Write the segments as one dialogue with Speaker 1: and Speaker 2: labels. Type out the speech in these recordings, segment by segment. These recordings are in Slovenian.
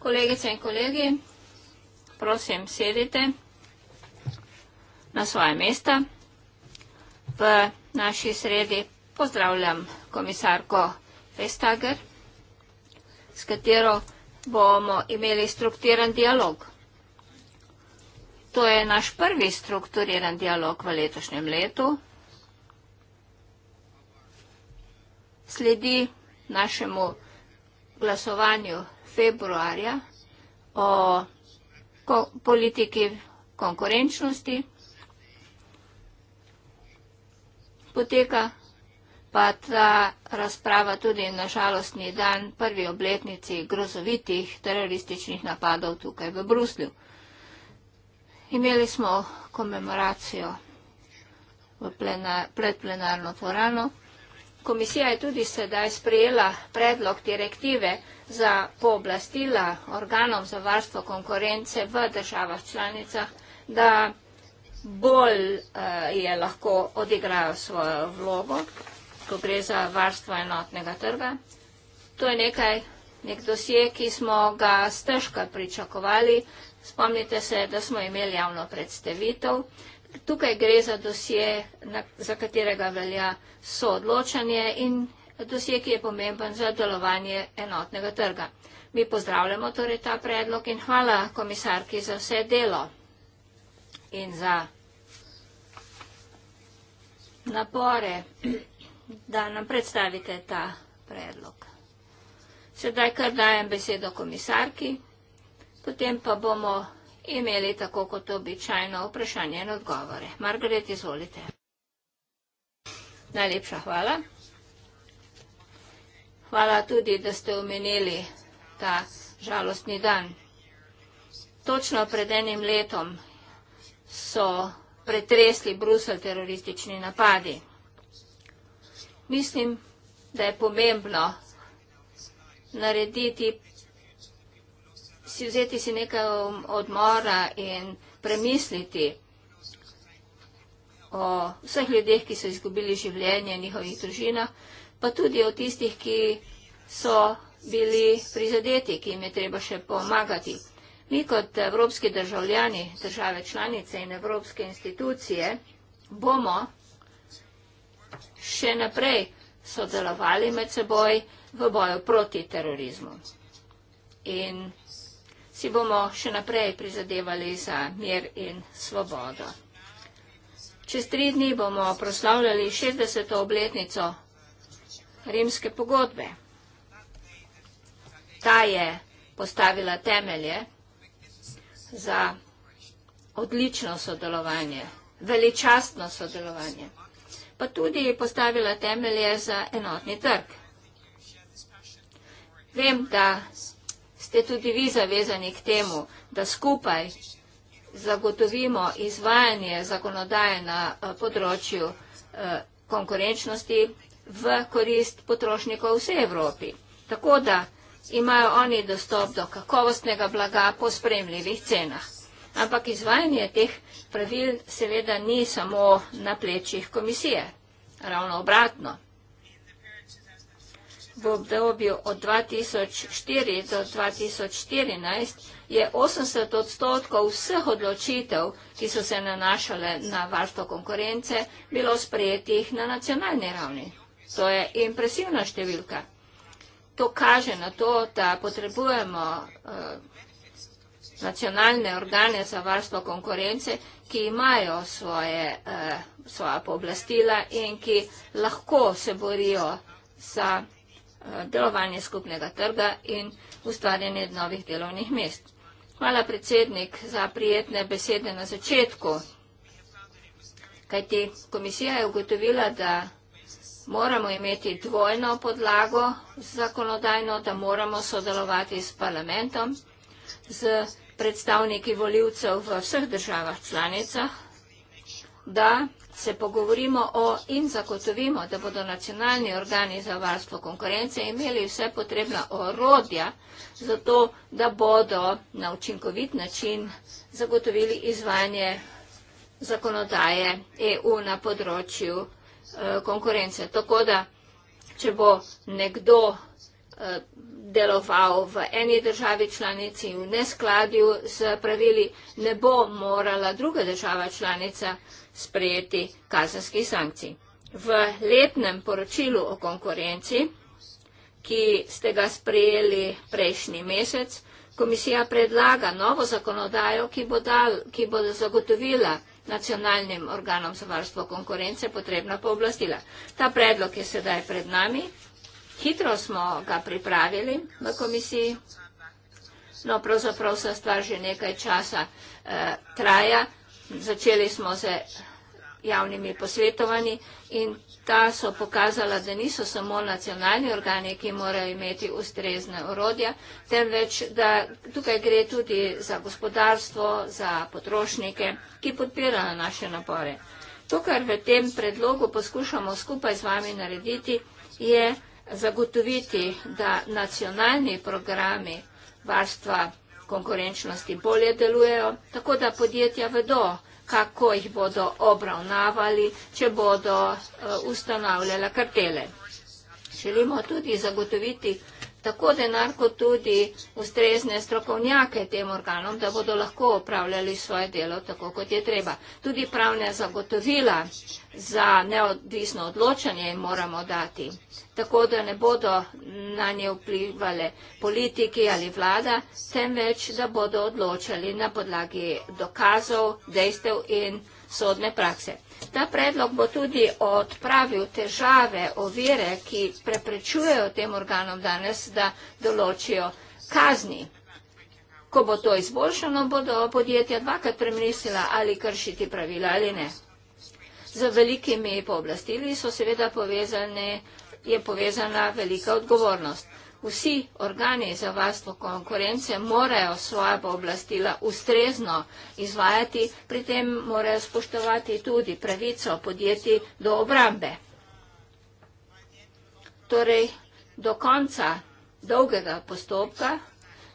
Speaker 1: Kolegice in kolegi, prosim, sedite na svoje mesta. V naši sredi pozdravljam komisarko Vestager, s katero bomo imeli strukturiran dialog. To je naš prvi strukturiran dialog v letošnjem letu. Sledi našemu vsega, glasovanju februarja o ko politiki konkurenčnosti. Poteka pa ta razprava tudi na žalostni dan prvi obletnici grozovitih terorističnih napadov tukaj v Bruslju. Imeli smo komemoracijo v plena, predplenarno tvorano. Komisija je tudi sedaj sprejela predlog direktive za pooblastila organov za varstvo konkurence v državah članicah, da bolj eh, je lahko odigrajo svojo vlogo, ko gre za varstvo enotnega trga. To je nekaj, nek dosje, ki smo ga stežka pričakovali. Spomnite se, da smo imeli javno predstavitev. Tukaj gre za dosje, na, za katerega velja soodločanje in dosje, ki je pomemben za delovanje enotnega trga. Mi pozdravljamo torej ta predlog in hvala komisarki za vse delo in za napore, da nam predstavite ta predlog. Sedaj kar dajem besedo komisarki, potem pa bomo imeli tako kot običajno vprašanje in odgovore. Margaret, izvolite. Najlepša hvala. Hvala tudi, da ste omenili ta žalostni dan. Točno pred enim letom so pretresli Brusel teroristični napadi. Mislim, da je pomembno narediti si vzeti si nekaj odmora in premisliti o vseh ljudeh, ki so izgubili življenje, njihovih družinah, pa tudi o tistih, ki so bili prizadeti, ki jim je treba še pomagati. Mi kot evropski državljani, države članice in evropske institucije bomo še naprej sodelovali med seboj v boju proti terorizmu. In si bomo še naprej prizadevali za mir in svobodo. Čez tri dni bomo proslavljali 60. obletnico rimske pogodbe. Ta je postavila temelje za odlično sodelovanje, veličastno sodelovanje, pa tudi postavila temelje za enotni trg. Vem, da ste tudi vi zavezani k temu, da skupaj zagotovimo izvajanje zakonodaje na eh, področju eh, konkurenčnosti v korist potrošnikov vse Evropi. Tako da imajo oni dostop do kakovostnega blaga po spremljivih cenah. Ampak izvajanje teh pravil seveda ni samo na plečih komisije. Ravno obratno v obdobju od 2004 do 2014 je 80 odstotkov vseh odločitev, ki so se nanašale na varstvo konkurence, bilo sprejetih na nacionalni ravni. To je impresivna številka. To kaže na to, da potrebujemo eh, nacionalne organe za varstvo konkurence, ki imajo svoje, eh, svoja pooblastila in ki lahko se borijo za delovanje skupnega trga in ustvarjanje novih delovnih mest. Hvala predsednik za prijetne besede na začetku. Kajti komisija je ugotovila, da moramo imeti dvojno podlago zakonodajno, da moramo sodelovati s parlamentom, z predstavniki voljivcev v vseh državah članicah, da se pogovorimo o in zagotovimo, da bodo nacionalni organi za varstvo konkurence imeli vse potrebna orodja za to, da bodo na učinkovit način zagotovili izvajanje zakonodaje EU na področju eh, konkurence. Tako da, če bo nekdo deloval v eni državi članici v neskladju z pravili, ne bo morala druga država članica sprejeti kazanskih sankcij. V letnem poročilu o konkurenci, ki ste ga sprejeli prejšnji mesec, komisija predlaga novo zakonodajo, ki bo, dal, ki bo zagotovila nacionalnim organom za varstvo konkurence potrebna pooblastila. Ta predlog je sedaj pred nami. Hitro smo ga pripravili v komisiji. No, pravzaprav se stvar že nekaj časa eh, traja. Začeli smo z javnimi posvetovanji in ta so pokazala, da niso samo nacionalni organi, ki morajo imeti ustrezne orodja, temveč, da tukaj gre tudi za gospodarstvo, za potrošnike, ki podpirajo naše napore. To, kar v tem predlogu poskušamo skupaj z vami narediti, je, zagotoviti, da nacionalni programi varstva konkurenčnosti bolje delujejo, tako da podjetja vedo, kako jih bodo obravnavali, če bodo eh, ustanavljala kartele. Želimo tudi zagotoviti tako denar, kot tudi ustrezne strokovnjake tem organom, da bodo lahko upravljali svoje delo tako, kot je treba. Tudi pravne zagotovila za neodvisno odločanje jim moramo dati, tako da ne bodo na nje vplivali politiki ali vlada, temveč, da bodo odločali na podlagi dokazov, dejstev in sodne prakse. Ta predlog bo tudi odpravil težave, ovire, ki preprečujejo tem organom danes, da določijo kazni. Ko bo to izboljšano, bodo podjetja dvakrat premislila, ali kršiti pravila ali ne. Z velikimi pooblastili so seveda povezane, je povezana velika odgovornost vsi organi za varstvo konkurence morajo svoja pooblastila ustrezno izvajati, pri tem morajo spoštovati tudi pravico podjetij do obrambe. Torej, do konca dolgega postopka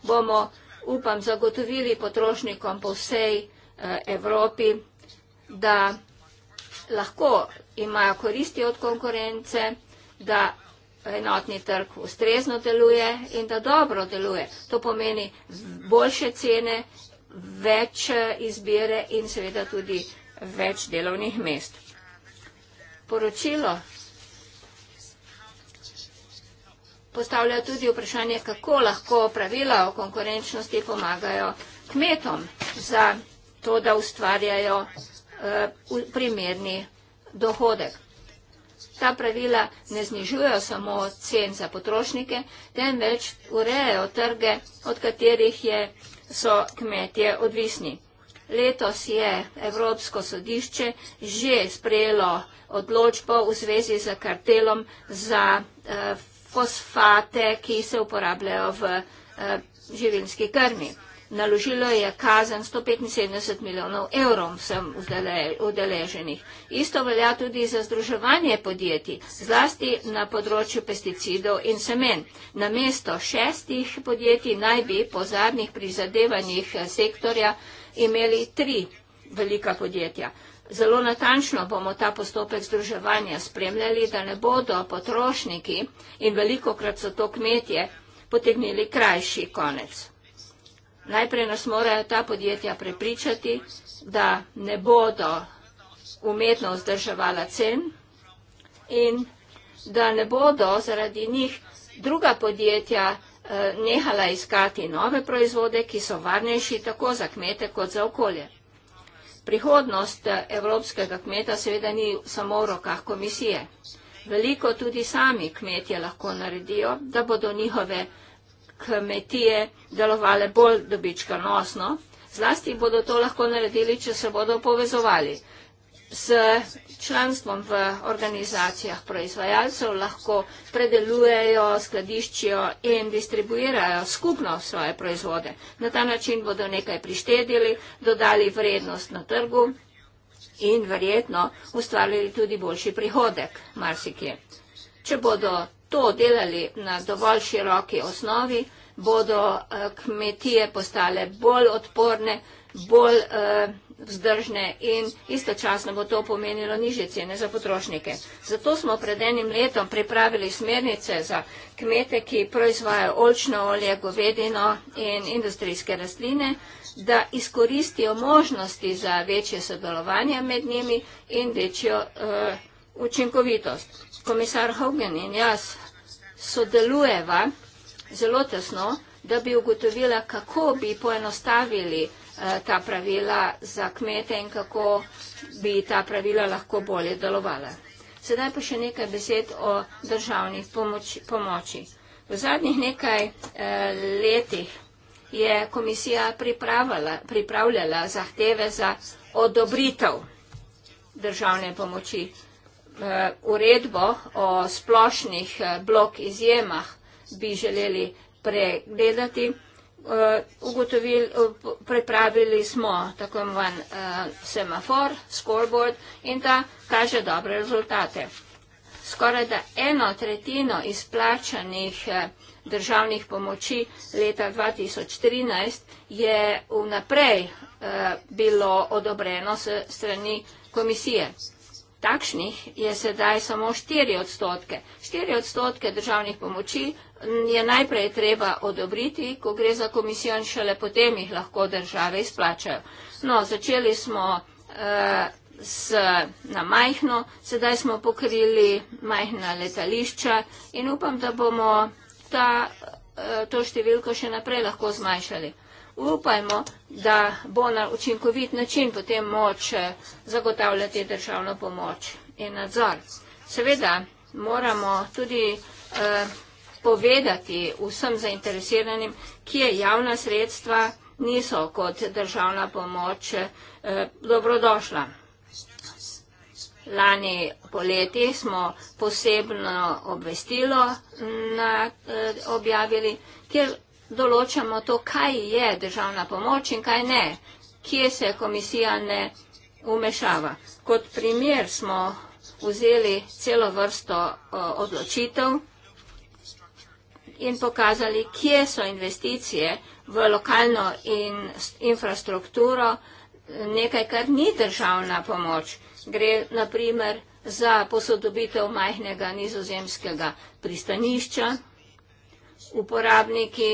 Speaker 1: bomo, upam, zagotovili potrošnikom po vsej eh, Evropi, da lahko imajo koristi od konkurence, da enotni trg ustrezno deluje in da dobro deluje. To pomeni boljše cene, več eh, izbire in seveda tudi več delovnih mest. Poročilo postavlja tudi vprašanje, kako lahko pravila o konkurenčnosti pomagajo kmetom za to, da ustvarjajo eh, primerni dohodek. Ta pravila ne znižujejo samo cen za potrošnike, temveč urejejo trge, od katerih je, so kmetje odvisni. Letos je Evropsko sodišče že sprejelo odločbo v zvezi z kartelom za eh, fosfate, ki se uporabljajo v eh, živilski krmi naložilo je kazen 175 milijonov evrov vsem udeleženih. Isto velja tudi za združevanje podjetij, zlasti na področju pesticidov in semen. Na mesto šestih podjetij naj bi po zadnjih prizadevanjih eh, sektorja imeli tri velika podjetja. Zelo natančno bomo ta postopek združevanja spremljali, da ne bodo potrošniki in veliko krat so to kmetje potegnili krajši konec. Najprej nas morajo ta podjetja prepričati, da ne bodo umetno vzdrževala cen in da ne bodo zaradi njih druga podjetja eh, nehala iskati nove proizvode, ki so varnejši tako za kmete kot za okolje. Prihodnost eh, evropskega kmeta seveda ni samo v rokah komisije. Veliko tudi sami kmetje lahko naredijo, da bodo njihove proizvode, kmetije delovale bolj dobičkonosno. Zlasti bodo to lahko naredili, če se bodo povezovali. S članstvom v organizacijah proizvajalcev lahko predelujejo, skladiščijo in distribuirajo skupno svoje proizvode. Na ta način bodo nekaj prištedili, dodali vrednost na trgu in verjetno ustvarili tudi boljši prihodek marsikje. Če bodo to delali na dovolj široki osnovi, bodo eh, kmetije postale bolj odporne, bolj eh, vzdržne in istočasno bo to pomenilo nižje cene za potrošnike. Zato smo pred enim letom pripravili smernice za kmete, ki proizvajajo olčno olje, govedino in industrijske rastline, da izkoristijo možnosti za večje sodelovanje med njimi in večjo eh, učinkovitost. Komisar Hogan in jaz sodelujeva zelo tesno, da bi ugotovila, kako bi poenostavili eh, ta pravila za kmete in kako bi ta pravila lahko bolje delovala. Sedaj pa še nekaj besed o državnih pomoči. pomoči. V zadnjih nekaj eh, letih je komisija pripravljala zahteve za odobritev državne pomoči. Eh, uredbo o splošnih eh, blok izjemah bi želeli pregledati. Eh, Ugotovili, pripravili smo tako imen semafor, scoreboard in ta kaže dobre rezultate. Skoraj da eno tretjino izplačanih državnih pomoči leta 2013 je vnaprej bilo odobreno strani komisije. Takšnih je sedaj samo 4 odstotke. 4 odstotke državnih pomoči mm, je najprej treba odobriti, ko gre za komisijo in šele potem jih lahko države izplačajo. No, začeli smo eh, s, na majhno, sedaj smo pokrili majhna letališča in upam, da bomo ta, eh, to številko še naprej lahko zmanjšali upajmo, da bo na učinkovit način potem moč eh, zagotavljati državno pomoč in nadzor. Seveda moramo tudi eh, povedati vsem zainteresiranim, kje javna sredstva niso kot državna pomoč eh, dobrodošla. Lani poleti smo posebno obvestilo objavili, kjer določamo to, kaj je državna pomoč in kaj ne, kje se komisija ne umešava. Kot primer smo vzeli celo vrsto odločitev in pokazali, kje so investicije v lokalno in infrastrukturo, nekaj, kar ni državna pomoč. Gre naprimer za posodobitev majhnega nizozemskega pristanišča. Uporabniki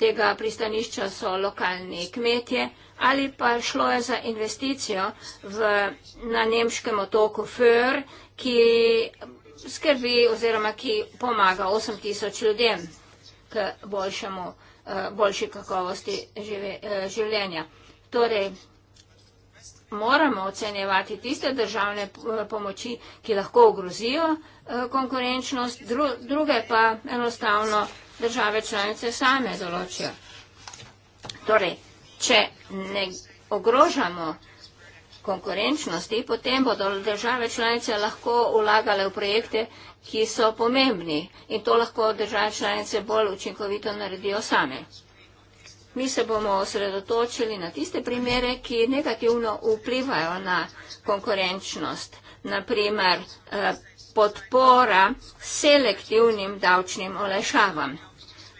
Speaker 1: tega pristanišča so lokalni kmetje ali pa šlo je za investicijo v, na nemškem otoku Föhr, ki skrbi oziroma ki pomaga 8000 ljudem k boljšemu, eh, boljši kakovosti žive, eh, življenja. Torej, moramo ocenjevati tiste državne eh, pomoči, ki lahko ogrozijo konkurenčnost, dru, druge pa enostavno države članice same določijo. Torej, če ne ogrožamo konkurenčnosti, potem bodo države članice lahko ulagale v projekte, ki so pomembni in to lahko države članice bolj učinkovito naredijo same. Mi se bomo osredotočili na tiste primere, ki negativno vplivajo na konkurenčnost, naprimer eh, podpora selektivnim davčnim olešavam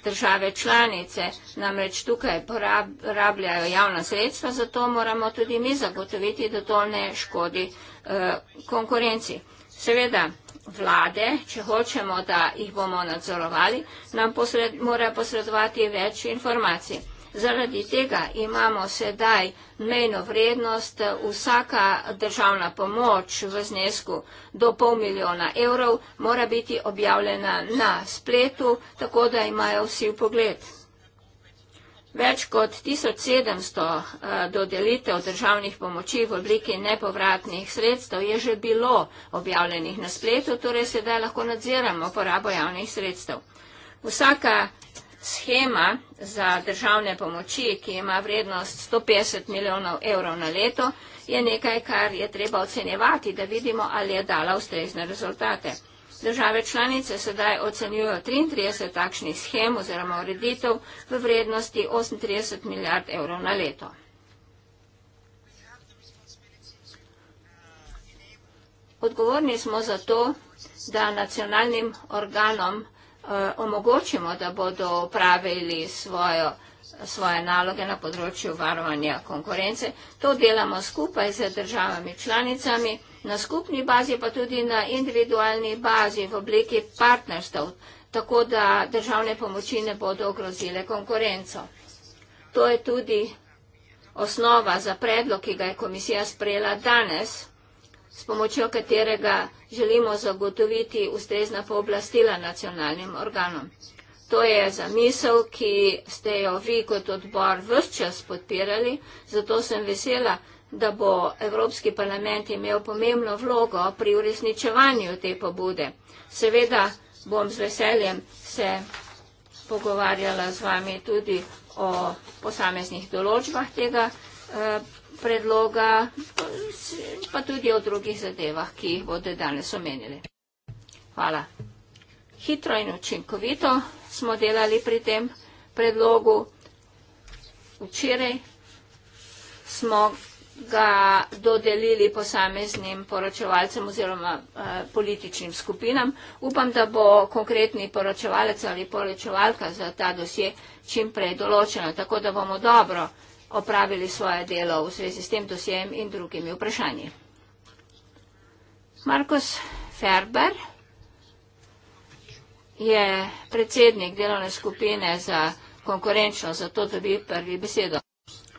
Speaker 1: države članice. Namreč tukaj porabljajo javna sredstva, zato moramo tudi mi zagotoviti, da to ne škodi eh, konkurenci. Seveda, vlade, če hočemo, da jih bomo nadzorovali, nam posred, morajo posredovati več informacij. Zaradi tega imamo sedaj mejno vrednost vsaka državna pomoč v znesku do pol milijona evrov mora biti objavljena na spletu, tako da imajo vsi v pogled. Več kot 1700 eh, dodelitev državnih pomoči v obliki nepovratnih sredstev je že bilo objavljenih na spletu, torej sedaj lahko nadziramo porabo javnih sredstev. Vsaka shema za državne pomoči, ki ima vrednost 150 milijonov evrov na leto, je nekaj, kar je treba ocenjevati, da vidimo, ali je dala ustrezne rezultate. Države članice sedaj ocenjujejo 33 takšnih schem oziroma ureditev v vrednosti 38 milijard evrov na leto. Odgovorni smo za to, da nacionalnim organom Eh, omogočimo, da bodo upravili svojo, svoje naloge na področju varovanja konkurence. To delamo skupaj z državami članicami, na skupni bazi pa tudi na individualni bazi v obliki partnerstv, tako da državne pomoči ne bodo ogrozile konkurenco. To je tudi osnova za predlog, ki ga je komisija sprejela danes s pomočjo katerega želimo zagotoviti ustrezna pooblastila nacionalnim organom. To je zamisel, ki ste jo vi kot odbor vse čas podpirali, zato sem vesela, da bo Evropski parlament imel pomembno vlogo pri uresničevanju te pobude. Seveda bom z veseljem se pogovarjala z vami tudi o posameznih določbah tega eh, predloga, pa tudi o drugih zadevah, ki jih bodo danes omenili. Hvala. Hitro in učinkovito smo delali pri tem predlogu. Včeraj smo ga dodelili posameznim poročevalcem oziroma eh, političnim skupinam. Upam, da bo konkretni poročevalec ali poročevalka za ta dosje čimprej določena, tako da bomo dobro opravili svoje delo v svezi s tem dosjem in drugimi vprašanji. Markus Ferber je predsednik delovne skupine za konkurenčnost, zato dobi prvi besedo.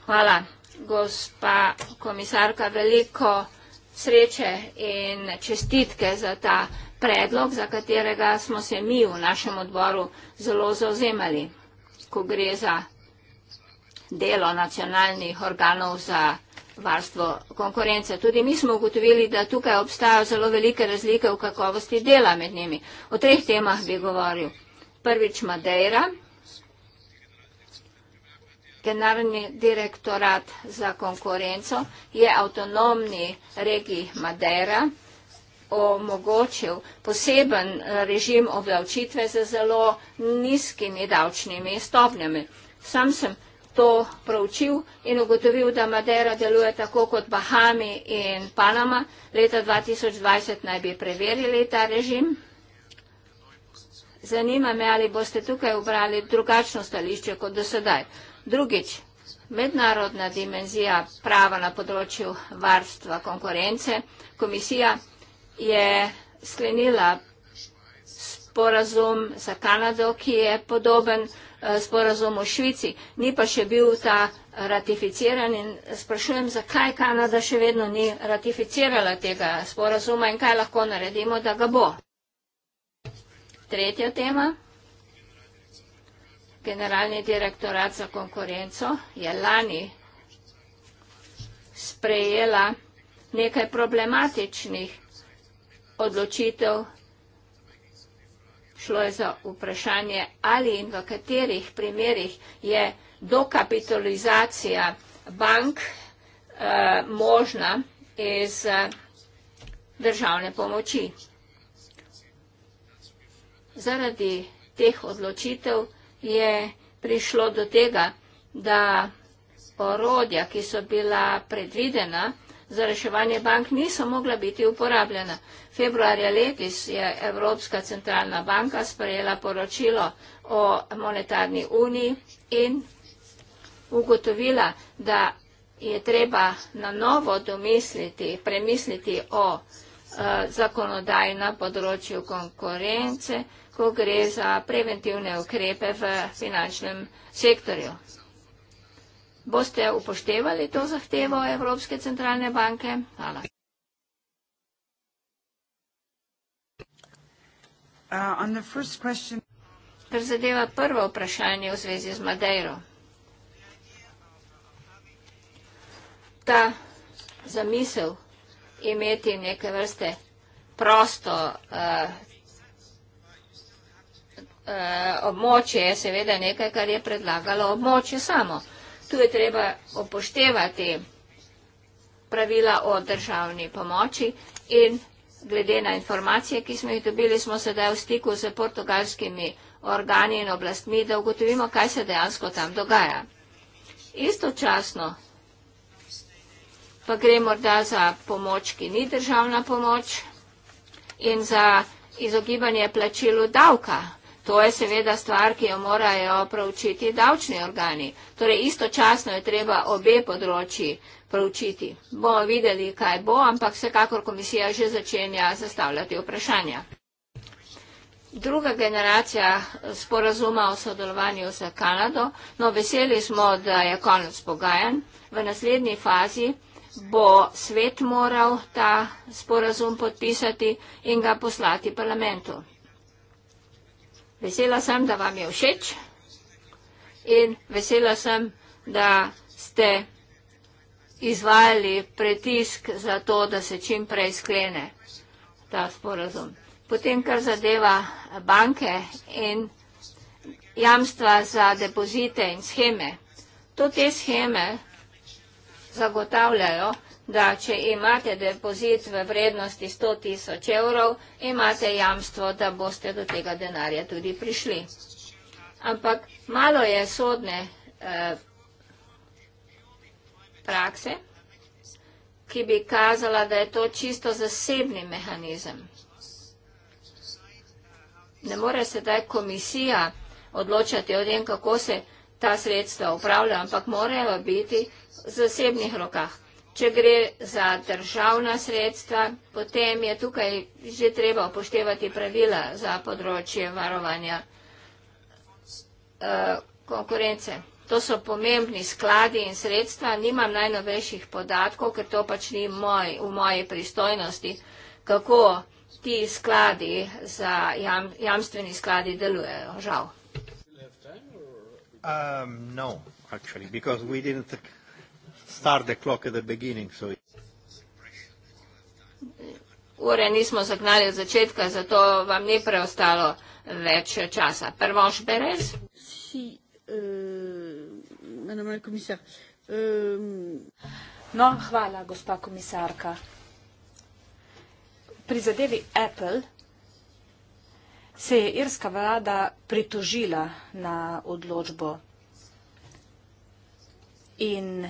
Speaker 1: Hvala, gospa komisarka, veliko sreče in čestitke za ta predlog, za katerega smo se mi v našem odboru zelo zauzemali, ko gre za delo nacionalnih organov za varstvo konkurence. Tudi mi smo ugotovili, da tukaj obstajajo zelo velike razlike v kakovosti dela med njimi. O treh temah bi govoril. Prvič Madeira, generalni direktorat za konkurenco, je avtonomni regiji Madeira omogočil poseben eh, režim obdavčitve z zelo nizkimi davčnimi stopnjami. Sam sem to proučil in ugotovil, da Madera deluje tako kot Bahami in Panama. Leta 2020 naj bi preverili ta režim. Zanima me, ali boste tukaj obrali drugačno stališče kot do sedaj. Drugič, mednarodna dimenzija prava na področju varstva konkurence. Komisija je sklenila sporazum za Kanado, ki je podoben Eh, sporazum o Švici, ni pa še bil ta ratificiran in sprašujem, zakaj Kanada še vedno ni ratificirala tega sporazuma in kaj lahko naredimo, da ga bo. Tretja tema. Generalni direktorat za konkurenco je lani sprejela nekaj problematičnih odločitev šlo je za vprašanje, ali in v katerih primerih je dokapitalizacija bank eh, možna iz eh, državne pomoči. Zaradi teh odločitev je prišlo do tega, da orodja, ki so bila predvidena za reševanje bank, niso mogla biti uporabljena. Februarja letis je Evropska centralna banka sprejela poročilo o monetarni uniji in ugotovila, da je treba na novo domisliti, premisliti o eh, zakonodaji na področju konkurence, ko gre za preventivne ukrepe v finančnem sektorju. Boste upoštevali to zahtevo Evropske centralne banke? Hvala. Uh, kar zadeva prvo vprašanje v zvezi z Madejro. Ta zamisel imeti neke vrste prosto uh, uh, območje je seveda nekaj, kar je predlagalo območje samo. Tu je treba opoštevati pravila o državni pomoči in pravila glede na informacije, ki smo jih dobili, smo sedaj v stiku z portugalskimi organi in oblastmi, da ugotovimo, kaj se dejansko tam dogaja. Istočasno pa gre morda za pomoč, ki ni državna pomoč in za izogibanje plačilu davka. To je seveda stvar, ki jo morajo proučiti davčni organi. Torej, istočasno je treba obe področji proučiti. Bomo videli, kaj bo, ampak vsekakor komisija že začenja zastavljati vprašanja. Druga generacija sporazuma o sodelovanju z Kanado, no veseli smo, da je konec pogajan. V naslednji fazi bo svet moral ta sporazum podpisati in ga poslati parlamentu. Vesela sem, da vam je všeč in vesela sem, da ste izvajali pritisk za to, da se čim prej sklene ta sporazum. Potem, kar zadeva banke in jamstva za depozite in scheme. To te scheme zagotavljajo, da če imate depozit v vrednosti 100 tisoč evrov, imate jamstvo, da boste do tega denarja tudi prišli. Ampak malo je sodne eh, prakse, ki bi kazala, da je to čisto zasebni mehanizem. Ne more se taj komisija odločati o tem, kako se ta sredstva upravlja, ampak morajo biti v zasebnih rokah. Če gre za državna sredstva, potem je tukaj že treba upoštevati pravila za področje varovanja eh, konkurence. To so pomembni skladi in sredstva. Nimam najnovejših podatkov, ker to pač ni moj, v moji pristojnosti, kako ti skladi za jam, jamstveni skladi delujejo. Žal. Um, no, actually, start the clock at the beginning. So Ure nismo zagnali od začetka, zato vam ni preostalo več časa. Prvoš Berez. Si,
Speaker 2: uh, No, hvala, gospa komisarka. Pri zadevi Apple se je irska vlada pritožila na odločbo in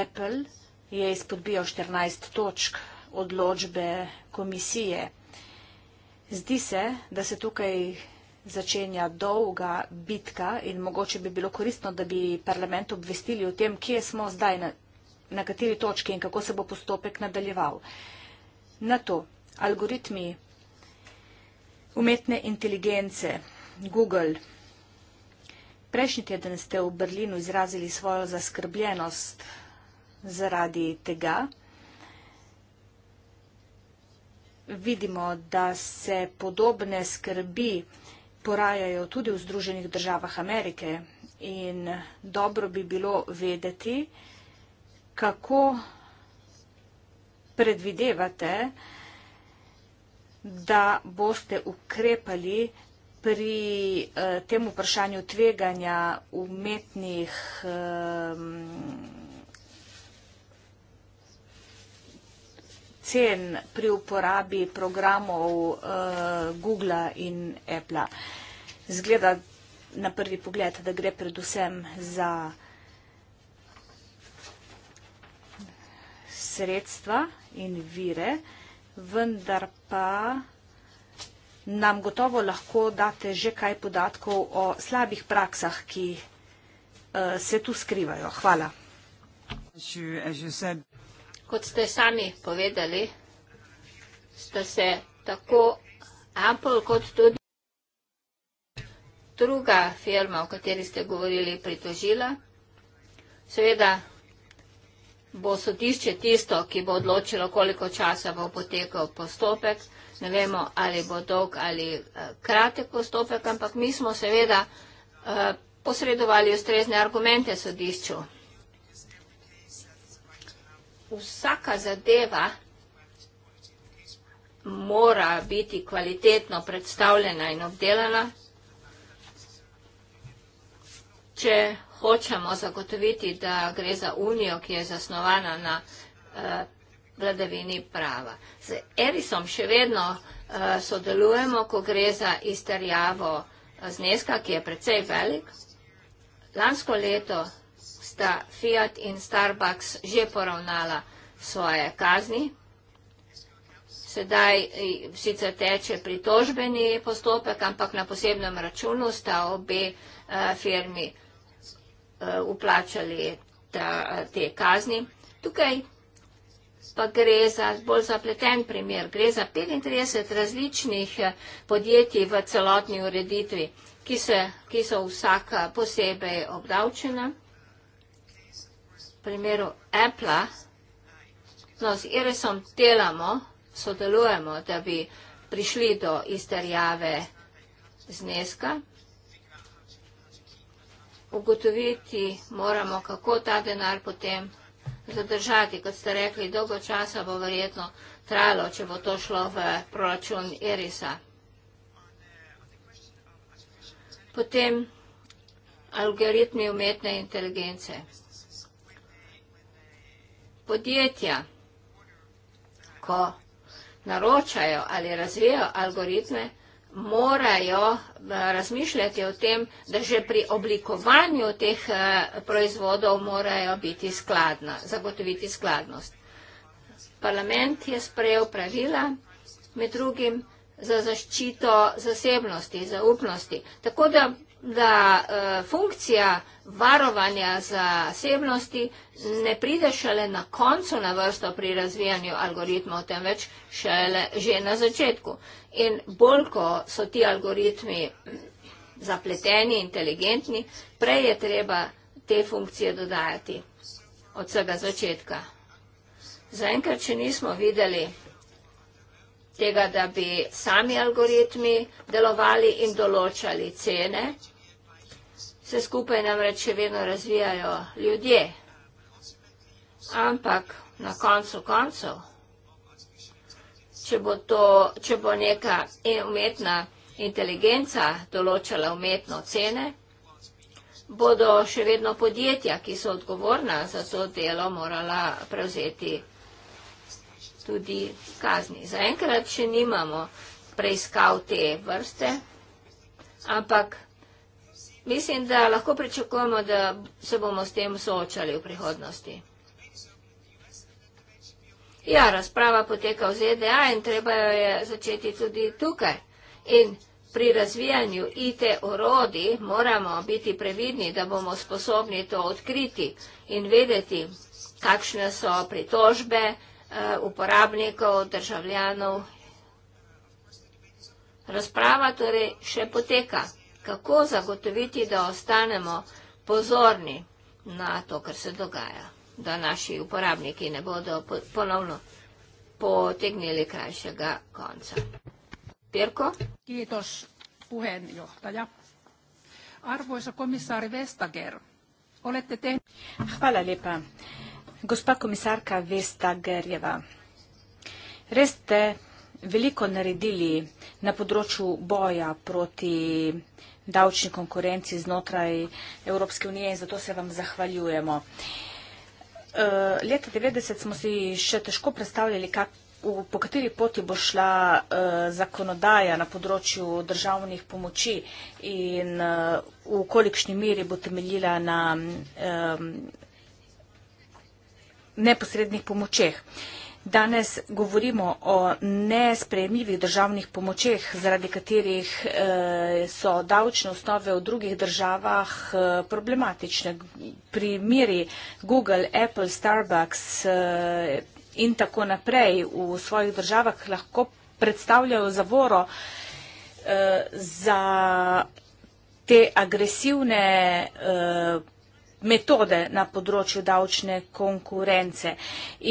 Speaker 2: Apple je izpodbijal 14 točk odločbe komisije. Zdi se, da se tukaj začenja dolga bitka in mogoče bi bilo koristno, da bi parlament obvestili o tem, kje smo zdaj, na, na kateri točki in kako se bo postopek nadaljeval. Na to algoritmi umetne inteligence, Google. Prejšnji teden ste v Berlinu izrazili svojo zaskrbljenost zaradi tega vidimo, da se podobne skrbi porajajo tudi v Združenih državah Amerike in dobro bi bilo vedeti, kako predvidevate, da boste ukrepali pri eh, tem vprašanju tveganja umetnih um, cen pri uporabi programov uh, eh, Google in Apple. Zgleda na prvi pogled, da gre predvsem za sredstva in vire, vendar pa nam gotovo lahko date že kaj podatkov o slabih praksah, ki uh, se tu skrivajo. Hvala.
Speaker 3: As you, as you said...
Speaker 1: Kot ste sami povedali, sta se tako Apple kot tudi druga firma, o kateri ste govorili, pritožila. Seveda bo sodišče tisto, ki bo odločilo, koliko časa bo potekal postopek. Ne vemo, ali bo dolg ali eh, kratek postopek, ampak mi smo seveda eh, posredovali ustrezne argumente sodišču vsaka zadeva mora biti kvalitetno predstavljena in obdelana, če hočemo zagotoviti, da gre za unijo, ki je zasnovana na uh, vladavini prava. Z Erisom še vedno uh, sodelujemo, ko gre za izterjavo eh, zneska, ki je precej velik. Lansko leto sta Fiat in Starbucks že poravnala svoje kazni. Sedaj eh, sicer teče pritožbeni postopek, ampak na posebnem računu sta obe eh, firmi uplačali eh, ta, te kazni. Tukaj pa gre za bolj zapleten primer. Gre za 35 različnih podjetij v celotni ureditvi, ki, se, ki so vsaka posebej obdavčena primeru Apple-a, no, z Irisom delamo, sodelujemo, da bi prišli do izterjave zneska. Ugotoviti moramo, kako ta denar potem zadržati. Kot ste rekli, dolgo časa bo verjetno trajalo, če bo to šlo v proračun Irisa. Potem algoritmi umetne inteligence podjetja, ko naročajo ali razvijajo algoritme, morajo eh, razmišljati o tem, da že pri oblikovanju teh eh, proizvodov morajo biti skladna, zagotoviti skladnost. Parlament je sprejel pravila med drugim za zaščito zasebnosti, zaupnosti. Tako da da uh, funkcija varovanja za osebnosti ne pride šele na koncu na vrsto pri razvijanju algoritmov, temveč šele že na začetku. In bolj, ko so ti algoritmi zapleteni, inteligentni, prej je treba te funkcije dodajati od vsega začetka. Zaenkrat, če nismo videli tega, da bi sami algoritmi delovali in določali cene, Vse skupaj namreč še vedno razvijajo ljudje. Ampak na koncu koncev, če bo, to, če bo neka umetna inteligenca določala umetno cene, bodo še vedno podjetja, ki so odgovorna za to delo, morala prevzeti tudi kazni. Zaenkrat še nimamo preiskav te vrste, ampak mislim, da lahko pričakujemo, da se bomo s tem soočali v prihodnosti. Ja, razprava poteka v ZDA in treba jo je začeti tudi tukaj. In pri razvijanju IT orodi moramo biti previdni, da bomo sposobni to odkriti in vedeti, kakšne so pritožbe eh, uporabnikov, državljanov. Razprava torej še poteka kako zagotoviti, da ostanemo pozorni na to, kar se dogaja, da naši uporabniki ne bodo ponovno potegnili krajšega konca. Pirko? Kiitos puhenjohtaja. Arvoisa komisar Vestager,
Speaker 2: olete te... Hvala lepa. Gospa komisarka Vestagerjeva, res ste veliko naredili na področju boja proti davčni konkurenci znotraj Evropske unije in zato se vam zahvaljujemo. Eh, leta 90 smo si še težko predstavljali, kak, v, po kateri poti bo šla uh, zakonodaja na področju državnih pomoči in uh, v kolikšni meri bo temeljila na um, neposrednih pomočeh. Uh, Danes govorimo o nespremljivih državnih pomočeh, zaradi katerih eh, so davčne osnove v drugih državah eh, problematične. Primeri Google, Apple, Starbucks eh, in tako naprej v svojih državah lahko predstavljajo zavoro za te agresivne pomoče, metode na področju davčne konkurence.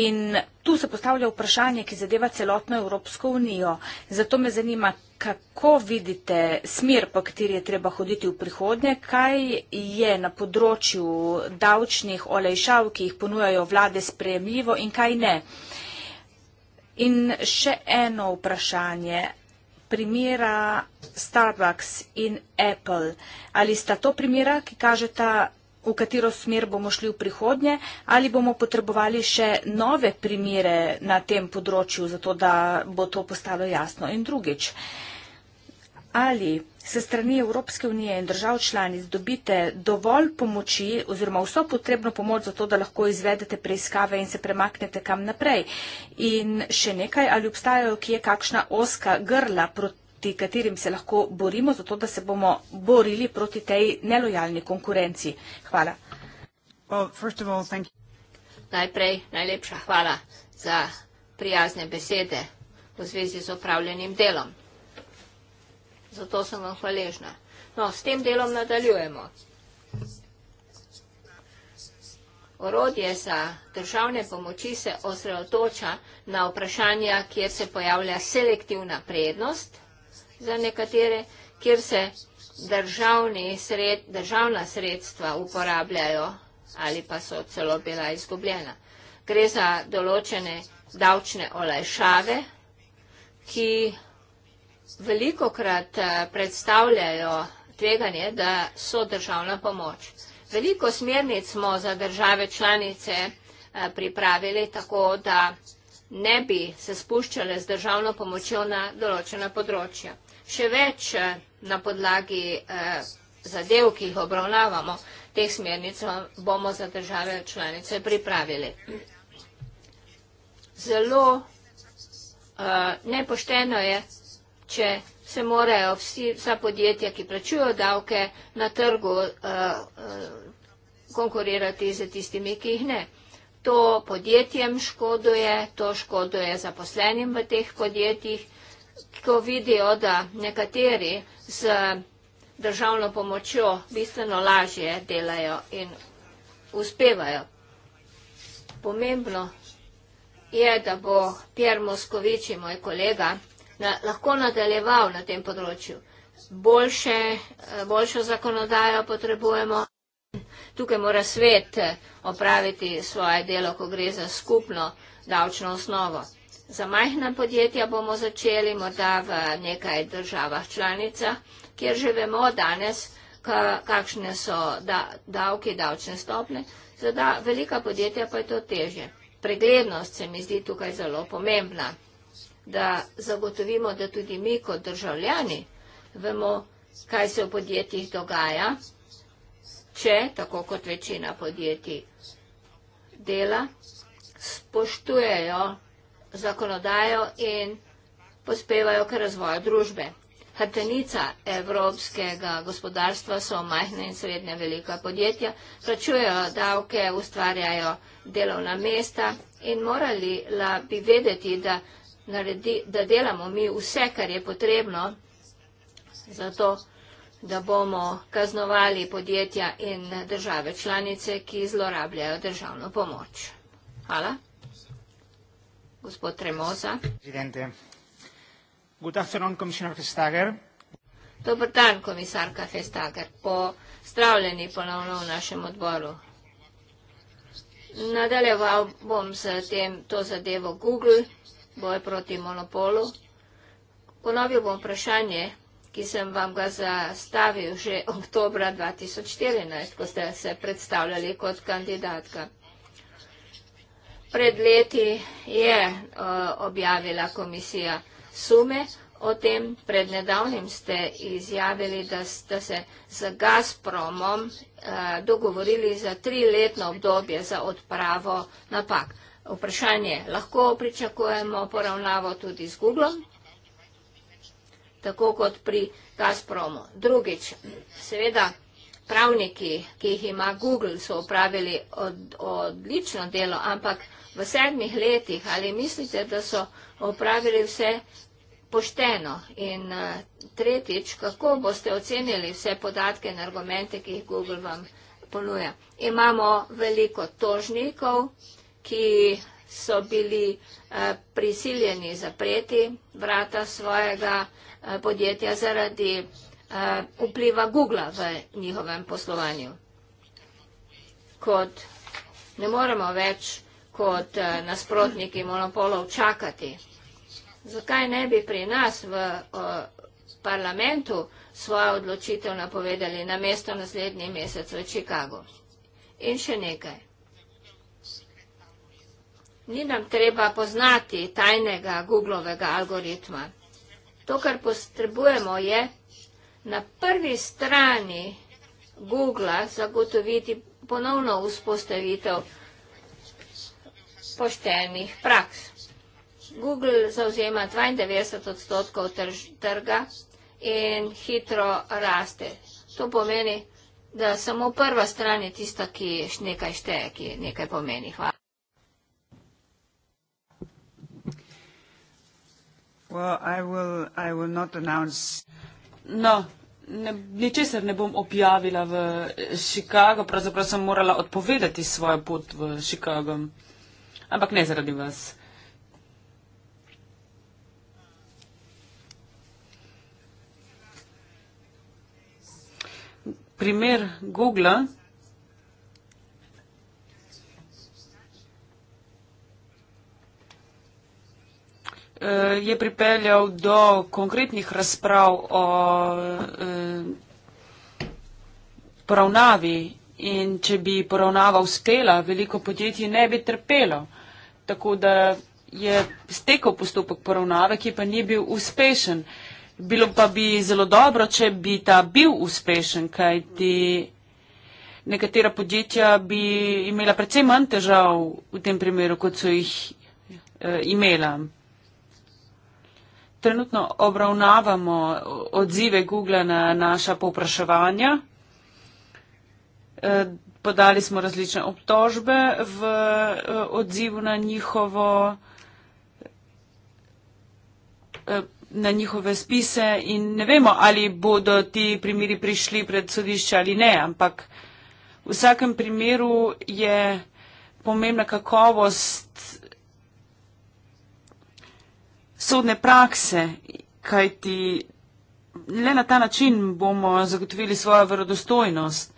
Speaker 2: In tu se postavlja vprašanje, ki zadeva celotno Evropsko unijo. Zato me zanima, kako vidite smer, po kateri je treba hoditi v prihodnje, kaj je na področju davčnih olejšav, ki jih ponujajo vlade, sprejemljivo in kaj ne. In še eno vprašanje. Primera Starbucks in Apple. Ali sta to primera, ki kažeta, v katero smer bomo šli v prihodnje, ali bomo potrebovali še nove primere na tem področju, zato da bo to postalo jasno. In drugič, ali se strani Evropske unije in držav članic dobite dovolj pomoči oziroma vso potrebno pomoč za to, da lahko izvedete preiskave in se premaknete kam naprej. In še nekaj, ali obstajajo kje kakšna oska grla proti proti katerim se lahko borimo, zato da se bomo borili proti tej nelojalni konkurenci. Hvala.
Speaker 1: Well, Najprej najlepša hvala za prijazne besede v zvezi z opravljenim delom. Zato sem vam hvaležna. No, s tem delom nadaljujemo. Orodje za državne pomoči se osredotoča na vprašanja, kjer se pojavlja selektivna prednost za nekatere, kjer se sred, državna sredstva uporabljajo ali pa so celo bila izgubljena. Gre za določene davčne olajšave, ki veliko krat eh, predstavljajo tveganje, da so državna pomoč. Veliko smernic smo za države članice eh, pripravili tako, da ne bi se spuščale z državno pomočjo na določena področja še več eh, na podlagi eh, zadev, ki jih obravnavamo, teh smernic bomo za države članice pripravili. Zelo eh, nepošteno je, če se morajo vsa podjetja, ki plačujo davke, na trgu konkurirati za tistimi, ki jih ne. To podjetjem škoduje, to škoduje zaposlenim v teh podjetjih, ko vidijo, da nekateri z državno pomočjo bistveno lažje delajo in uspevajo. Pomembno je, da bo Pier Moskoviči, moj kolega, na, lahko nadaljeval na tem področju. Boljše, eh, boljšo zakonodajo potrebujemo. Tukaj mora svet eh, opraviti svoje delo, ko gre za skupno davčno osnovo za majhna podjetja bomo začeli, morda v nekaj državah članicah, kjer že vemo danes, kakšne so davke, davčne stopne. Za da, velika podjetja pa je to teže. Preglednost se mi zdi tukaj zelo pomembna, da zagotovimo, da tudi mi kot državljani vemo, kaj se v podjetjih dogaja, če, tako kot večina podjetij dela, spoštujejo zakonodajo in pospevajo k razvoju družbe. Hrtenica evropskega gospodarstva so majhne in srednje velika podjetja, plačujejo davke, ustvarjajo delovna mesta in morali la bi vedeti, da, naredi, da delamo mi vse, kar je potrebno, zato da bomo kaznovali podjetja in države članice, ki zlorabljajo državno pomoč. Hvala. Gospod Tremosa. Dobar dan, komisarka Festager. Pozdravljeni ponovno v našem odboru. Nadaljeval bom s tem to zadevo Google, boj proti monopolu. Ponovil bom vprašanje, ki sem vam ga zastavil že oktobra 2014, ko ste se predstavljali kot kandidatka. Pred leti je uh, objavila komisija sume o tem, pred nedavnim ste izjavili, da ste se z Gazpromom uh, dogovorili za triletno obdobje za odpravo napak. Vprašanje, lahko pričakujemo poravnavo tudi z Googlom, tako kot pri Gazpromu. Drugič, seveda. Pravniki, ki jih ima Google, so upravili od, odlično delo, ampak v sedmih letih, ali mislite, da so opravili vse pošteno? In eh, tretjič, kako boste ocenili vse podatke in argumente, ki jih Google vam ponuja? Imamo veliko tožnikov, ki so bili eh, prisiljeni zapreti vrata svojega eh, podjetja zaradi vpliva Google v njihovem poslovanju. Kot ne moremo več kot eh, nasprotniki monopolov čakati. Zakaj ne bi pri nas v eh, parlamentu svojo odločitev napovedali na mesto naslednji mesec v Čikagu? In še nekaj. Ni nam treba poznati tajnega Googlovega algoritma. To, kar postrebujemo, je na prvi strani Googla zagotoviti ponovno vzpostavitev poštenih praks. Google zauzema 92 odstotkov trž, trga in hitro raste. To pomeni, da samo prva stran je tista, ki nekaj šteje, ki nekaj pomeni. Hvala.
Speaker 3: Well, I will, I will no, ne, ničesar ne bom objavila v Chicago, pravzaprav sem morala odpovedati svojo pot v Chicago ampak ne zaradi vas. Primer Google eh, je pripeljal do konkretnih razprav o eh, poravnavi In če bi poravnava uspela, veliko podjetij ne bi trpelo. Tako da je stekel postopek poravnave, ki pa ni bil uspešen. Bilo pa bi zelo dobro, če bi ta bil uspešen, kajti nekatera podjetja bi imela predvsem manj težav v tem primeru, kot so jih e, imela. Trenutno obravnavamo odzive Google na naša povpraševanja. Eh, podali smo različne obtožbe v eh, odzivu na njihovo eh, na njihove spise in ne vemo, ali bodo ti primiri prišli pred sodišče ali ne, ampak v vsakem primeru je pomembna kakovost sodne prakse, kajti le na ta način bomo zagotovili svojo verodostojnost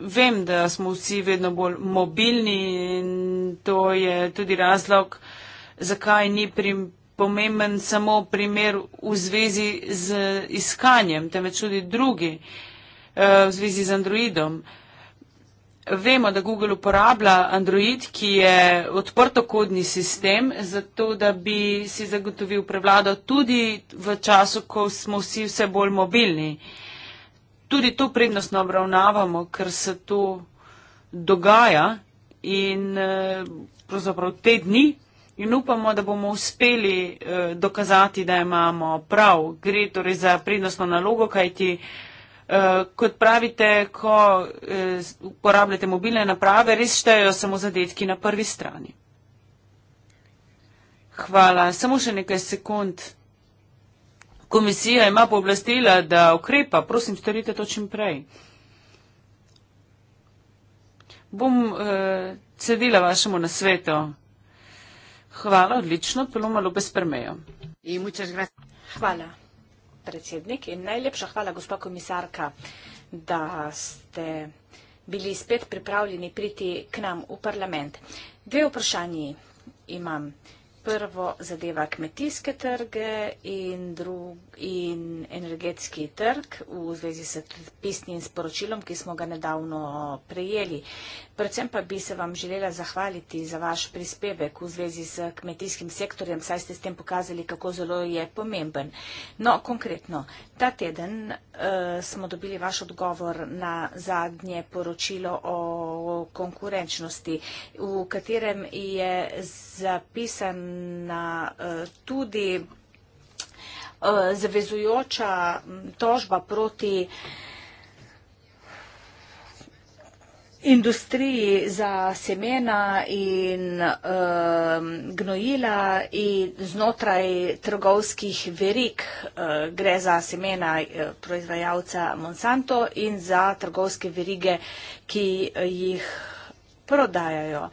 Speaker 3: vem, da smo vsi vedno bolj mobilni in to je tudi razlog, zakaj ni prim, pomemben samo primer v zvezi z iskanjem, temveč tudi drugi eh, v zvezi z Androidom. Vemo, da Google uporablja Android, ki je odprtokodni sistem, zato da bi si zagotovil prevlado tudi v času, ko smo vsi vse bolj mobilni. Uh, tudi to prednostno obravnavamo, ker se to dogaja in eh, pravzaprav te dni in upamo, da bomo uspeli eh, dokazati, da imamo prav. Gre torej za prednostno nalogo, kajti. Eh, kot pravite, ko uporabljate mobilne naprave, res štejo samo zadetki na prvi strani. Hvala. Samo še nekaj sekund. Komisija ima pooblastila, da ukrepa. Prosim, storite to čim prej. Bom uh, eh, sedela vašemu nasvetu. Hvala, odlično, bilo malo brez premejo.
Speaker 2: Hvala, predsednik, in najlepša hvala, gospa komisarka, da ste bili spet pripravljeni priti k nam v parlament. Dve vprašanji imam. Uh, prvo zadeva kmetijske trge in, drug, in energetski trg v zvezi s pisnim sporočilom, ki smo ga nedavno prejeli. Predvsem pa bi se vam želela zahvaliti za vaš prispevek v zvezi s kmetijskim sektorjem, saj ste s tem pokazali, kako zelo je pomemben. No, konkretno, ta teden uh, smo dobili vaš odgovor na zadnje poročilo o konkurenčnosti, v katerem je zapisana uh, tudi uh, zavezujoča tožba proti uh, industriji za semena in um, gnojila in znotraj trgovskih verik uh, gre za semena uh, proizvajalca Monsanto in za trgovske verige, ki uh, jih prodajajo.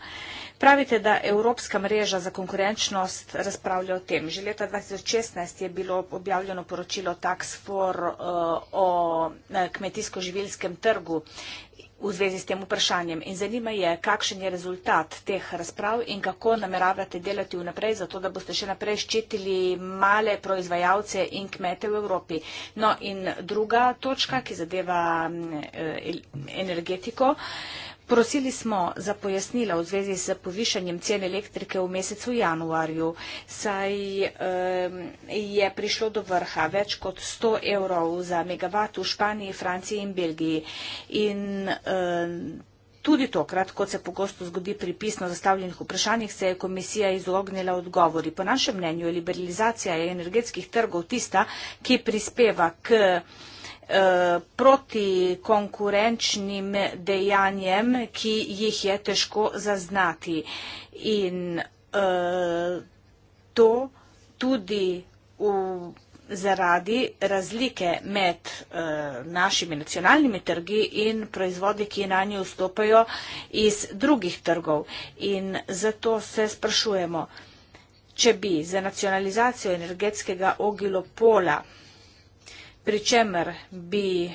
Speaker 2: Pravite, da Evropska mreža za konkurenčnost razpravlja o tem. Že leta 2016 je bilo objavljeno poročilo Tax for uh, o uh, kmetijsko-živilskem trgu. Uh, v zvezi s tem vprašanjem. In zanima je, kakšen je rezultat teh razprav in kako nameravate delati vnaprej, zato da boste še naprej ščitili male proizvajalce in kmete v Evropi. No in druga točka, ki zadeva mm, energetiko. Prosili smo za pojasnila v zvezi s povišanjem cene elektrike v mesecu januarju, saj je prišlo do vrha več kot 100 evrov za megavat v Španiji, Franciji in Belgiji. In tudi tokrat, kot se pogosto zgodi pri pisno zastavljenih vprašanjih, se je komisija izognila odgovori. Po našem mnenju je liberalizacija energetskih trgov tista, ki prispeva k Eh, protikonkurenčnim dejanjem, ki jih je težko zaznati. In eh, to tudi v zaradi razlike med eh, našimi nacionalnimi trgi in proizvodi, ki na nje vstopajo iz drugih trgov. In zato se sprašujemo, če bi za nacionalizacijo energetskega ogilopola eh, pri čemer bi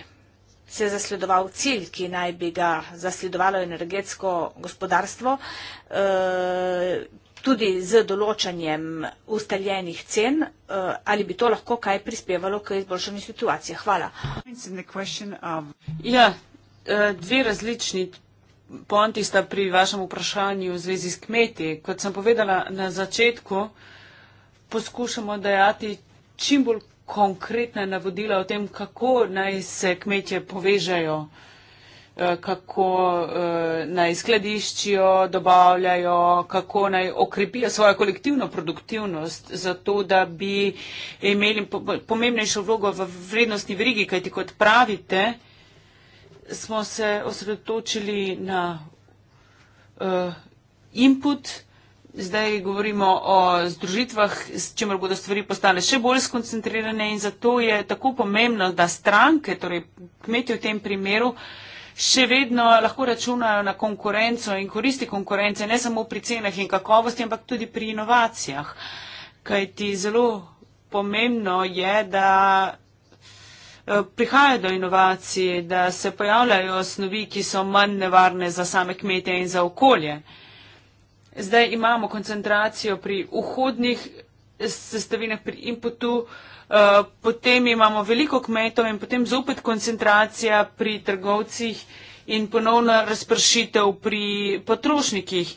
Speaker 2: se zasledoval cilj, ki naj bi ga zasledovalo energetsko gospodarstvo, eh, tudi z določanjem ustaljenih cen, eh, ali bi to lahko kaj prispevalo k izboljšanju situacije. Hvala. Ja,
Speaker 3: eh, dve različni ponti sta pri vašem vprašanju v zvezi s kmeti. Kot sem povedala na začetku, poskušamo dajati čim bolj konkretna navodila o tem, kako naj se kmetje povežajo, eh, kako eh, naj skladiščijo, dobavljajo, kako naj okrepijo svojo kolektivno produktivnost, zato da bi imeli pomembnejšo vlogo v vrednostni verigi, kajti kot pravite, smo se osredotočili na uh, input, zdaj govorimo o združitvah, s čimer bodo stvari postale še bolj skoncentrirane in zato je tako pomembno, da stranke, torej kmetje v tem primeru, še vedno lahko računajo na konkurenco in koristi konkurence, ne samo pri cenah in kakovosti, ampak tudi pri inovacijah. Kaj ti zelo pomembno je, da eh, prihajajo do inovacij, da se pojavljajo snovi, ki so manj nevarne za same kmete in za okolje zdaj imamo koncentracijo pri vhodnih sestavinah, pri inputu, eh, potem imamo veliko kmetov in potem zopet koncentracija pri trgovcih in ponovna razpršitev pri potrošnikih.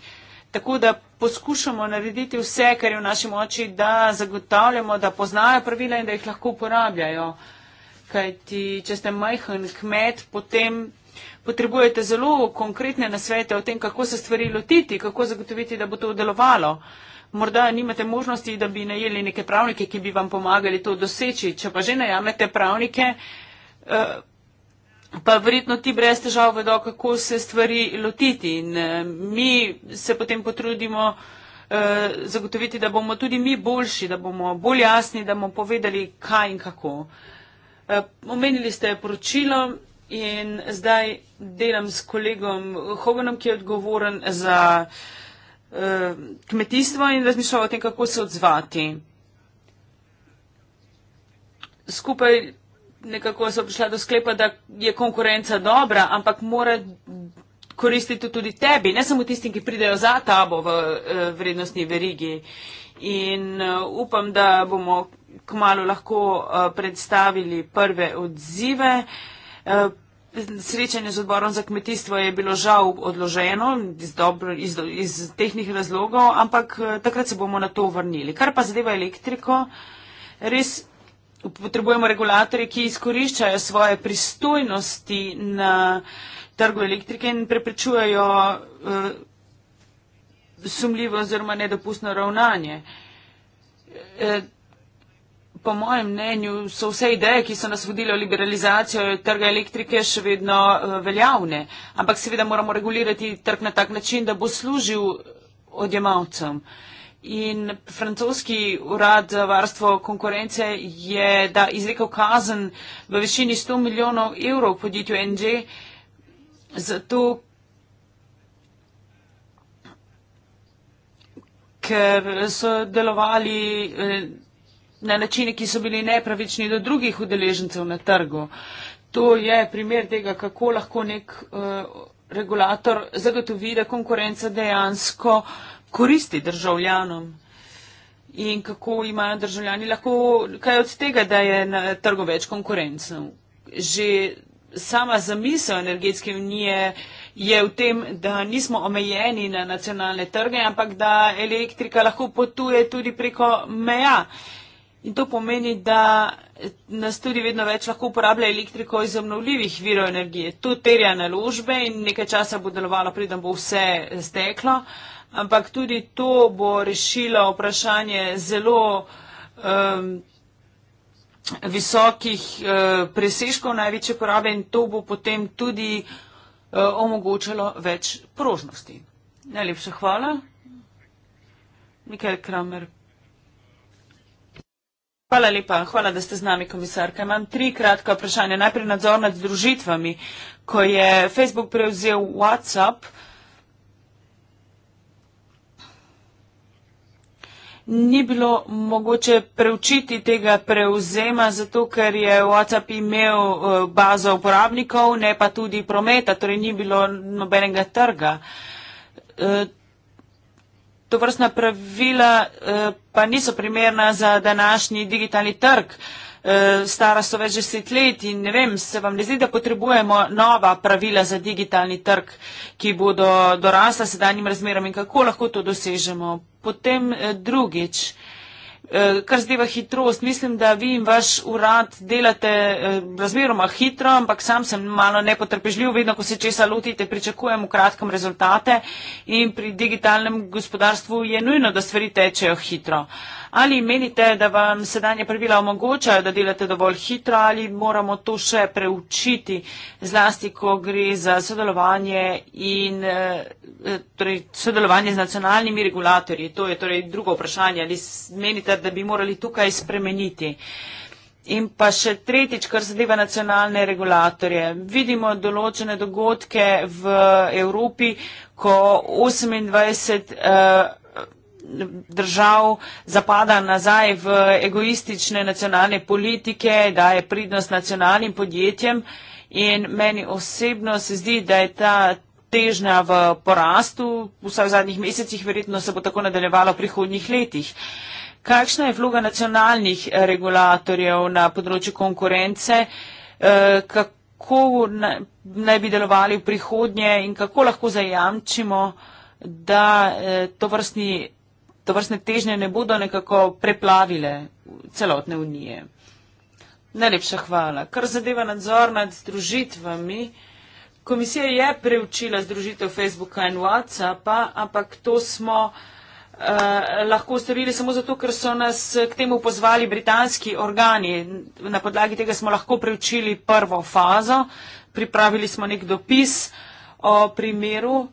Speaker 3: Tako da poskušamo narediti vse, kar je v naši moči, da zagotavljamo, da poznajo pravila in da jih lahko uporabljajo. Kajti, če ste majhen kmet, potem potrebujete zelo konkretne nasvete o tem, kako se stvari lotiti, kako zagotoviti, da bo to delovalo. Morda nimate možnosti, da bi najeli neke pravnike, ki bi vam pomagali to doseči. Če pa že najamete pravnike, eh, pa verjetno ti brez težav vedo, kako se stvari lotiti. In eh, mi se potem potrudimo eh, zagotoviti, da bomo tudi mi boljši, da bomo bolj jasni, da bomo povedali, kaj in kako. Omenili ste poročilo in zdaj delam s kolegom Hoganom, ki je odgovoren za eh, kmetijstvo in razmišljal o tem, kako se odzvati. Skupaj nekako so prišla do sklepa, da je konkurenca dobra, ampak mora koristiti tudi tebi, ne samo tistim, ki pridejo za tabo v eh, vrednostni verigi. In eh, upam, da bomo kmalo lahko predstavili prve odzive. Eh, srečanje z odborom za kmetijstvo je bilo žal odloženo iz, dobro, iz, iz tehnih razlogov, ampak eh, takrat se bomo na to vrnili. Kar pa zadeva elektriko, res potrebujemo regulatorje, ki izkoriščajo svoje pristojnosti na trgu elektrike in preprečujejo uh, sumljivo oziroma nedopustno ravnanje. Uh, po mojem mnenju so vse ideje, ki so nas vodile v liberalizacijo trga elektrike, še vedno eh, veljavne. Ampak seveda moramo regulirati trg na tak način, da bo služil odjemalcem. In francoski urad za varstvo konkurence je da izrekel kazen v višini 100 milijonov evrov podjetju NG, zato ker so delovali eh, na načine, ki so bili nepravični do drugih udeležencev na trgu. To je primer tega, kako lahko nek uh, regulator zagotovi, da konkurenca dejansko koristi državljanom in kako imajo državljani lahko kaj od tega, da je na trgu več konkurencev. Že sama zamisel energetske unije je v tem, da nismo omejeni na nacionalne trge, ampak da elektrika lahko potuje tudi preko meja. In to pomeni, da nas tudi vedno več lahko uporablja elektriko iz obnovljivih virov energije. To terja naložbe in nekaj časa bo delovalo, preden bo vse steklo. Ampak tudi to bo rešilo vprašanje zelo um, visokih uh, preseškov največje porabe in to bo potem tudi uh, omogočalo več prožnosti. Najlepša hvala. Mikel Kramer. Hvala lepa, hvala, da ste z nami, komisarka. Imam tri kratka vprašanja. Najprej nadzor nad družitvami. Ko je Facebook prevzel WhatsApp, ni bilo mogoče preučiti tega prevzema, zato ker je WhatsApp imel eh, bazo uporabnikov, ne pa tudi prometa, torej ni bilo nobenega trga. Eh, to vrstna pravila eh, pa niso primerna za današnji digitalni trg. Eh, stara so več deset let in ne vem, se vam ne zdi, da potrebujemo nova pravila za digitalni trg, ki bodo dorasla sedanjim razmeram in kako lahko to dosežemo. Potem eh, drugič. Eh, kar zadeva hitrost, mislim, da vi in vaš urad delate eh, razmeroma hitro, ampak sam sem malo nepotrpežljiv, vedno, ko se česa lotite, pričakujem v kratkem rezultate in pri digitalnem gospodarstvu je nujno, da stvari tečejo hitro. Uh, Ali menite, da vam sedanje pravila omogočajo, da delate dovolj hitro ali moramo to še preučiti, zlasti, ko gre za sodelovanje, in, eh, torej, sodelovanje z nacionalnimi regulatorji? To je torej drugo vprašanje. Ali menite, da bi morali tukaj spremeniti? In pa še tretjič, kar zadeva nacionalne regulatorje. Vidimo določene dogodke v Evropi, ko 28 uh, eh, držav zapada nazaj v egoistične nacionalne politike, daje pridnost nacionalnim podjetjem in meni osebno se zdi, da je ta težnja v porastu, vsaj v zadnjih mesecih, verjetno se bo tako nadaljevalo v prihodnjih letih. Kakšna je vloga nacionalnih eh, regulatorjev na področju konkurence, eh, kako naj bi delovali v prihodnje in kako lahko zajamčimo, da eh, to vrstni to vrstne težnje ne bodo nekako preplavile celotne unije. Najlepša hvala. Kar zadeva nadzor nad združitvami, komisija je preučila združitev Facebooka in WhatsAppa, ampak to smo eh, lahko storili samo zato, ker so nas k temu pozvali britanski organi. Na podlagi tega smo lahko preučili prvo fazo, pripravili smo nek dopis o primeru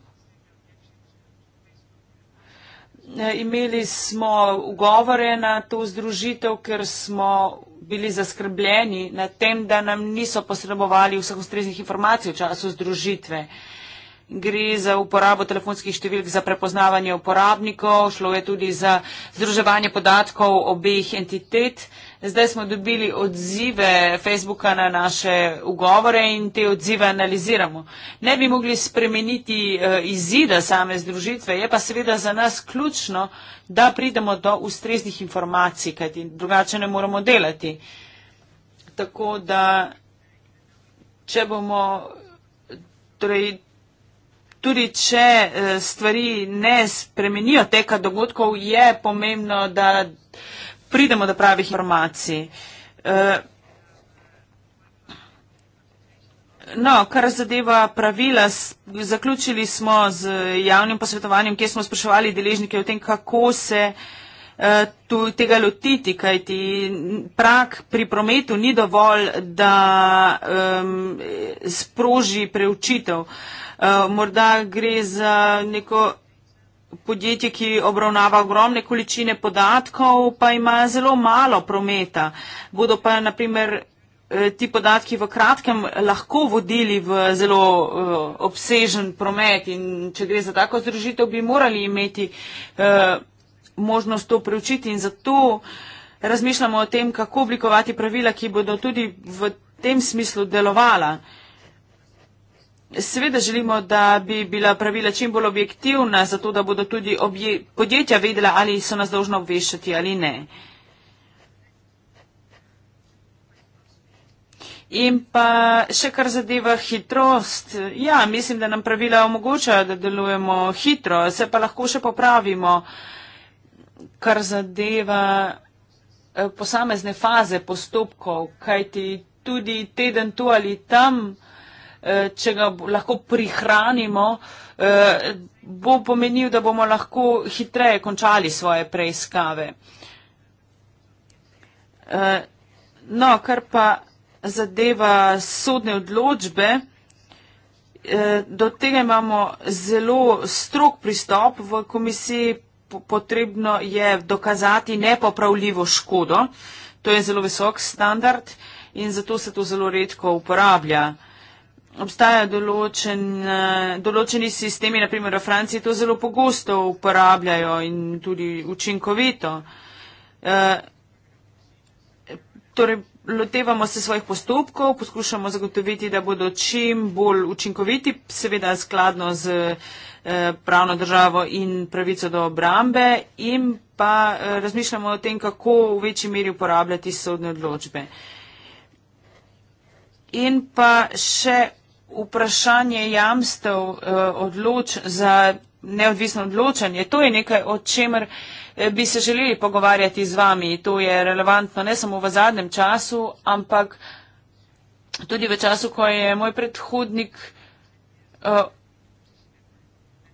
Speaker 3: imeli smo ugovore na to združitev, ker smo bili zaskrbljeni nad tem, da nam niso posredovali vseh ustreznih informacij v času združitve. Gre za uporabo telefonskih številk za prepoznavanje uporabnikov, šlo je tudi za združevanje podatkov obeh entitet, Zdaj smo dobili odzive Facebooka na naše ugovore in te odzive analiziramo. Ne bi mogli spremeniti eh, izida same združitve, je pa seveda za nas ključno, da pridemo do ustreznih informacij, kajti drugače ne moramo delati. Tako da, če bomo, torej, tudi če eh, stvari ne spremenijo teka dogodkov, je pomembno, da pridemo do pravih informacij. Eh, no, kar zadeva pravila, zaključili smo z javnim posvetovanjem, kjer smo spraševali deležnike o tem, kako se eh, tega lotiti, kajti prak pri prometu ni dovolj, da um, sproži preučitev. Uh, morda gre za neko podjetje, ki obravnava ogromne količine podatkov, pa ima zelo malo prometa. Bodo pa naprimer eh, ti podatki v kratkem lahko vodili v zelo eh, obsežen promet in če gre za tako združitev, bi morali imeti eh, možnost to preučiti in zato razmišljamo o tem, kako oblikovati pravila, ki bodo tudi v tem smislu delovala. Seveda želimo, da bi bila pravila čim bolj objektivna, zato da bodo tudi obje, podjetja vedela, ali so nas dolžno obveščati ali ne. In pa še kar zadeva hitrost. Ja, mislim, da nam pravila omogočajo, da delujemo hitro, se pa lahko še popravimo, kar zadeva eh, posamezne faze postopkov, kajti tudi teden tu ali tam Eh, če ga lahko prihranimo, eh, bo pomenil, da bomo lahko hitreje končali svoje preiskave. Eh, no, kar pa zadeva sodne odločbe, do tega imamo zelo strok pristop v komisiji, potrebno je dokazati nepopravljivo škodo. To je zelo visok standard in zato se to zelo redko uporablja obstajajo določen, določeni sistemi, naprimer v Franciji to zelo pogosto uporabljajo in tudi učinkovito. Eh, torej, lotevamo se svojih postopkov, poskušamo zagotoviti, da bodo čim bolj učinkoviti, seveda skladno z eh, pravno državo in pravico do obrambe in pa eh, razmišljamo o tem, kako v večji meri uporabljati sodne odločbe. In pa še vprašanje jamstev eh, odloč za neodvisno odločanje. To je nekaj, o čemer eh, bi se želeli pogovarjati z vami. To je relevantno ne samo v zadnjem času, ampak tudi v času, ko je moj predhodnik eh,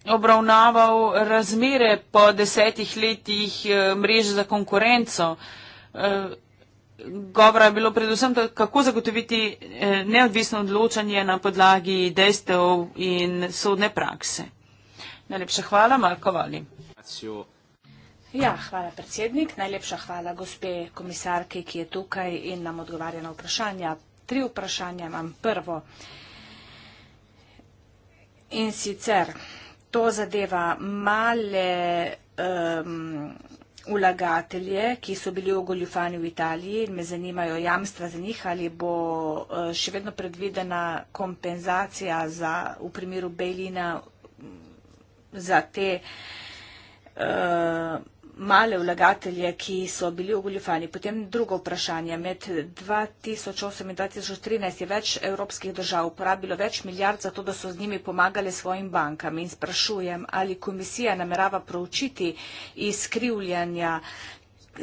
Speaker 3: obravnaval razmere po desetih letih mreže za konkurenco govora je bilo predvsem, da kako zagotoviti eh, neodvisno odločanje na podlagi dejstev in sodne prakse. Najlepša hvala, Marko Vali.
Speaker 2: Ja, hvala predsednik, najlepša hvala gospe komisarke, ki je tukaj in nam odgovarja na vprašanja. Tri vprašanja imam. Prvo. In sicer to zadeva male. Um, vlagatelje, ki so bili ogoljufani v Italiji in me zanimajo jamstva za njih, ali bo eh, še vedno predvidena kompenzacija za, v primeru Bejlina za te uh, male vlagatelje, ki so bili ogoljufani. Potem drugo vprašanje. Med 2008 in 2013 je več evropskih držav uporabilo več milijard za to, da so z njimi pomagali svojim bankam. In sprašujem, ali komisija namerava proučiti izkrivljanja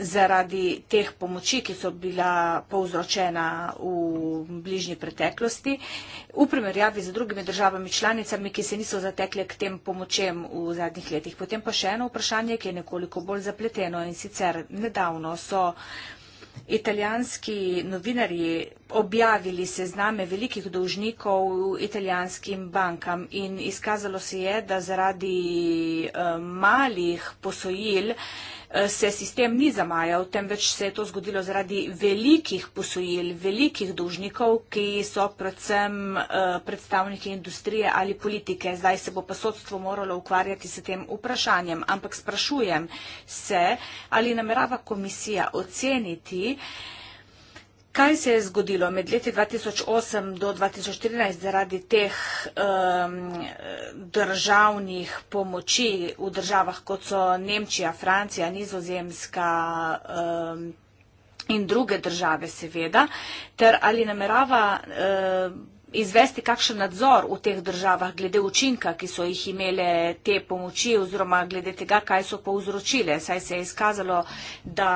Speaker 2: zaradi teh pomoči, ki so bila povzročena v bližnji preteklosti, v primerjavi z drugimi državami članicami, ki se niso zatekle k tem pomočem v zadnjih letih. Potem pa še eno vprašanje, ki je nekoliko bolj zapleteno in sicer nedavno so italijanski novinarji objavili sezname velikih dolžnikov italijanskim bankam in izkazalo se je, da zaradi eh, malih posojil Eh, se sistem ni zamajal, temveč se je to zgodilo zaradi velikih posojil, velikih dolžnikov, ki so predvsem eh, predstavniki industrije ali politike. Zdaj se bo pa sodstvo moralo ukvarjati s tem vprašanjem, ampak sprašujem se, ali namerava komisija oceniti, Kaj se je zgodilo med leti 2008 do 2014 zaradi teh um, državnih pomoči v državah, kot so Nemčija, Francija, Nizozemska um, in druge države seveda, ter ali namerava uh, izvesti kakšen nadzor v teh državah glede učinka, ki so jih imele te pomoči oziroma glede tega, kaj so povzročile, saj se je izkazalo, da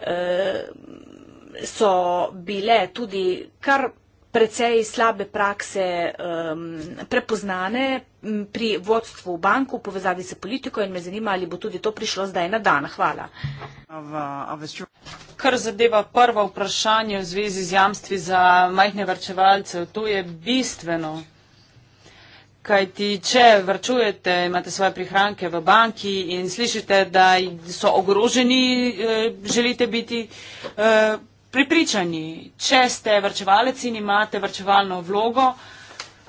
Speaker 2: uh, so bile tudi kar precej slabe prakse um, prepoznane pri vodstvu banku v povezavi s politiko in me zanima, ali bo tudi to prišlo zdaj na dan. Hvala. Kar zadeva prvo vprašanje v zvezi z jamstvi za
Speaker 3: majhne vrčevalce, to je bistveno. Kaj ti, če vrčujete, imate svoje prihranke v banki in slišite, da so ogroženi, eh, želite biti eh, pripričani, če ste vrčevalec in imate vrčevalno vlogo,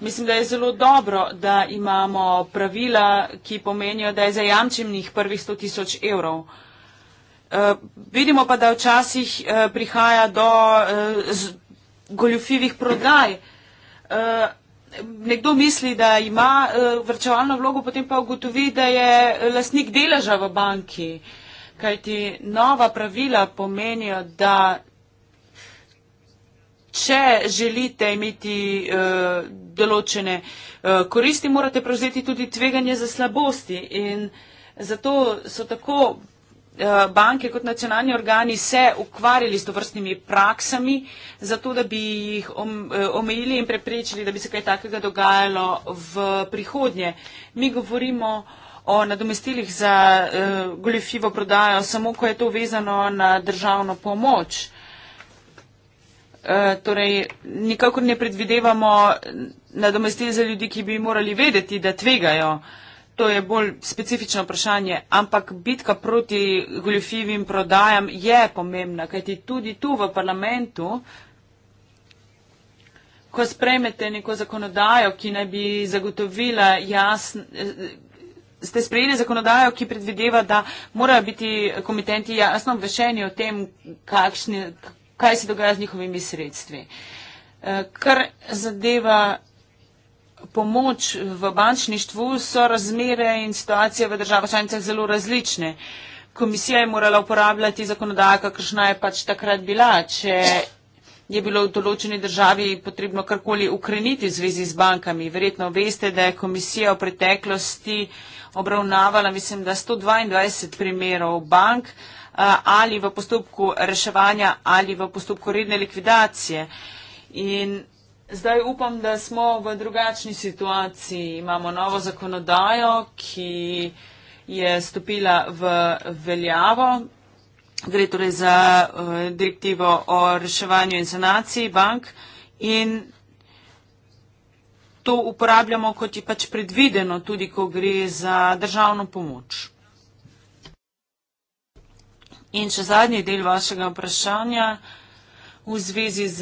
Speaker 3: mislim, da je zelo dobro, da imamo pravila, ki pomenijo, da je zajamčenih prvih 100 tisoč evrov. Eh, vidimo pa, da včasih eh, prihaja do eh, goljufivih prodaj. Nekdo misli, da ima vrčevalno vlogo, potem pa ugotovi, da je lasnik deleža v banki. Kajti nova pravila pomenijo, da če želite imeti uh, določene uh, koristi, morate prevzeti tudi tveganje za slabosti. In zato so tako eh, banke kot nacionalni organi se ukvarjali s tovrstnimi praksami, zato da bi jih omejili in preprečili, da bi se kaj takega dogajalo v prihodnje. Mi govorimo o nadomestilih za goljofivo prodajo, samo ko je to vezano na državno pomoč. Eh, torej nikakor ne predvidevamo nadomestil za ljudi, ki bi morali vedeti, da tvegajo. To je bolj specifično vprašanje, ampak bitka proti goljofivim prodajam je pomembna, kajti tudi tu v parlamentu, ko spremete neko zakonodajo, ki naj bi zagotovila jasno, eh, ste sprejeli zakonodajo, ki predvideva, da morajo biti komitenti jasno obvešeni o tem, kakšni, kaj se dogaja z njihovimi sredstvi. Eh, kar zadeva pomoč v bančništvu, so razmere in situacije v državah članicah zelo različne. Komisija je morala uporabljati zakonodajo, kakršna je pač takrat bila. Če je bilo v določeni državi potrebno karkoli ukreniti v zvezi z bankami. Verjetno veste, da je komisija v preteklosti obravnavala, mislim, da 122 primerov bank. Uh, Eh, ali v postopku reševanja ali v postopku redne likvidacije. In zdaj upam, da smo v drugačni situaciji. Imamo novo zakonodajo, ki je stopila v veljavo. Gre torej za eh, direktivo o reševanju in sanaciji bank in to uporabljamo, kot je pač predvideno, tudi ko gre za državno pomoč. In še zadnji del vašega vprašanja v zvezi z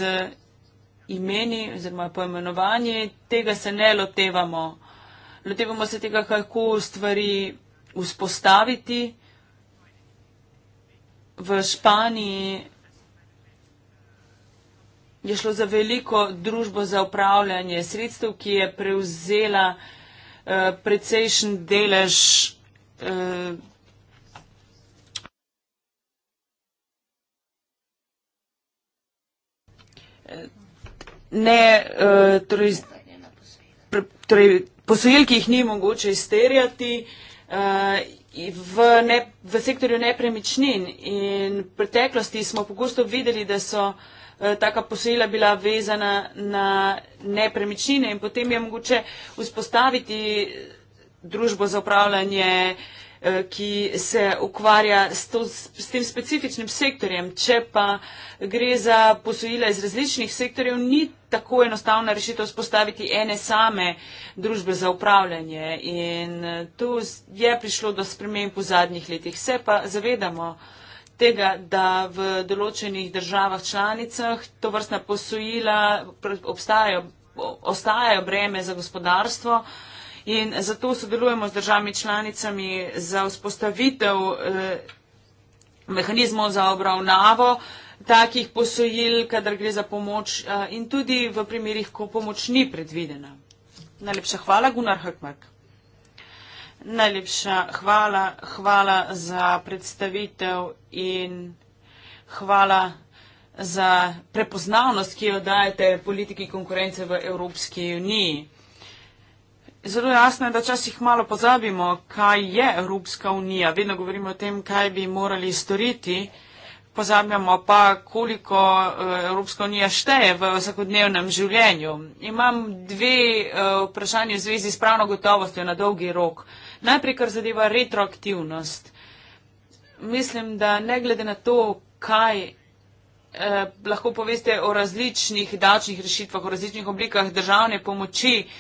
Speaker 3: imeni oziroma poimenovanji, tega se ne lotevamo. Lotevamo se tega, kako stvari vzpostaviti. V Španiji je šlo za veliko družbo za upravljanje sredstev, ki je prevzela uh, precejšen delež. Uh, ne, uh, torej, pre, torej, posojil, ki jih ni mogoče izterjati uh, v, ne, v sektorju nepremičnin. In v preteklosti smo pogosto videli, da so eh, taka posojila bila vezana na nepremičnine in potem je mogoče vzpostaviti družbo za upravljanje eh, Eh, ki se ukvarja s, to, s tem specifičnim sektorjem. Če pa gre za posojila iz različnih sektorjev, ni tako enostavna rešitev spostaviti ene same družbe za upravljanje. In eh, tu je prišlo do sprememb v zadnjih letih. Vse pa zavedamo tega, da v določenih državah članicah to vrstna posojila obstajajo, ostajajo breme za gospodarstvo. Uh, in zato sodelujemo z državami članicami za vzpostavitev eh, mehanizmov za obravnavo takih posojil, kadar gre za pomoč eh, in tudi v primerih, ko pomoč ni predvidena. Najlepša hvala, Gunnar Hökmark. Najlepša hvala, hvala za predstavitev in hvala za prepoznavnost, ki jo dajete politiki konkurence v Evropski uniji zelo jasno je, da časih malo pozabimo, kaj je Evropska unija. Vedno govorimo o tem, kaj bi morali storiti. Pozabljamo pa, koliko eh, Evropska unija šteje v vsakodnevnem življenju. Imam dve eh, vprašanje v zvezi s pravno gotovostjo na dolgi rok. Najprej, kar zadeva retroaktivnost. Mislim, da ne glede na to, kaj eh, lahko poveste o različnih davčnih rešitvah, o različnih oblikah državne pomoči, eh,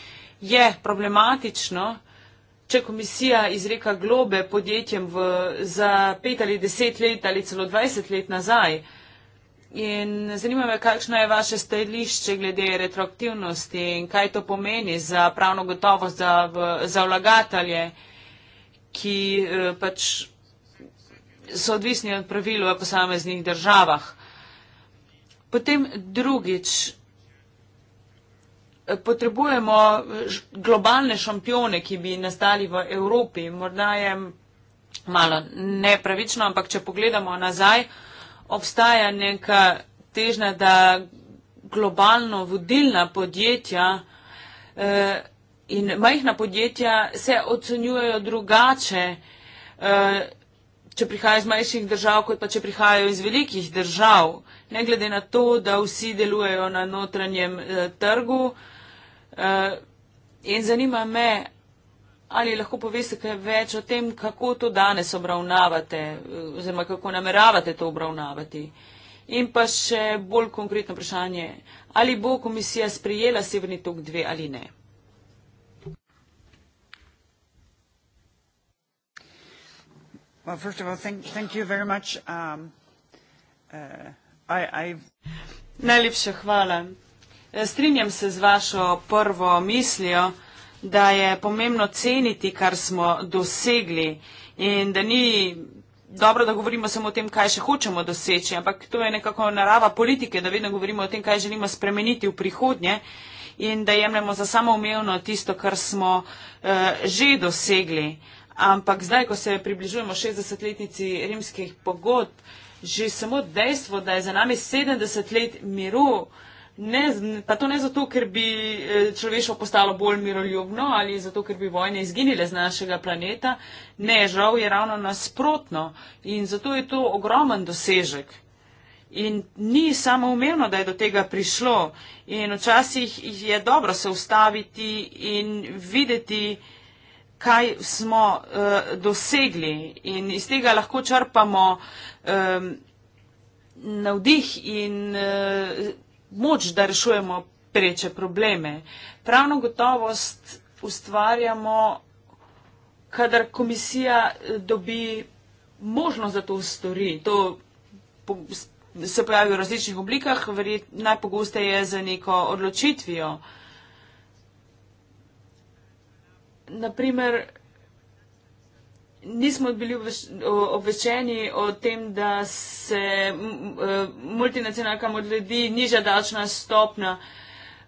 Speaker 3: je problematično, če komisija izreka globe podjetjem v, za pet ali deset let ali celo dvajset let nazaj. In zanima me, kakšno je vaše stališče glede retroaktivnosti in kaj to pomeni za pravno gotovost, za, za vlagatelje, ki eh, pač so odvisni od pravil v posameznih državah. Potem drugič, potrebujemo globalne šampione, ki bi nastali v Evropi. Morda je malo nepravično, ampak če pogledamo nazaj, obstaja neka težna, da globalno vodilna podjetja eh, in majhna podjetja se ocenjujejo drugače, eh, če prihajajo iz manjših držav, kot pa če prihajajo iz velikih držav. Ne glede na to, da vsi delujejo na notranjem eh, trgu, Eh, in zanima me, ali lahko poveste kaj več o tem, kako to danes obravnavate eh, oziroma kako nameravate to obravnavati. In pa še bolj konkretno vprašanje, ali bo komisija sprijela Severni tok 2 ali ne? Well, all, thank, thank um, uh, I, Najlepša hvala. Eh, strinjam se z vašo prvo mislijo, da je pomembno ceniti, kar smo dosegli in da ni dobro, da govorimo samo o tem, kaj še hočemo doseči, ampak to je nekako narava politike, da vedno govorimo o tem, kaj želimo spremeniti v prihodnje in da jemljemo za samoumevno tisto, kar smo eh, že dosegli. Ampak zdaj, ko se približujemo 60-letnici rimskih pogodb, že samo dejstvo, da je za nami 70 let miru, Ne, pa to ne zato, ker bi eh, človeštvo postalo bolj miroljubno ali zato, ker bi vojne izginile z našega planeta. Ne, žal je ravno nasprotno in zato je to ogromen dosežek. In ni samo umevno, da je do tega prišlo. In včasih je dobro se ustaviti in videti, kaj smo uh, dosegli. In iz tega lahko črpamo um, navdih in. Uh, moč, da rešujemo preče probleme. Pravno gotovost ustvarjamo, kadar komisija eh, dobi možnost, da to ustori. To se pojavi v različnih oblikah, najpogosteje za neko odločitvijo. Naprimer, Nismo bili obveščeni o tem, da se e, multinacionalkam odredi niža davčna stopna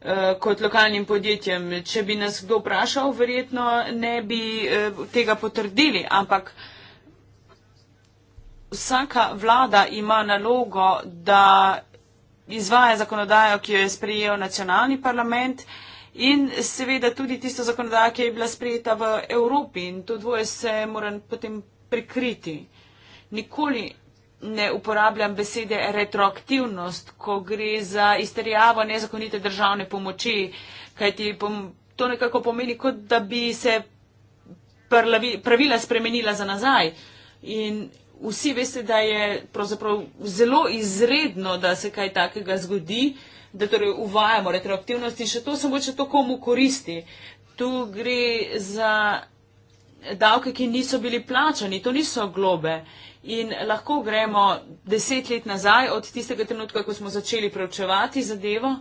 Speaker 3: e, kot lokalnim podjetjem. Če bi nas kdo vprašal, verjetno ne bi e, tega potrdili, ampak vsaka vlada ima nalogo, da izvaja zakonodajo, ki jo je sprejel nacionalni parlament in seveda tudi tisto zakonodajo, ki je bila sprejeta v Evropi in to dvoje se moram potem prikriti. Nikoli ne uporabljam besede retroaktivnost, ko gre za izterjavo nezakonite državne pomoči, kajti to nekako pomeni, kot da bi se pravila spremenila za nazaj. In vsi veste, da je zelo izredno, da se kaj takega zgodi, da torej uvajamo retroaktivnost in še to samo, če to komu koristi. Tu gre za davke, ki niso bili plačani, to niso globe. In lahko gremo deset let nazaj od tistega trenutka, ko smo začeli preučevati zadevo.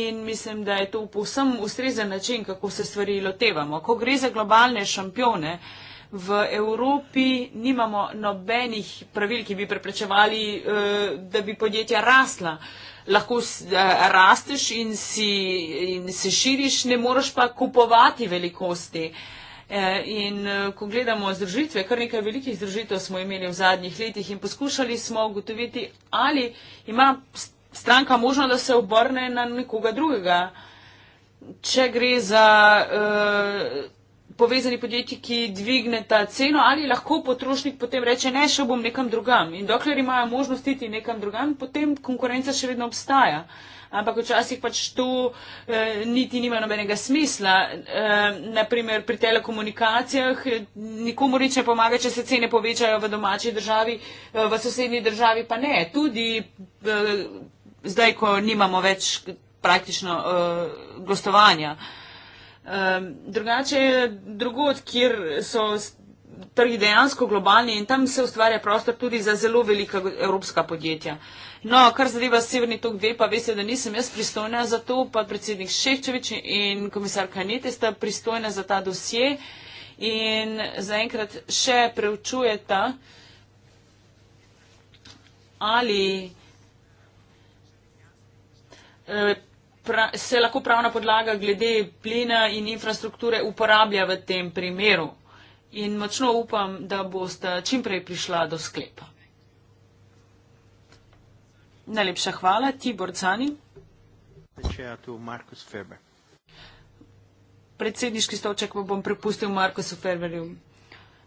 Speaker 3: In mislim, da je to povsem ustrezen način, kako se stvari lotevamo. Ko gre za globalne šampione, v Evropi nimamo nobenih pravil, ki bi preprečevali, eh, da bi podjetja rasla. Lahko eh, rasteš in, si, in se širiš, ne moreš pa kupovati velikosti. Eh, in ko gledamo združitve, kar nekaj velikih združitev smo imeli v zadnjih letih in poskušali smo ugotoviti, ali ima stranka možno, da se obrne na nekoga drugega. Če gre za. Uh, povezani podjetji, ki dvigne ta ceno, ali lahko potrošnik potem reče, ne, šel bom nekam drugam. In dokler imajo možnost iti nekam drugam, potem konkurenca še vedno obstaja. Ampak včasih pač to eh, niti nima nobenega smisla. Eh, naprimer pri telekomunikacijah eh, nikomu nič ne pomaga, če se cene povečajo v domači državi, eh, v sosednji državi pa ne. Tudi eh, zdaj, ko nimamo več praktično eh, gostovanja. Eh, Ehm, drugače je drugod, kjer so trgi dejansko globalni in tam se ustvarja prostor tudi za zelo velika evropska podjetja. No, kar zadeva Severni tok 2, pa veste, da nisem jaz pristojna za to, pa predsednik Šečevič in komisar Kanete sta pristojna za ta dosje in zaenkrat še preučujeta, ali eh, pra, se lahko pravna podlaga glede plina in infrastrukture uporablja v tem primeru. In močno upam, da boste čimprej prišla do sklepa. Najlepša hvala, Tibor Cani. Predsedniški stolček bom prepustil Markusu Ferberju.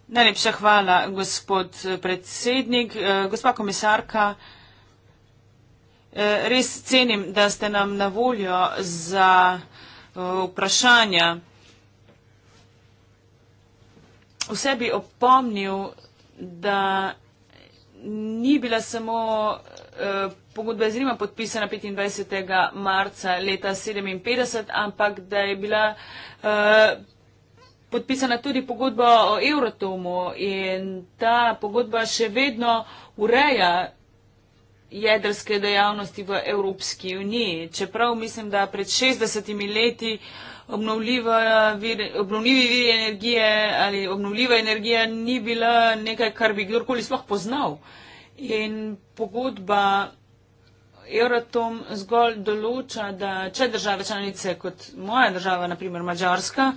Speaker 3: Najlepša hvala, gospod predsednik. Eh, gospa komisarka, Eh, res cenim, da ste nam na voljo za eh, vprašanja. V sebi opomnil, da ni bila samo eh, pogodba z Rima podpisana 25. marca leta 1957, ampak da je bila podpisana tudi pogodba o Eurotomu in ta pogodba še vedno ureja jedrske dejavnosti v Evropski uniji. Čeprav mislim, da pred 60 leti vir, obnovljivi viri energije ali obnovljiva energija ni bila nekaj, kar bi kdorkoli sploh poznal. In pogodba Euratom zgolj določa, da če države članice, kot moja država, naprimer Mačarska,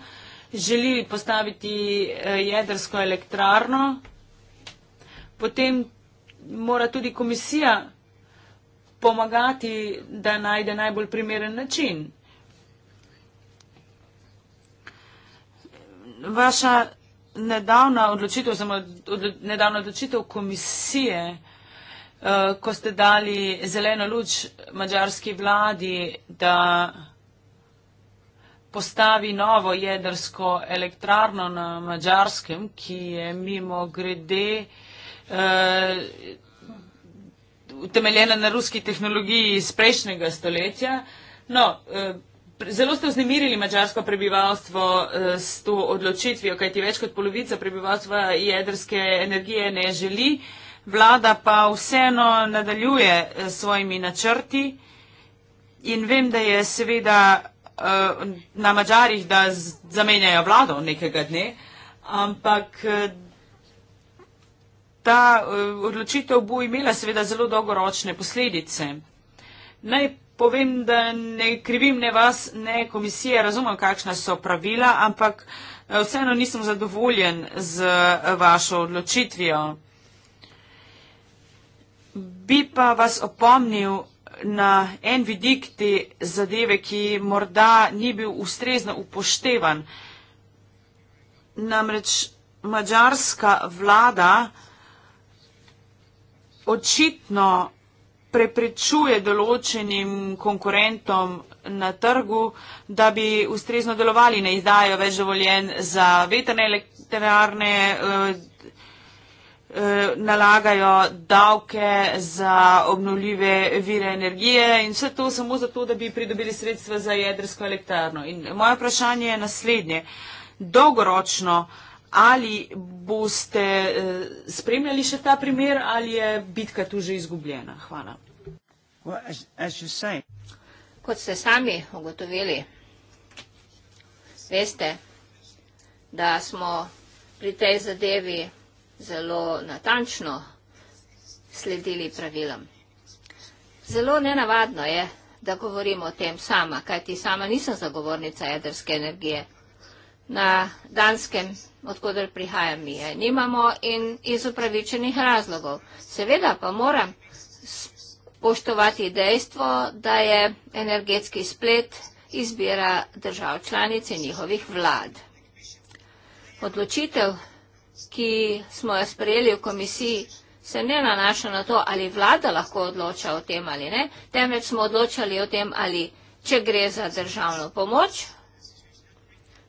Speaker 3: želi postaviti eh, jedrsko elektrarno, potem mora tudi komisija pomagati, da najde najbolj primeren način. Vaša nedavna odločitev, samo nedavna odločitev komisije, eh, ko ste dali zeleno luč mađarski vladi, da postavi novo jedrsko elektrarno na mađarskem, ki je mimo grede eh, utemeljena na ruski tehnologiji iz prejšnjega stoletja. No, eh, zelo ste vznemirili mačarsko prebivalstvo eh, s to odločitvijo, kajti več kot polovica prebivalstva jedrske energije ne želi. Vlada pa vseeno nadaljuje eh, s svojimi načrti in vem, da je seveda na mačarih, da zamenjajo vlado nekega dne, ampak ta eh, odločitev bo imela seveda zelo dolgoročne posledice. Naj povem, da ne krivim ne vas, ne komisije, razumem, kakšna so pravila, ampak eh, vseeno nisem zadovoljen z eh, vašo odločitvijo. Bi pa vas opomnil na en vidik te zadeve, ki morda ni bil ustrezno upoštevan. Namreč Mačarska vlada očitno preprečuje določenim konkurentom na trgu, da bi ustrezno delovali, ne izdajo več dovoljen za veterne elektrarne, eh, eh, nalagajo davke za obnovljive vire energije in vse to samo zato, da bi pridobili sredstva za jedrsko elektrarno. In moje vprašanje je naslednje. Dolgoročno, Ali boste eh, spremljali še ta primer ali je bitka tu že izgubljena? Hvala.
Speaker 1: Kot ste sami ugotovili, veste, da smo pri tej zadevi zelo natančno sledili pravilam. Zelo nenavadno je, da govorimo o tem sama, kajti sama nisem zagovornica jedrske energije. Na danskem odkudar prihajam, mi je nimamo in iz upravičenih razlogov. Seveda pa moram spoštovati dejstvo, da je energetski splet izbira držav članic in njihovih vlad. Odločitev, ki smo jo sprejeli v komisiji, se ne nanaša na to, ali vlada lahko odloča o tem ali ne, temveč smo odločali o tem, ali če gre za državno pomoč,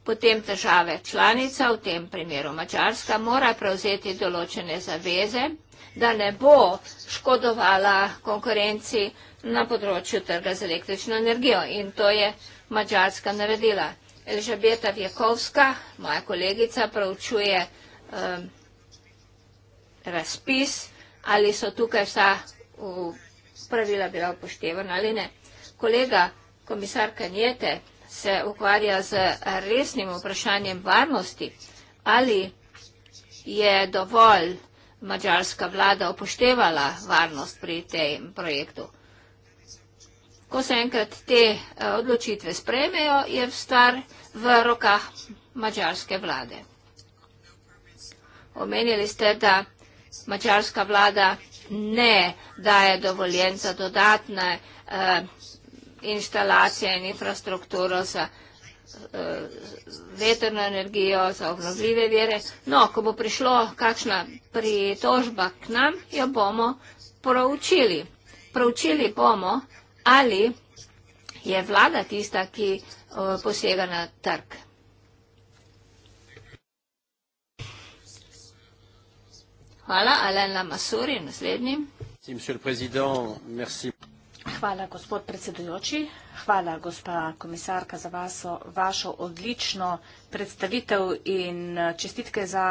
Speaker 1: potem države članica, v tem primeru Mačarska, mora prevzeti določene zaveze, da ne bo škodovala konkurenci na področju trga z električno energijo. In to je Mačarska naredila. Elžabeta Vjekovska, moja kolegica, pravčuje um, eh, razpis, ali so tukaj vsa pravila bila upoštevana ali ne. Kolega komisar Kanjete, se ukvarja z resnim vprašanjem varnosti, ali je dovolj mađarska vlada upoštevala varnost pri tem projektu. Ko se enkrat te eh, odločitve sprejmejo, je stvar v rokah mađarske vlade. Omenili ste, da mađarska vlada ne daje dovoljen za dodatne eh, inštalacije in infrastrukturo za eh, vetrno energijo, za obnovljive vire. No, ko bo prišlo kakšna pritožba k nam, jo bomo proučili. Proučili bomo, ali je vlada tista, ki eh, posega na trg. Hvala, Alen Lamasuri, naslednji. Merci, Hvala, gospod predsedujoči. Hvala,
Speaker 2: gospa komisarka, za vaso, vašo odlično predstavitev in eh, čestitke za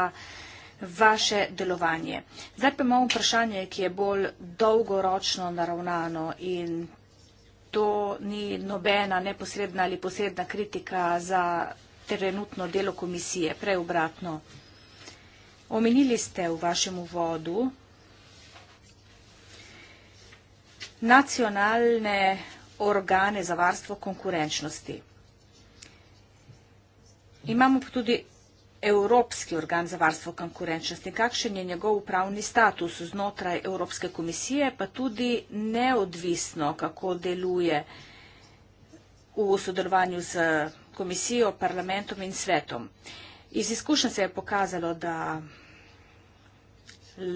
Speaker 2: vaše delovanje. Zdaj pa imamo vprašanje, ki je bolj dolgoročno naravnano in to ni nobena neposredna ali posredna kritika za trenutno delo komisije, preobratno. Omenili ste v vašem uvodu, nacionalne organe za varstvo konkurenčnosti. Imamo pa tudi Evropski organ za varstvo konkurenčnosti. Kakšen je njegov upravni status znotraj Evropske komisije, pa tudi neodvisno, kako deluje v sodelovanju z komisijo, parlamentom in svetom. Iz izkušnja se je pokazalo, da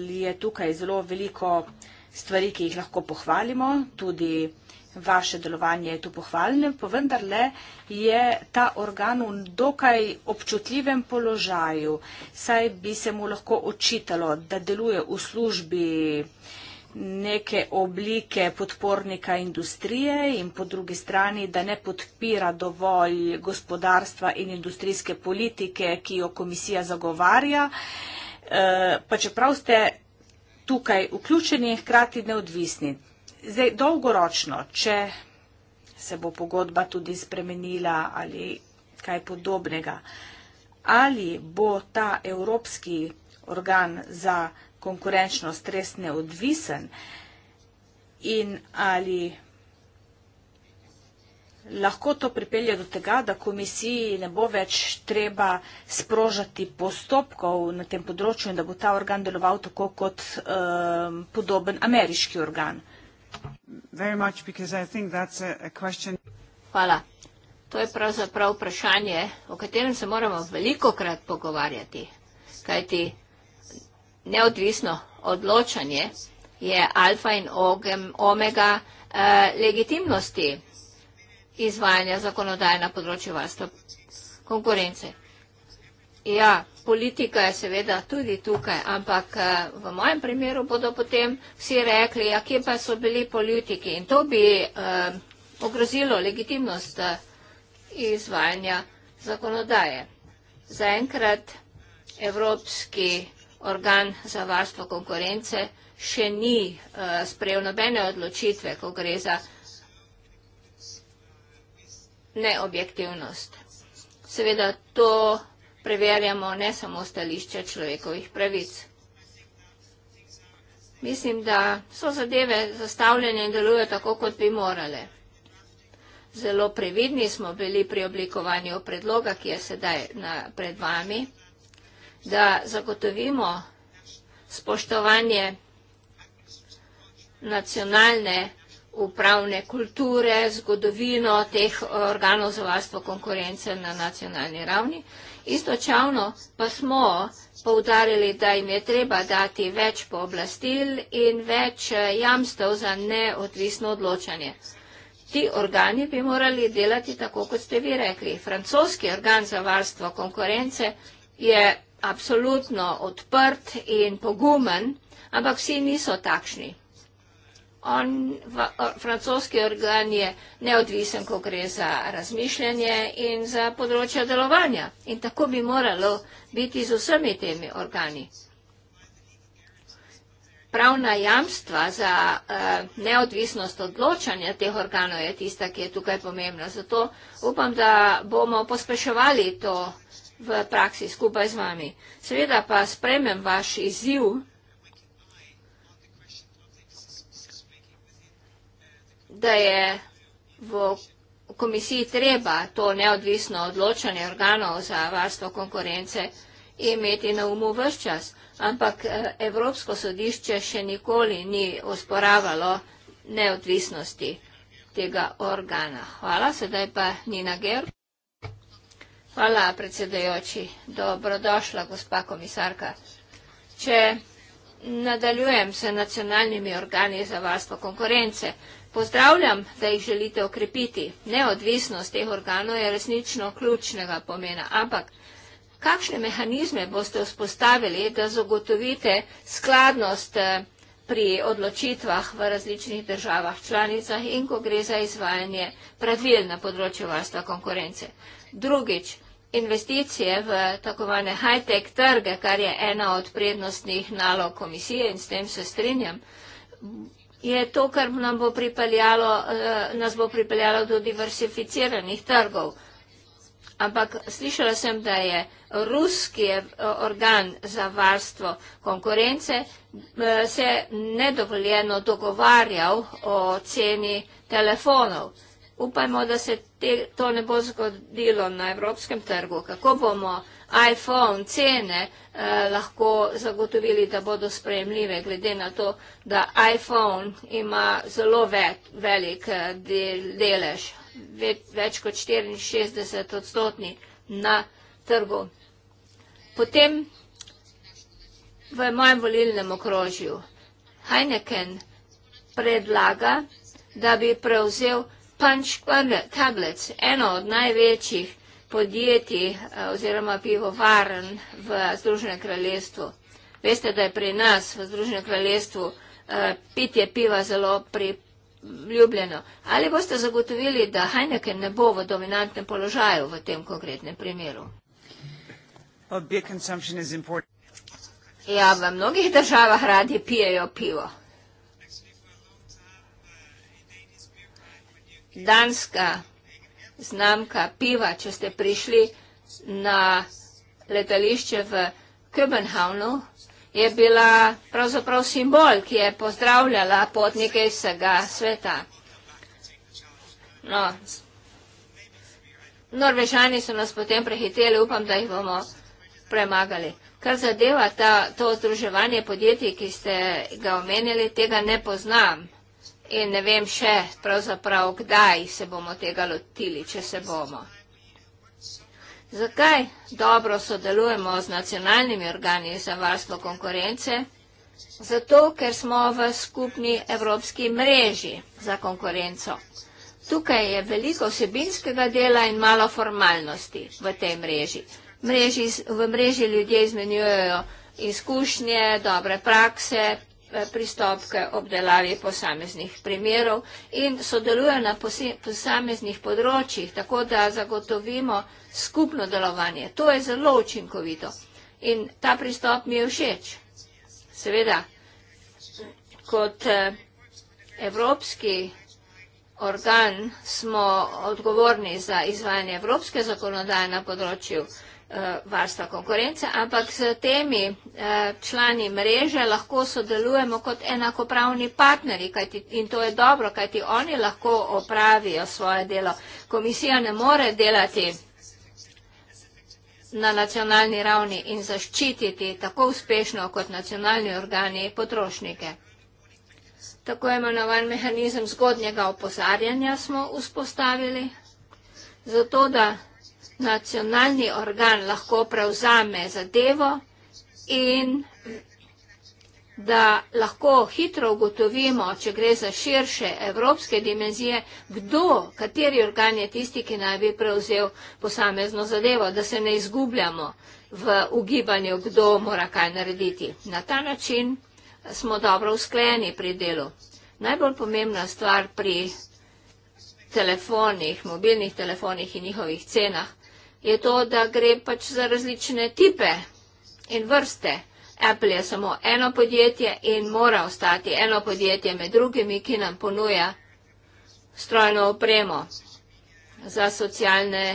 Speaker 2: je tukaj zelo veliko stvari, ki jih lahko pohvalimo, tudi vaše delovanje je tu pohvalno, pa vendar le je ta organ v dokaj občutljivem položaju, saj bi se mu lahko očitalo, da deluje v službi neke oblike podpornika industrije in po drugi strani, da ne podpira dovolj gospodarstva in industrijske politike, ki jo komisija zagovarja. Eh, pa čeprav ste tukaj vključeni in hkrati neodvisni. Zdaj, dolgoročno, če se bo pogodba tudi spremenila ali kaj podobnega, ali bo ta evropski organ za konkurenčnost res neodvisen in ali lahko to pripelje do tega, da komisiji ne bo več treba sprožati postopkov na tem področju in da bo ta organ deloval tako kot um, podoben ameriški organ.
Speaker 1: Hvala. To je pravzaprav vprašanje, o katerem se moramo veliko krat pogovarjati, kajti neodvisno odločanje je alfa in omega eh, legitimnosti izvajanja zakonodaje na področju varstva konkurence. Ja, politika je seveda tudi tukaj, ampak eh, v mojem primeru bodo potem vsi rekli, ja, kje pa so bili politiki in to bi eh, ogrozilo legitimnost eh, izvajanja zakonodaje. Zaenkrat Evropski organ za varstvo konkurence še ni eh, sprejel nobene odločitve, ko gre za neobjektivnost. Seveda to preverjamo ne samo stališče človekovih pravic. Mislim, da so zadeve zastavljene in delujejo tako, kot bi morale. Zelo previdni smo bili pri oblikovanju predloga, ki je sedaj na, pred vami, da zagotovimo spoštovanje nacionalne upravne kulture, zgodovino teh organov za varstvo konkurence na nacionalni ravni. Istočavno pa smo poudarili, da jim je treba dati več pooblastil in več eh, jamstev za neodvisno odločanje. Ti organi bi morali delati tako, kot ste vi rekli. Francoski organ za varstvo konkurence je absolutno odprt in pogumen, ampak vsi niso takšni. On, francoski organ je neodvisen, ko gre za razmišljanje in za področja delovanja. In tako bi moralo biti z vsemi temi organi. Pravna jamstva za uh, neodvisnost odločanja teh organov je tista, ki je tukaj pomembna. Zato upam, da bomo pospeševali to v praksi skupaj z vami. Seveda pa spremem vaš izziv. da je v komisiji treba to neodvisno odločanje organov za varstvo konkurence imeti na umu vse čas, ampak eh, Evropsko sodišče še nikoli ni osporavalo neodvisnosti tega organa. Hvala, sedaj pa Nina Ger. Hvala, predsedajoči. Dobrodošla, gospa komisarka. Če nadaljujem se nacionalnimi organi za varstvo konkurence, Pozdravljam, da jih želite okrepiti. Neodvisnost teh organov je resnično ključnega pomena. Ampak kakšne mehanizme boste vzpostavili, da zagotovite skladnost eh, pri odločitvah v različnih državah članicah in ko gre za izvajanje pravil na področju varstva konkurence? Drugič, investicije v takovane high-tech trge, kar je ena od prednostnih nalog komisije in s tem se strinjam je to, kar nam bo pripeljalo, eh, nas bo pripeljalo do diversificiranih trgov. Ampak slišala sem, da je ruski eh, organ za varstvo konkurence eh, se nedovoljeno dogovarjal o ceni telefonov. Upajmo, da se te, to ne bo zgodilo na evropskem trgu. Kako bomo uh, iPhone cene eh, lahko zagotovili, da bodo sprejemljive, glede na to, da iPhone ima zelo vet, velik eh, del, delež, vet, več kot 64 odstotni na trgu. Potem v mojem volilnem okrožju Heineken predlaga, da bi prevzel Punch Tablets, eno od največjih podjetij eh, oziroma pivovarn v Združenem kraljestvu. Veste, da je pri nas v Združenem kraljestvu eh, pitje piva zelo priljubljeno. Ali boste zagotovili, da Heineken ne bo v dominantnem položaju v tem konkretnem primeru? Ja, v mnogih državah radi pijejo pivo. Danska znamka piva, če ste prišli na letališče v Kopenhavnu, je bila pravzaprav simbol, ki je pozdravljala potnike iz vsega sveta. No. Norvežani so nas potem prehiteli, upam, da jih bomo premagali. Kar zadeva ta, to združevanje podjetij, ki ste ga omenili, tega ne poznam in ne vem še pravzaprav, kdaj se bomo tega lotili, če se bomo. Zakaj dobro sodelujemo z nacionalnimi organi za varstvo konkurence? Zato, ker smo v skupni evropski mreži za konkurenco. Tukaj je veliko vsebinskega dela in malo formalnosti v tej mreži. mreži v mreži ljudje izmenjujejo izkušnje, dobre prakse, Eh, pristop k obdelavi posameznih primerov in sodeluje na posameznih področjih, tako da zagotovimo skupno delovanje. To je zelo učinkovito in ta pristop mi je všeč. Seveda, kot eh, evropski organ smo odgovorni za izvajanje evropske zakonodaje na področju vsega, Eh, varstva konkurence, ampak s temi eh, člani mreže lahko sodelujemo kot enakopravni partneri ti, in to je dobro, kajti oni lahko opravijo svoje delo. Komisija ne more delati na nacionalni ravni in zaščititi tako uspešno kot nacionalni organi potrošnike. Tako imenovan mehanizem zgodnjega opozarjanja smo vzpostavili, zato da nacionalni organ lahko prevzame zadevo in da lahko hitro ugotovimo, če gre za širše evropske dimenzije, kdo, kateri organ je tisti, ki naj bi prevzel posamezno zadevo, da se ne izgubljamo v ugibanju, kdo mora kaj narediti. Na ta način smo dobro usklajeni pri delu. Najbolj pomembna stvar pri telefonih, mobilnih telefonih in njihovih cenah je to, da gre pač za različne tipe in vrste. Apple je samo eno podjetje in mora ostati eno podjetje med drugimi, ki nam ponuja strojno opremo za socialne,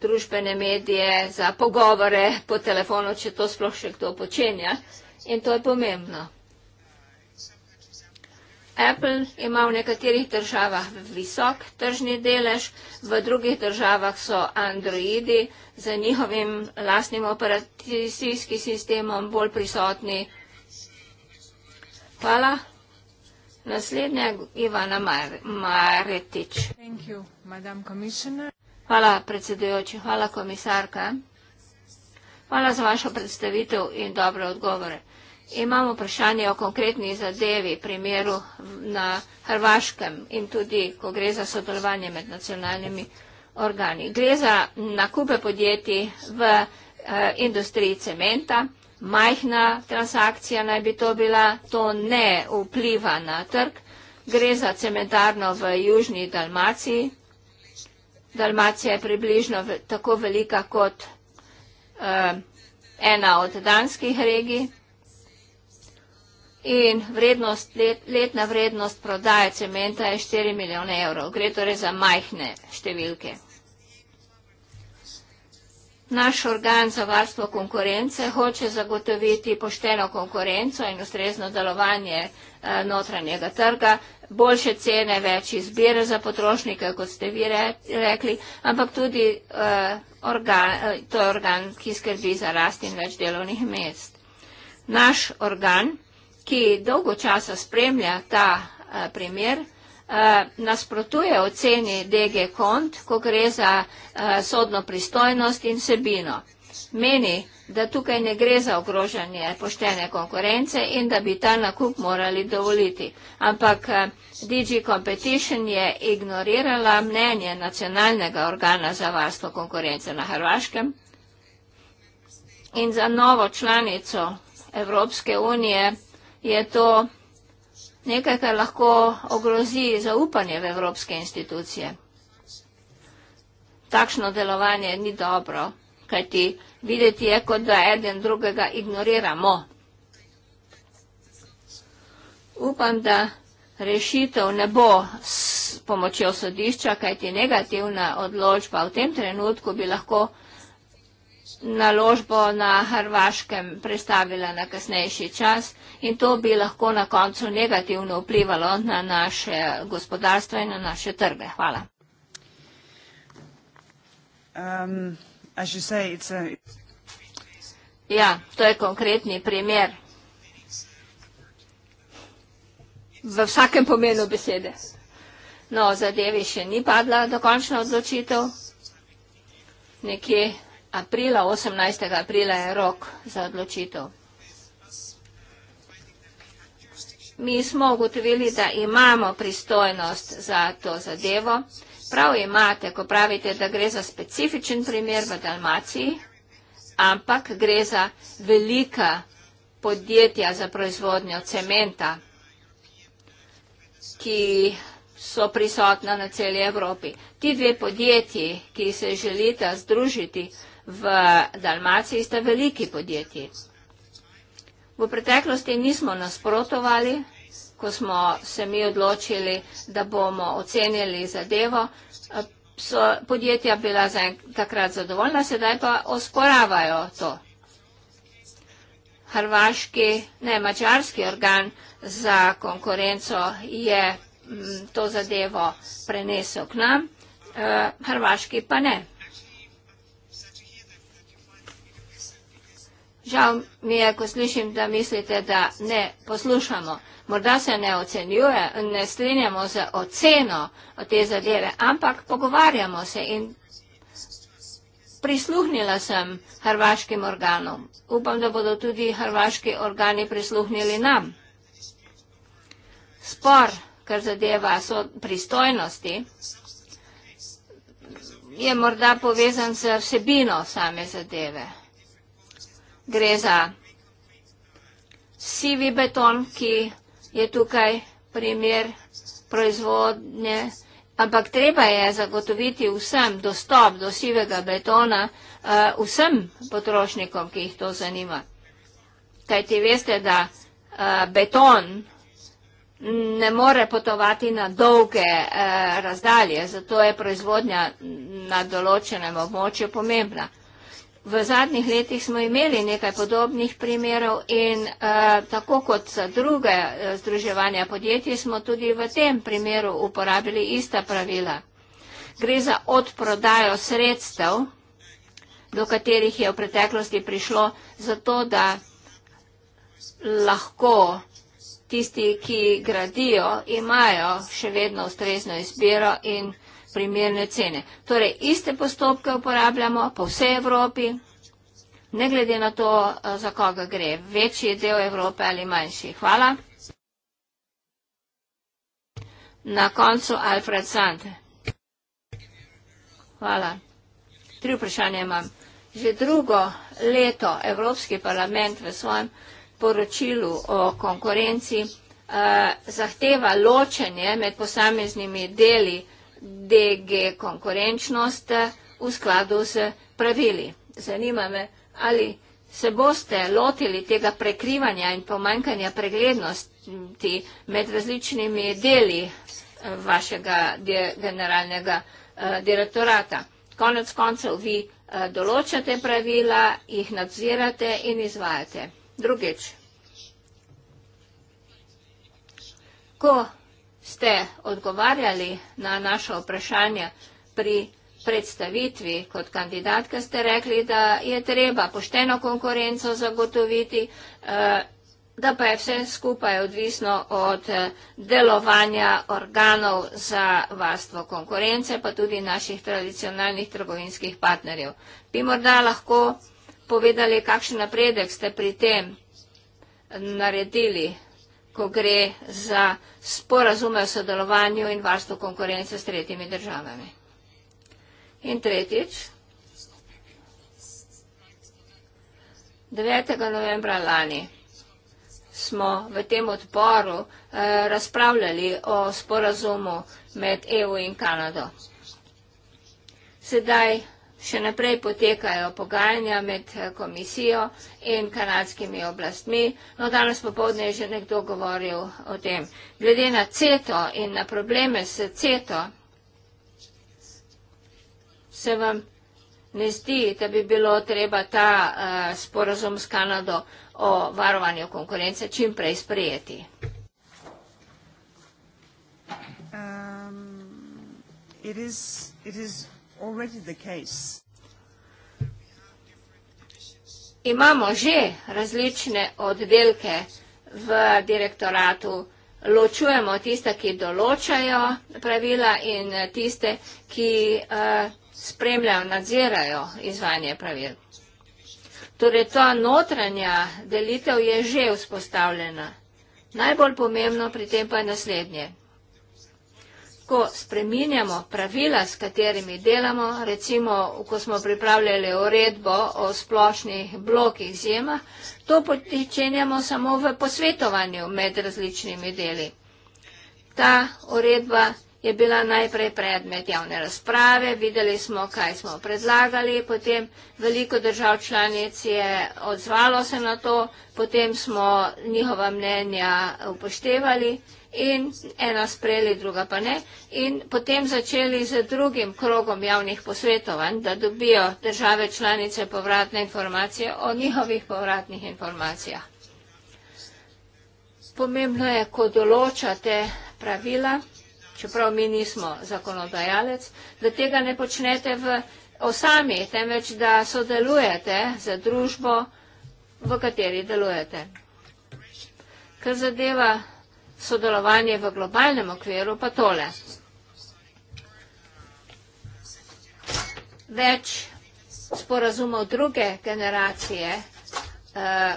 Speaker 1: družbene medije, za pogovore po telefonu, če to sploh še kdo počenja. In to je pomembno. Apple ima v nekaterih državah visok tržni delež, v drugih državah so Androidi z njihovim lastnim operacijskim sistemom bolj prisotni. Hvala. Naslednja je Ivana Mar Maretič. Hvala, predsedujoči. Hvala, komisarka. Hvala za vašo predstavitev in dobre odgovore. Imam vprašanje o konkretni zadevi, primeru na Hrvaškem in tudi, ko gre za sodelovanje med nacionalnimi organi. Gre za nakupe podjetij v eh, industriji cementa, majhna transakcija naj bi to bila, to ne vpliva na trg. Gre za cementarno v južni Dalmaciji. Dalmacija je približno tako velika kot eh, ena od danskih regij in vrednost, let, letna vrednost prodaje cementa je 4 milijone evrov. Gre torej za majhne številke. Naš organ za varstvo konkurence hoče zagotoviti pošteno konkurenco in ustrezno delovanje eh, notranjega trga, boljše cene, več izbire za potrošnike, kot ste vi rekli, ampak tudi eh, organ, eh, to je organ, ki skrbi za rast in več delovnih mest. Naš organ ki dolgo časa spremlja ta eh, primer, eh, nasprotuje oceni DG Kont, ko gre za eh, sodno pristojnost in sebino. Meni, da tukaj ne gre za ogrožanje poštene konkurence in da bi ta nakup morali dovoliti. Ampak DG Competition je ignorirala mnenje nacionalnega organa za varstvo konkurence na Hrvaškem in za novo članico Evropske unije, je to nekaj, kar lahko ogrozi zaupanje v evropske institucije. Takšno delovanje ni dobro, kajti videti je, kot da eden drugega ignoriramo. Upam, da rešitev ne bo s pomočjo sodišča, kajti negativna odločba v tem trenutku bi lahko naložbo na Hrvaškem prestavila na kasnejši čas in to bi lahko na koncu negativno vplivalo na naše gospodarstvo in na naše trge. Hvala.
Speaker 3: Um, as you say, it's a...
Speaker 1: Ja, to je konkretni primer v vsakem pomenu besede. No, zadevi še ni padla dokončna odločitev. Nekje aprila, 18. aprila je rok za odločitev. Mi smo ugotovili, da imamo pristojnost za to zadevo. Prav imate, ko pravite, da gre za specifičen primer v Dalmaciji, ampak gre za velika podjetja za proizvodnjo cementa, ki so prisotna na celi Evropi. Ti dve podjetji, ki se želita združiti v Dalmaciji, sta veliki podjetji. V preteklosti nismo nasprotovali, ko smo se mi odločili, da bomo ocenili zadevo, so podjetja bila takrat zadovoljna, sedaj pa osporavajo to. Hrvaški, ne, mačarski organ za konkurenco je mm, to zadevo prenesel k nam,
Speaker 2: e, hrvaški pa ne.
Speaker 1: Žal mi je, ko slišim, da mislite, da ne poslušamo. Morda se ne ocenjuje, ne strinjamo z oceno o te zadeve, ampak pogovarjamo se in prisluhnila sem hrvaškim organom. Upam, da bodo tudi hrvaški organi prisluhnili nam. Spor, kar zadeva so pristojnosti, je morda povezan z vsebino same zadeve gre za sivi beton, ki je tukaj primer proizvodnje, ampak treba je zagotoviti vsem dostop do sivega betona, eh, vsem potrošnikom, ki jih to zanima. Kaj ti veste, da eh, beton ne more potovati na dolge eh, razdalje, zato je proizvodnja na določenem območju pomembna. V zadnjih letih smo imeli nekaj podobnih primerov in eh, tako kot za druge eh, združevanja podjetij smo tudi v tem primeru uporabili ista pravila. Gre za odprodajo sredstev, do katerih je v preteklosti prišlo, zato da lahko tisti, ki gradijo, imajo še vedno ustrezno izbiro in primerne cene. Torej, iste postopke uporabljamo po vsej Evropi, ne glede na to, eh, za koga gre, večji del Evrope ali manjši. Hvala. Na koncu Alfred Sand. Hvala. Tri vprašanje imam. Že drugo leto Evropski parlament v svojem poročilu o konkurenci eh, zahteva ločenje med posameznimi deli DG konkurenčnost eh, v skladu z pravili. Zanima me, ali se boste lotili tega prekrivanja in pomankanja preglednosti med različnimi deli eh, vašega de generalnega uh, direktorata. Konec koncev vi uh, določate pravila, jih nadzirate in izvajate. Drugič. Ko ste odgovarjali na naše vprašanje pri predstavitvi kot kandidatka, ste rekli, da je treba pošteno konkurenco zagotoviti, eh, da pa je vse skupaj odvisno od eh, delovanja organov za varstvo konkurence, pa tudi naših tradicionalnih trgovinskih partnerjev. Bi morda lahko povedali, kakšen napredek ste pri tem naredili ko gre za sporazume o sodelovanju in varstvu konkurence s tretjimi državami. In tretjič, 9. novembra lani smo v tem odporu eh, razpravljali o sporazumu med EU in Kanado. Sedaj še naprej potekajo pogajanja med eh, komisijo in kanadskimi oblastmi. No, danes popovdne je že nekdo govoril o tem. Glede na CETO in na probleme s CETO, se vam ne zdi, da bi bilo treba ta uh, sporazum s Kanado o varovanju konkurence čim prej sprejeti. Um, it is, it is already the case. Imamo že različne oddelke v direktoratu. Ločujemo tiste, ki določajo pravila in tiste, ki uh, spremljajo, nadzirajo izvajanje pravil. Torej, ta notranja delitev je že vzpostavljena. Najbolj pomembno pri tem pa je naslednje dejansko spreminjamo pravila, s katerimi delamo, recimo, ko smo pripravljali uredbo o splošnih blokih zjema, to počenjamo samo v posvetovanju med različnimi deli. Ta uredba je bila najprej predmet javne razprave, videli smo, kaj smo predlagali, potem veliko držav članic je odzvalo se na to, potem smo njihova mnenja upoštevali in ena sprejeli, druga pa ne, in potem začeli z drugim krogom javnih posvetovanj, da dobijo države članice povratne informacije o njihovih povratnih informacijah. Pomembno je, ko določate pravila, čeprav mi nismo zakonodajalec, da tega ne počnete v osami, temveč da sodelujete za družbo, v kateri delujete. Kar zadeva sodelovanje v globalnem okviru pa tole. Več sporazumov druge generacije eh,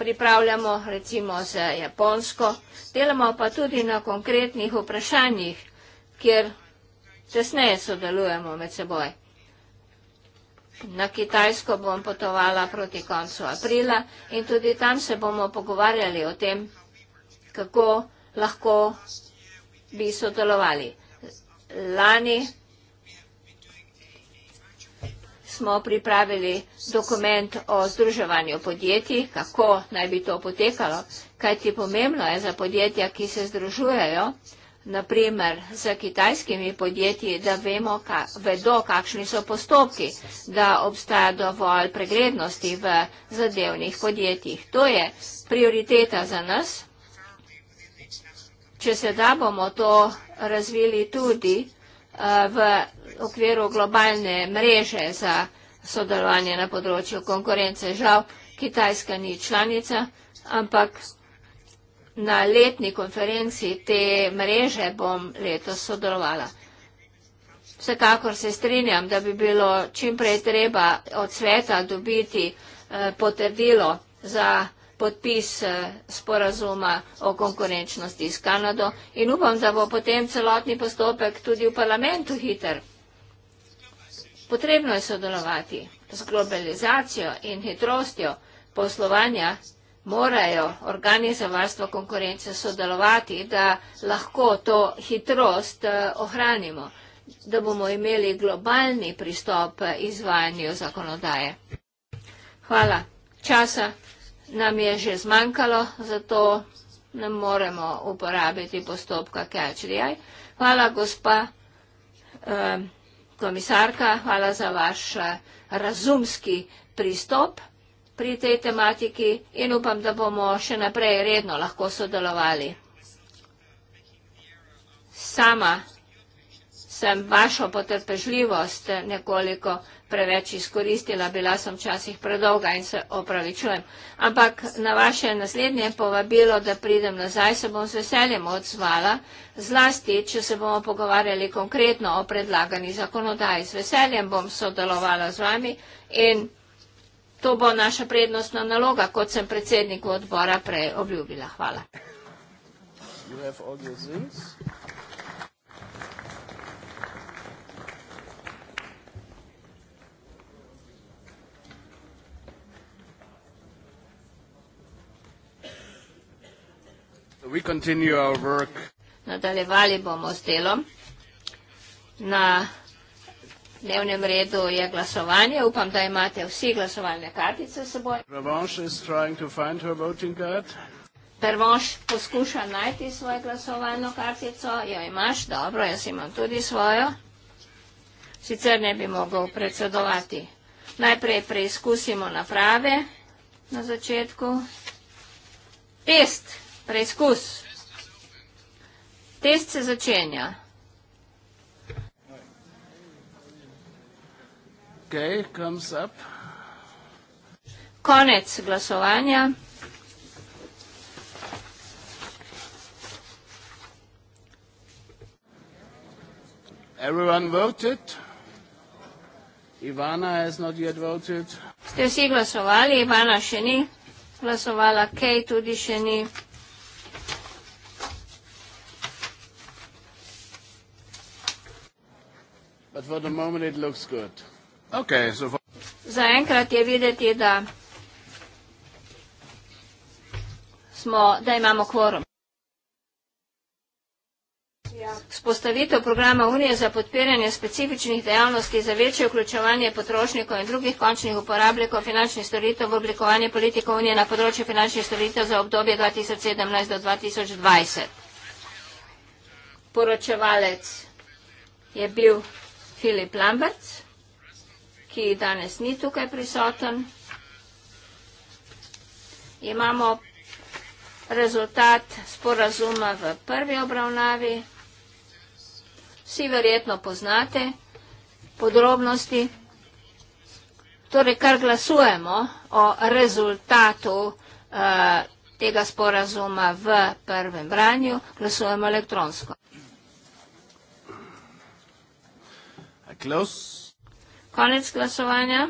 Speaker 1: pripravljamo recimo z Japonsko, delamo pa tudi na konkretnih vprašanjih, kjer tesneje sodelujemo med seboj. Na Kitajsko bom potovala proti koncu aprila in tudi tam se bomo pogovarjali o tem, kako je kako lahko bi sodelovali. Lani smo pripravili dokument o združevanju podjetij, kako naj bi to potekalo, kajti pomembno je za podjetja, ki se združujejo, naprimer za kitajskimi podjetji, da vemo, ka, vedo, kakšni so postopki, da obstaja dovolj preglednosti v zadevnih podjetjih. To je prioriteta za nas, če se da, bomo to razvili tudi eh, v okviru globalne mreže za sodelovanje na področju konkurence. Žal, Kitajska ni članica, ampak na letni konferenci te mreže bom letos sodelovala. Vsekakor se strinjam, da bi bilo čimprej treba od sveta dobiti eh, potrdilo za podpis eh, sporazuma o konkurenčnosti s Kanado in upam, da bo potem celotni postopek tudi v parlamentu hiter. Potrebno je sodelovati z globalizacijo in hitrostjo poslovanja, morajo organi za varstvo konkurence sodelovati, da lahko to hitrost eh, ohranimo, da bomo imeli globalni pristop eh, izvajanju zakonodaje. Hvala. Časa nam je že zmanjkalo, zato ne moremo uporabiti postopka Kečrijaj. Hvala, gospa eh, komisarka, hvala za vaš eh, razumski pristop pri tej tematiki in upam, da bomo še naprej redno lahko sodelovali. Sama sem vašo potrpežljivost nekoliko vzpravila preveč izkoristila, bila sem včasih predolga in se opravičujem. Ampak na vaše naslednje povabilo, da pridem nazaj, se bom z veseljem odzvala, zlasti, če se bomo pogovarjali konkretno o predlagani zakonodaji. Z veseljem bom sodelovala z vami in to bo naša prednostna naloga, kot sem predsedniku odbora prej obljubila. Hvala. You have all your things. Nadaljevali bomo s delom. Na dnevnem redu je glasovanje. Upam, da imate vsi glasovalne kartice s seboj. Pervonš poskuša najti svojo glasovalno kartico. Jo imaš? Dobro, jaz imam tudi svojo. Sicer ne bi mogel predsedovati. Najprej preizkusimo naprave na začetku. Test! Preizkus. Test se začenja. Okay, comes up. Konec glasovanja. Everyone voted. Ivana has not yet voted. Ste vsi glasovali, Ivana še ni glasovala, Kej tudi še ni glasovala. Zaenkrat je videti, da smo, da imamo kvorum. Spostavitev programa Unije za podpiranje specifičnih dejavnosti za večje vključevanje potrošnikov in drugih končnih uporabnikov finančnih storitev v oblikovanje politike Unije na področju finančnih storitev za obdobje 2017 do 2020. Poročevalec je bil Filip Lambert, ki danes ni tukaj prisoten. Imamo rezultat sporazuma v prvi obravnavi. Vsi verjetno poznate podrobnosti. Torej, kar glasujemo o rezultatu uh, tega sporazuma v prvem branju, glasujemo elektronsko. Close. Koniec glasovanja.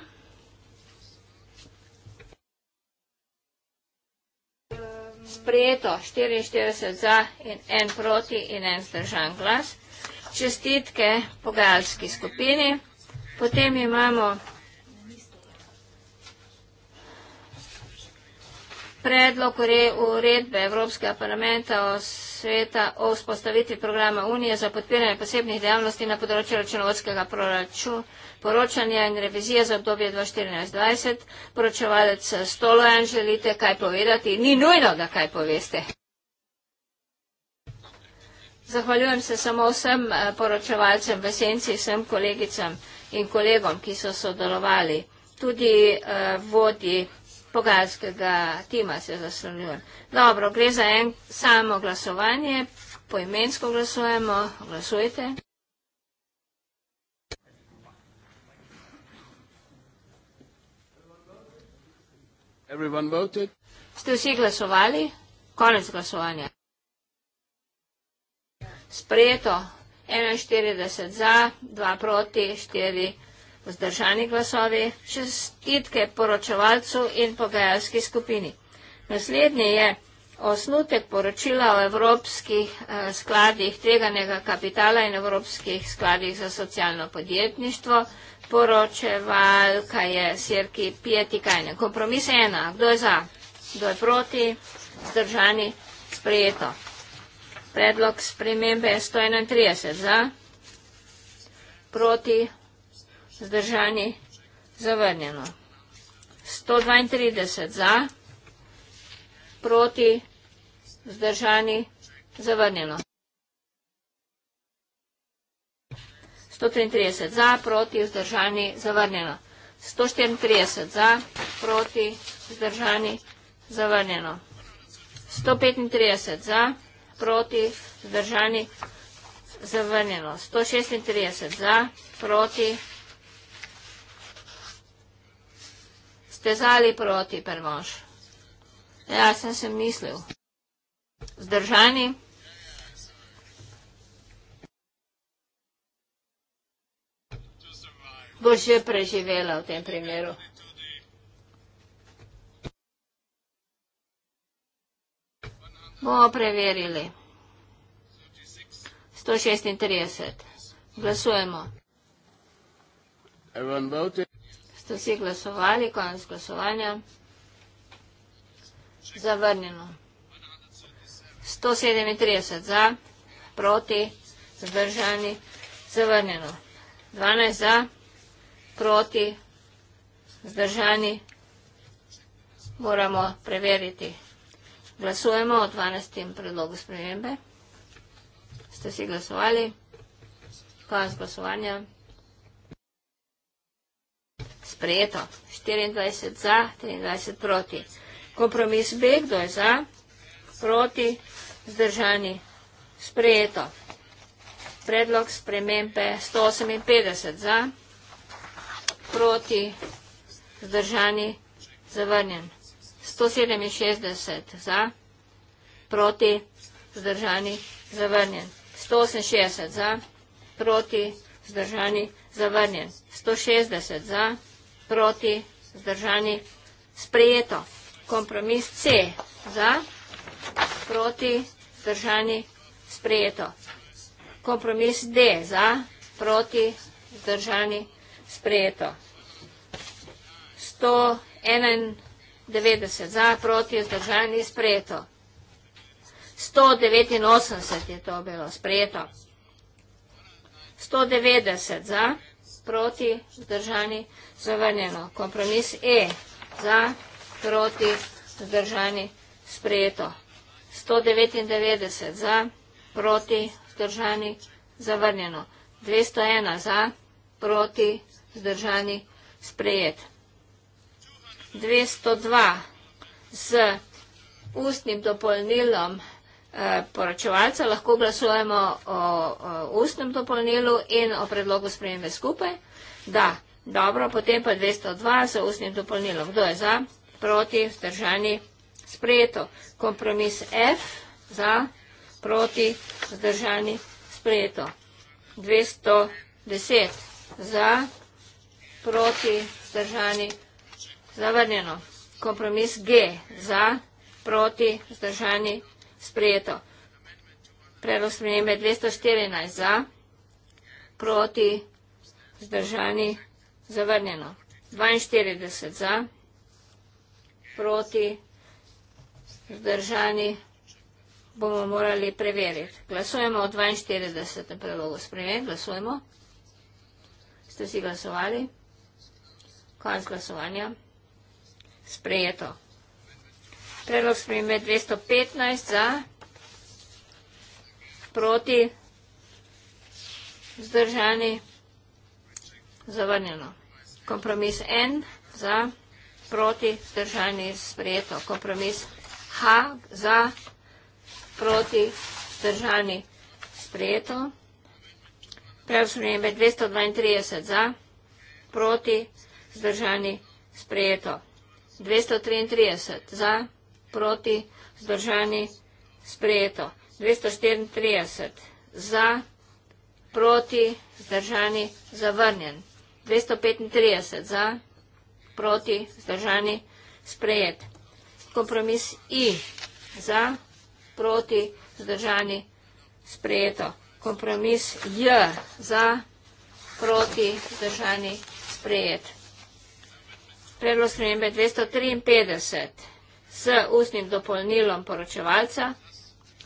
Speaker 1: Sprejeto 44 za in en proti in en zdržan glas. Čestitke pogajalski skupini. Potem imamo predlog uredbe Evropskega parlamenta o sprejeti sveta o vzpostavitvi programa Unije za podpiranje posebnih dejavnosti na področju računovodskega proračuna, poročanja in revizije za obdobje 2014-2020. Poročevalec Stolojan, želite kaj povedati? Ni nujno, da kaj poveste. Zahvaljujem se samo vsem eh, poročevalcem v senci, vsem kolegicam in kolegom, ki so sodelovali. Tudi eh, vodi pogajalskega tima se zaslonjuje. Dobro, gre za en samo glasovanje, poimensko glasujemo, glasujte. Ste vsi glasovali? Konec glasovanja. Sprejeto 41 za, 2 proti, 4 proti vzdržani glasovi, čestitke poročevalcu in pogajalski skupini. Naslednji je osnutek poročila o evropskih eh, skladih tveganega kapitala in evropskih skladih za socialno podjetništvo. Poročevalka je Sirki Pietikajne. Kompromis ena. Kdo je za? Kdo je proti? Zdržani. Sprejeto. Predlog spremembe je 131. Za? Proti? zdržani, zavrnjeno. 132 za, proti, zdržani, zavrnjeno. 133 za, proti, vzdržani, zavrnjeno. 134 za, proti, vzdržani, zavrnjeno. 135 za, proti, vzdržani, zavrnjeno. 136 za, proti, vzdržani, zavrnjeno. ste zali proti prvoš. Ja, sem se mislil. Zdržani. Boš že preživela v tem primeru. Bomo preverili. 136. Glasujemo. Everyone voted ste vsi glasovali, konec glasovanja. Zavrnjeno. 137 za, proti, zdržani, zavrnjeno. 12 za, proti, zdržani, moramo preveriti. Glasujemo o 12. predlogu spremembe. Ste si glasovali? Konec glasovanja. Sprejeto. 24 za, 23 proti. Kompromis B, kdo je za, proti, zdržani. Sprejeto. Predlog spremembe 158 za, proti, zdržani, zavrnjen. 167 za, proti, zdržani, zavrnjen. 168 za, proti, zdržani, zavrnjen. 160 za, proti, zdržani, zavrnjen proti, zdržani, sprejeto. Kompromis C, za, proti, zdržani, sprejeto. Kompromis D, za, proti, zdržani, sprejeto. 191 za, proti, zdržani, sprejeto. 189 je to bilo sprejeto. 190 za, proti, zdržani, sprejeto zavrnjeno. Kompromis E, za, proti, vzdržani, sprejeto. 199 za, proti, vzdržani, zavrnjeno. 201 za, proti, vzdržani, sprejet. 202 z ustnim dopolnilom eh, poročevalca, lahko glasujemo o ustnem dopolnilu in o predlogu spremembe skupaj, da Dobro, potem pa 202 za ustnim dopolnilom. Kdo je za? Proti, zdržani, sprejeto. Kompromis F za, proti, zdržani, sprejeto. 210 za, proti, zdržani, zavrnjeno. Kompromis G za, proti, zdržani, sprejeto. Predlog spremembe 214 za, proti, zdržani, sprejeto. Zavrnjeno. 42 za, proti, zdržani, bomo morali preveriti. Glasujemo o 42. prelogu spremen, glasujemo. Ste si glasovali? Konc glasovanja. Sprejeto. Prelog spremen 215 za, proti, zdržani, zdržani, zavrnjeno. Kompromis N za proti vzdržanje sprejeto. Kompromis H za proti vzdržanje sprejeto. Prav spremembe 232 za proti vzdržanje sprejeto. 233 za proti vzdržanje sprejeto. 234 za proti vzdržanje zavrnjen. 235 za, proti, zdržani, sprejet. Kompromis I za, proti, zdržani, sprejeto. Kompromis J za, proti, zdržani, sprejet. Predlog spremembe 253 s ustnim dopolnilom poročevalca.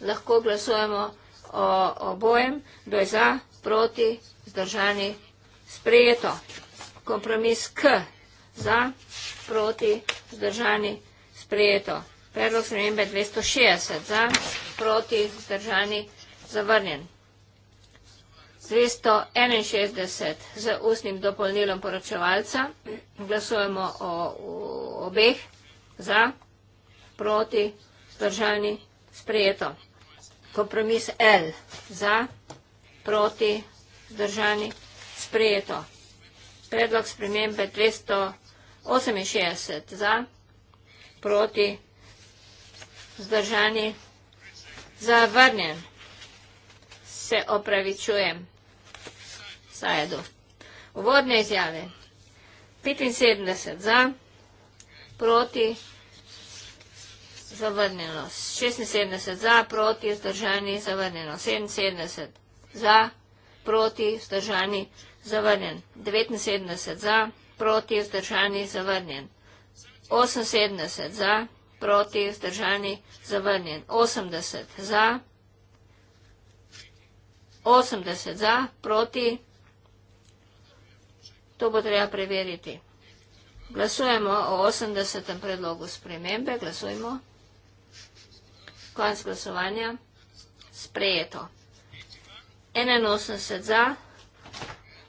Speaker 1: Lahko glasujemo o obojem, doj za, proti, zdržani, sprejeto sprejeto. Kompromis K za, proti, zdržani, sprejeto. Predlog sremembe 260 za, proti, zdržani, zavrnjen. 261 z ustnim dopolnilom poročevalca. Glasujemo o obeh za, proti, zdržani, sprejeto. Kompromis L za, proti, zdržani, sprejeto sprejeto. Predlog spremembe 268 za, proti, zdržani, zavrnjen. Se opravičujem. Sajedu. Uvodne izjave. 75 za, proti, zavrnjeno. 76 za, proti, zdržani, zavrnjeno. 77 za, proti, zdržani, zavrnjeno zavrnjen. 79 za, proti, vzdržani, zavrnjen. 78 za, proti, vzdržani, zavrnjen. 80 za, 80 za, proti, to bo treba preveriti. Glasujemo o 80. predlogu spremembe, glasujemo. Konc glasovanja, sprejeto. 81 za,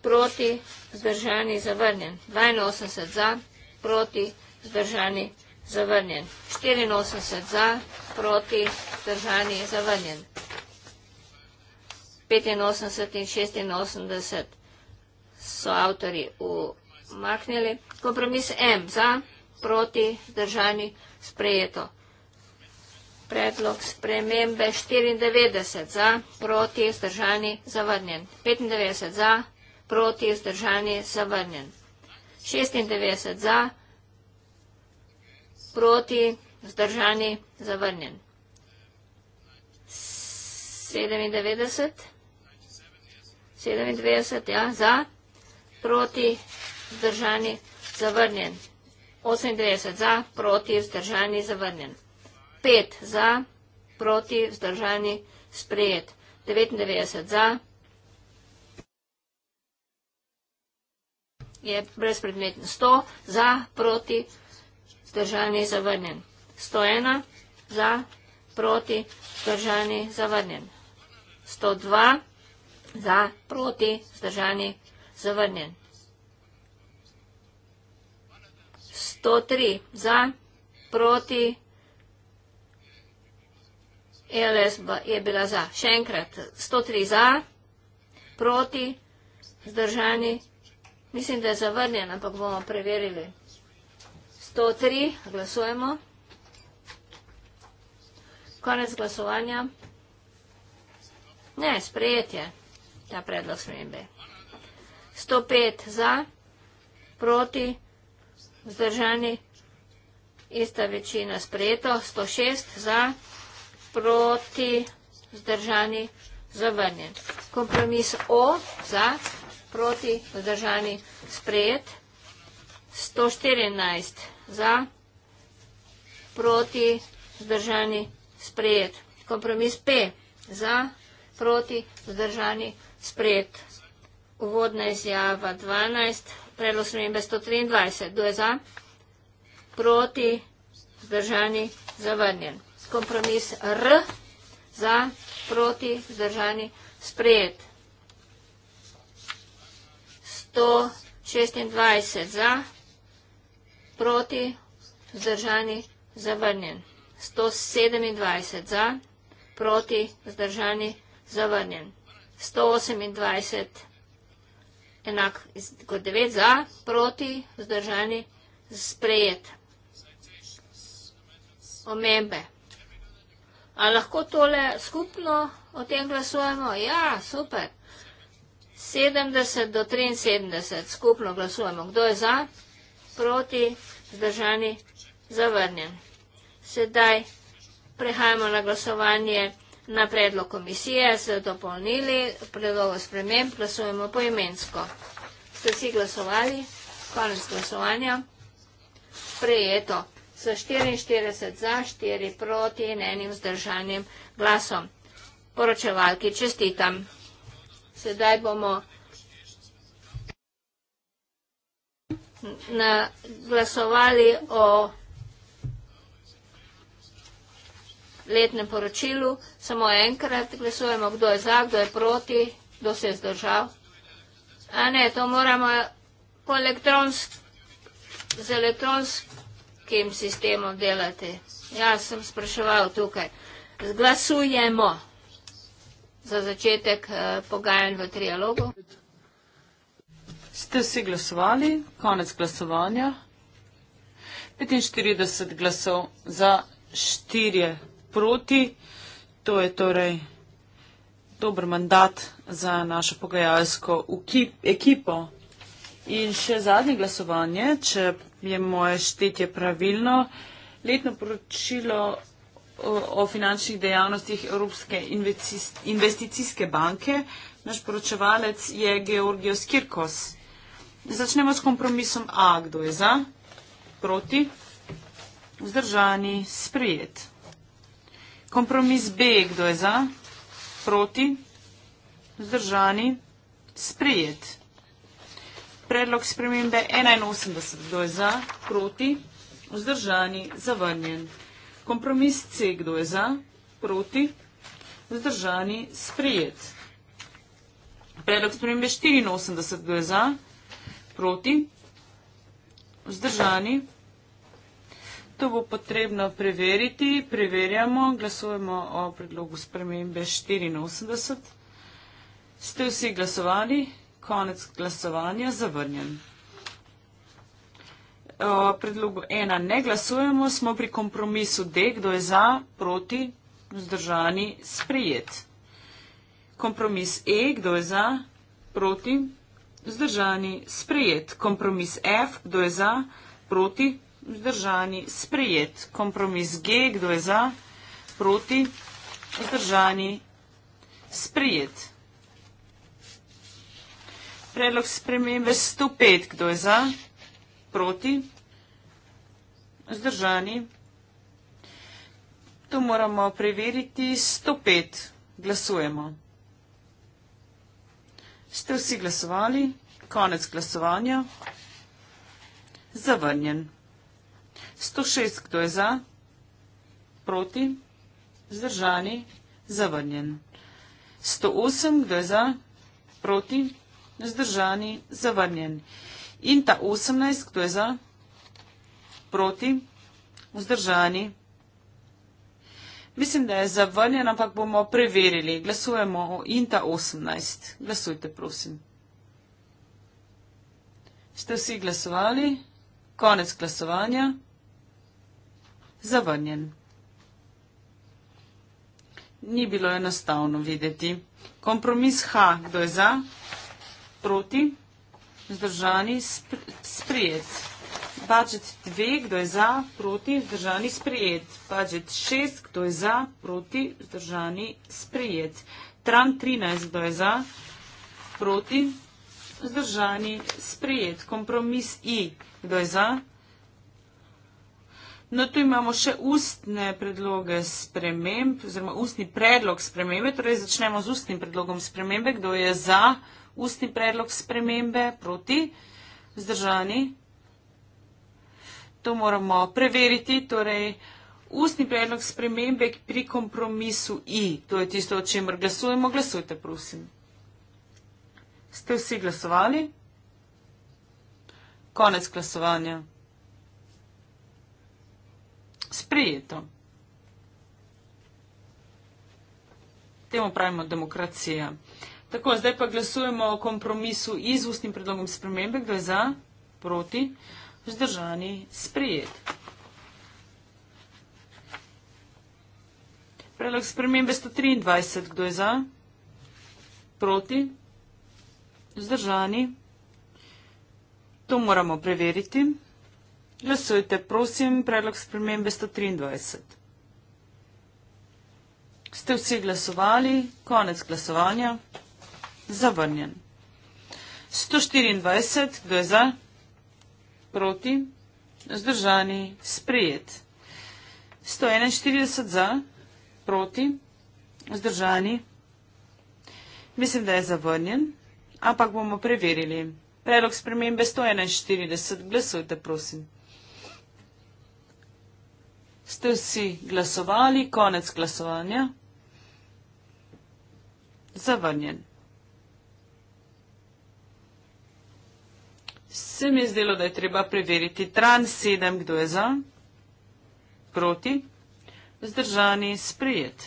Speaker 1: proti, zdržani, zavrnjen. 82 za, proti, zdržani, zavrnjen. 84 za, proti, zdržani, zavrnjen. 85 in 86 so avtori umaknili. Kompromis M za, proti, zdržani, sprejeto. Predlog spremembe 94 za, proti, zdržani, zavrnjen. 95 za, proti, zdržani, zavrnjen proti vzdržanje zavrnjen. 96 za, proti vzdržanje zavrnjen. 97, 97 ja, za, proti vzdržanje zavrnjen. 98 za, proti vzdržanje zavrnjen. 5 za, proti vzdržanje sprejet. 99 za, proti vzdržanje zavrnjen. je brezpredmeten. 100 za, proti, zdržani, zavrnjen. 101 za, proti, zdržani, zavrnjen. 102 za, proti, zdržani, zavrnjen. 103 za, proti, ELS je bila za. Še enkrat, 103 za, proti, zdržani, zavrnjen. Mislim, da je zavrnjen, ampak bomo preverili. 103, glasujemo. Konec glasovanja. Ne, sprejetje, ta predlog smembe. 105 za, proti, vzdržani, ista večina sprejeto. 106 za, proti, vzdržani, zavrnjen. Kompromis O za, proti, vzdržani, zavrnjen proti, vzdržani, sprejet. 114 za, proti, vzdržani, sprejet. Kompromis P za, proti, vzdržani, sprejet. Uvodna izjava 12, predlog smembe 123. Kdo je za, proti, vzdržani, zavrnjen. Kompromis R za, proti, vzdržani, sprejet. 126 za, proti, vzdržani, zavrnjen. 127 za, proti, vzdržani, zavrnjen. 128 enak kot 9 za, proti, vzdržani, sprejet. Omembe. A lahko tole skupno o tem glasujemo? Ja, super. 70 do 73, skupno glasujemo. Kdo je za, proti, zdržani, zavrnjen. Sedaj prehajamo na glasovanje na predlog komisije, se dopolnili, predlogo sprememb, glasujemo poimensko. Ste vsi glasovali? Konec glasovanja. Prejeto. S 44 za, 4 proti in enim zdržanim glasom. Poročevalki čestitam. Sedaj bomo na glasovali o letnem poročilu. Samo enkrat glasujemo, kdo je za, kdo je proti, kdo se je zdržal. A ne, to moramo po elektronsk, z elektronskim sistemom delati. Jaz sem spraševal tukaj. Glasujemo za začetek eh, pogajanj v trialogu.
Speaker 3: Ste si glasovali, konec glasovanja. 45 glasov za, 4 proti. To je torej dober mandat za našo pogajalsko ekipo. In še zadnje glasovanje, če je moje štetje pravilno. Letno poročilo o finančnih dejavnostih Evropske investicijske banke. Naš poročevalec je Georgios Kirkos. Začnemo s kompromisom A. Kdo je za? Proti? Vzdržani? Sprijet. Kompromis B. Kdo je za? Proti? Vzdržani? Sprijet. Predlog spremembe 81. Kdo je za? Proti? Vzdržani? Zavrnjen. Kompromis C, kdo je za, proti, zdržani, sprejet. Predlog spremembe 84, kdo je za, proti, zdržani. To bo potrebno preveriti. Preverjamo, glasujemo o predlogu spremembe 84. Ste vsi glasovali? Konec glasovanja, zavrnjen predlogu ena ne glasujemo, smo pri kompromisu D, kdo je za, proti, vzdržani, sprejet. Kompromis E, kdo je za, proti, vzdržani, sprejet. Kompromis F, kdo je za, proti, vzdržani, sprejet. Kompromis G, kdo je za, proti, vzdržani, sprejet. Predlog spremembe 105, kdo je za, proti, vzdržani, sprejet proti, zdržani. To moramo preveriti. 105 glasujemo. Ste vsi glasovali? Konec glasovanja. Zavrnjen. 106, kdo je za? Proti, zdržani, zavrnjen. 108, kdo je za? Proti, zdržani, zavrnjen. In ta 18, kdo je za? Proti? Vzdržani? Mislim, da je zavrnjen, ampak bomo preverili. Glasujemo o INTA 18. Glasujte, prosim. Ste vsi glasovali? Konec glasovanja. Zavrnjen. Ni bilo enostavno videti. Kompromis H. Kdo je za? Proti? vzdržani sprijet. Budget 2, kdo je za, proti, vzdržani sprijet. Budget 6, kdo je za, proti, vzdržani sprijet. Tram 13, kdo je za, proti, vzdržani sprijet. Kompromis I, kdo je za. No, tu imamo še ustne predloge sprememb, oziroma ustni predlog spremembe, torej začnemo z ustnim predlogom spremembe, kdo je za, proti, ustni predlog spremembe proti zdržani. To moramo preveriti, torej ustni predlog spremembe pri kompromisu I. To je tisto, o čemer glasujemo. Glasujte, prosim. Ste vsi glasovali? Konec glasovanja. Sprijeto. Temu pravimo demokracija. Tako, zdaj pa glasujemo o kompromisu iz ustnim predlogom spremembe, kdo je za, proti, vzdržani, sprijet. Predlog spremembe 123, kdo je za, proti, vzdržani, to moramo preveriti. Glasujte, prosim, predlog spremembe 123. Ste vsi glasovali, konec glasovanja zavrnjen. 124, kdo je za? Proti? Zdržani? Sprejet. 141 za? Proti? Zdržani? Mislim, da je zavrnjen, ampak bomo preverili. Predlog spremembe 141, glasujte prosim. Ste vsi glasovali, konec glasovanja? Zavrnjen. Se mi je zdelo, da je treba preveriti tran 7, kdo je za, proti, vzdržani, sprejet.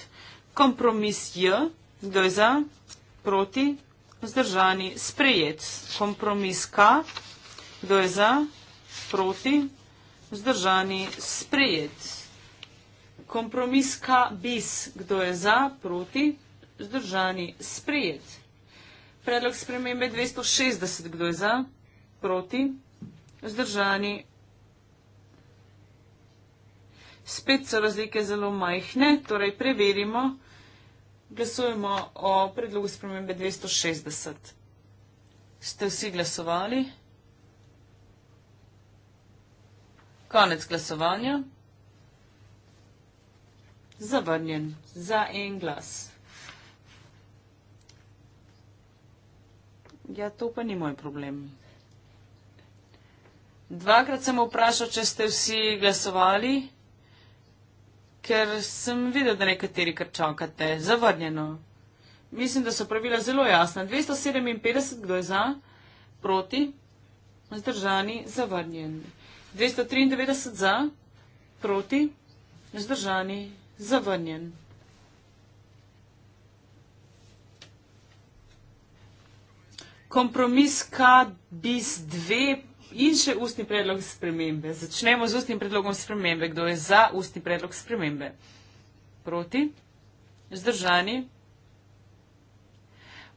Speaker 3: Kompromis J, kdo je za, proti, vzdržani, sprejet. Kompromis K, kdo je za, proti, vzdržani, sprejet. Kompromis K bis, kdo je za, proti, vzdržani, sprejet. Predlog spremembe 260, kdo je za, proti proti, zdržani. Spet so razlike zelo majhne, torej preverimo. Glasujemo o predlogu spremembe 260. Ste vsi glasovali? Konec glasovanja. Zavrnjen za en glas. Ja, to pa ni moj problem. Dvakrat sem vprašal, če ste vsi glasovali, ker sem videl, da nekateri kar čakate. Zavrnjeno. Mislim, da so pravila zelo jasna. 257, kdo je za, proti, zdržani, zavrnjen. 293 za, proti, zdržani, zavrnjen. Kompromis KBIS 2 In še ustni predlog spremembe. Začnemo z ustnim predlogom spremembe. Kdo je za ustni predlog spremembe? Proti? Zdržani?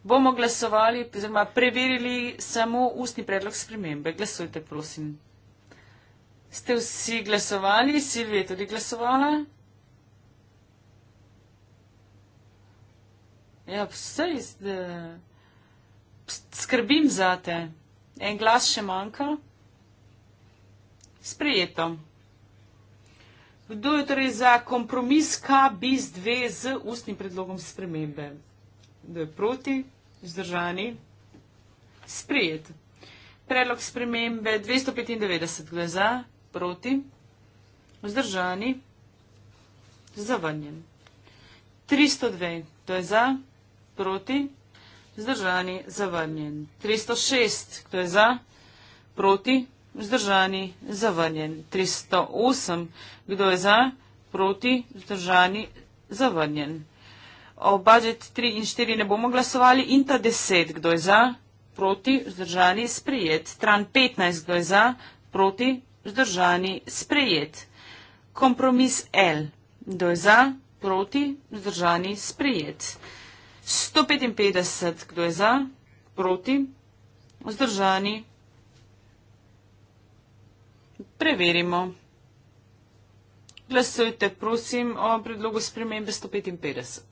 Speaker 3: Bomo glasovali, oziroma preverili samo ustni predlog spremembe. Glasujte, prosim. Ste vsi glasovali? Silvija je tudi glasovala? Ja, vse eh, iz... Skrbim za te. En glas še manjka. Sprejeto. Kdo je torej za kompromis KBIS 2 z ustnim predlogom spremembe? Kdo je proti? Zdržani? Sprejet. Predlog spremembe 295. Kdo je za? Proti? Zdržani? Zavrnjen. 302. Kdo je za? Proti? vzdržani, zavrnjen. 306, kdo je za, proti, vzdržani, zavrnjen. 308, kdo je za, proti, vzdržani, zavrnjen. O budžet 3 in 4 ne bomo glasovali. Inta 10, kdo je za, proti, vzdržani, sprejet. Stran 15, kdo je za, proti, vzdržani, sprejet. Kompromis L, kdo je za, proti, vzdržani, sprejet. 155, kdo je za, proti, vzdržani. Preverimo. Glasujte, prosim, o predlogu spremembe 155.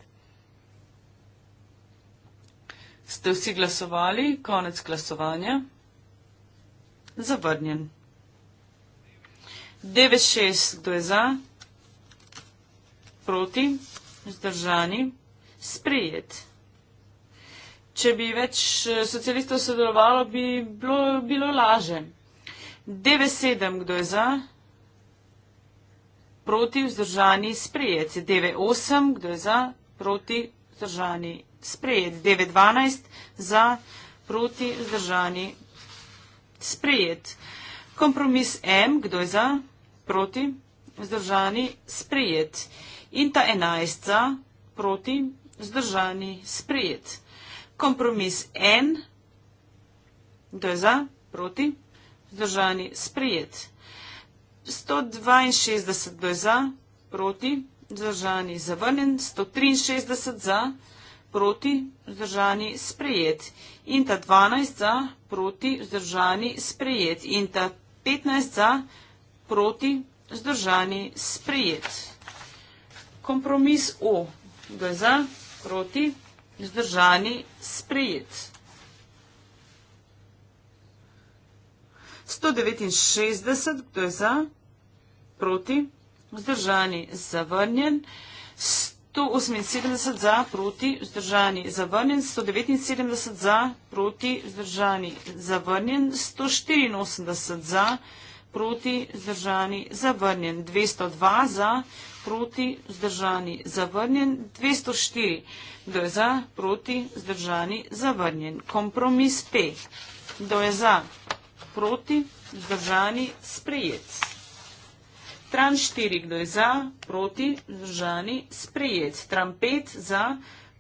Speaker 3: Ste vsi glasovali? Konec glasovanja. Zavrnjen. 96, kdo je za, proti, vzdržani sprejet. Če bi več eh, socialistov sodelovalo, bi bilo, bilo laže. DV7, kdo je za? Proti vzdržani sprejet. DV8, kdo je za? Proti vzdržani sprejet. DV12, za? Proti vzdržani sprejet. Kompromis M, kdo je za? Proti vzdržani sprejet. In ta 11, za? Proti vzdržani, sprejet. Kompromis en, kdo je za, proti, vzdržani, sprejet. 162, kdo je za, proti, vzdržani, zavrnjen. 163 za, proti, vzdržani, sprejet. In ta 12 za, proti, vzdržani, sprejet. In ta 15 za, proti, vzdržani, sprejet. Kompromis O, kdo je za, proti, vzdržani, sprejet. Proti. Zdržani. Sprejet. 169. Kdo je za? Proti. Zdržani. Zavrnjen. 178 za, proti, vzdržani, zavrnjen, 179 za, proti, vzdržani, zavrnjen, 184 za, proti, vzdržani, zavrnjen, 202 za, proti, zdržani, zavrnjen, 204, kdo je za, proti, zdržani, zavrnjen. Kompromis 5, kdo je za, proti, zdržani, sprejec. Tran 4, kdo je za, proti, zdržani, sprejec. Tran 5, za,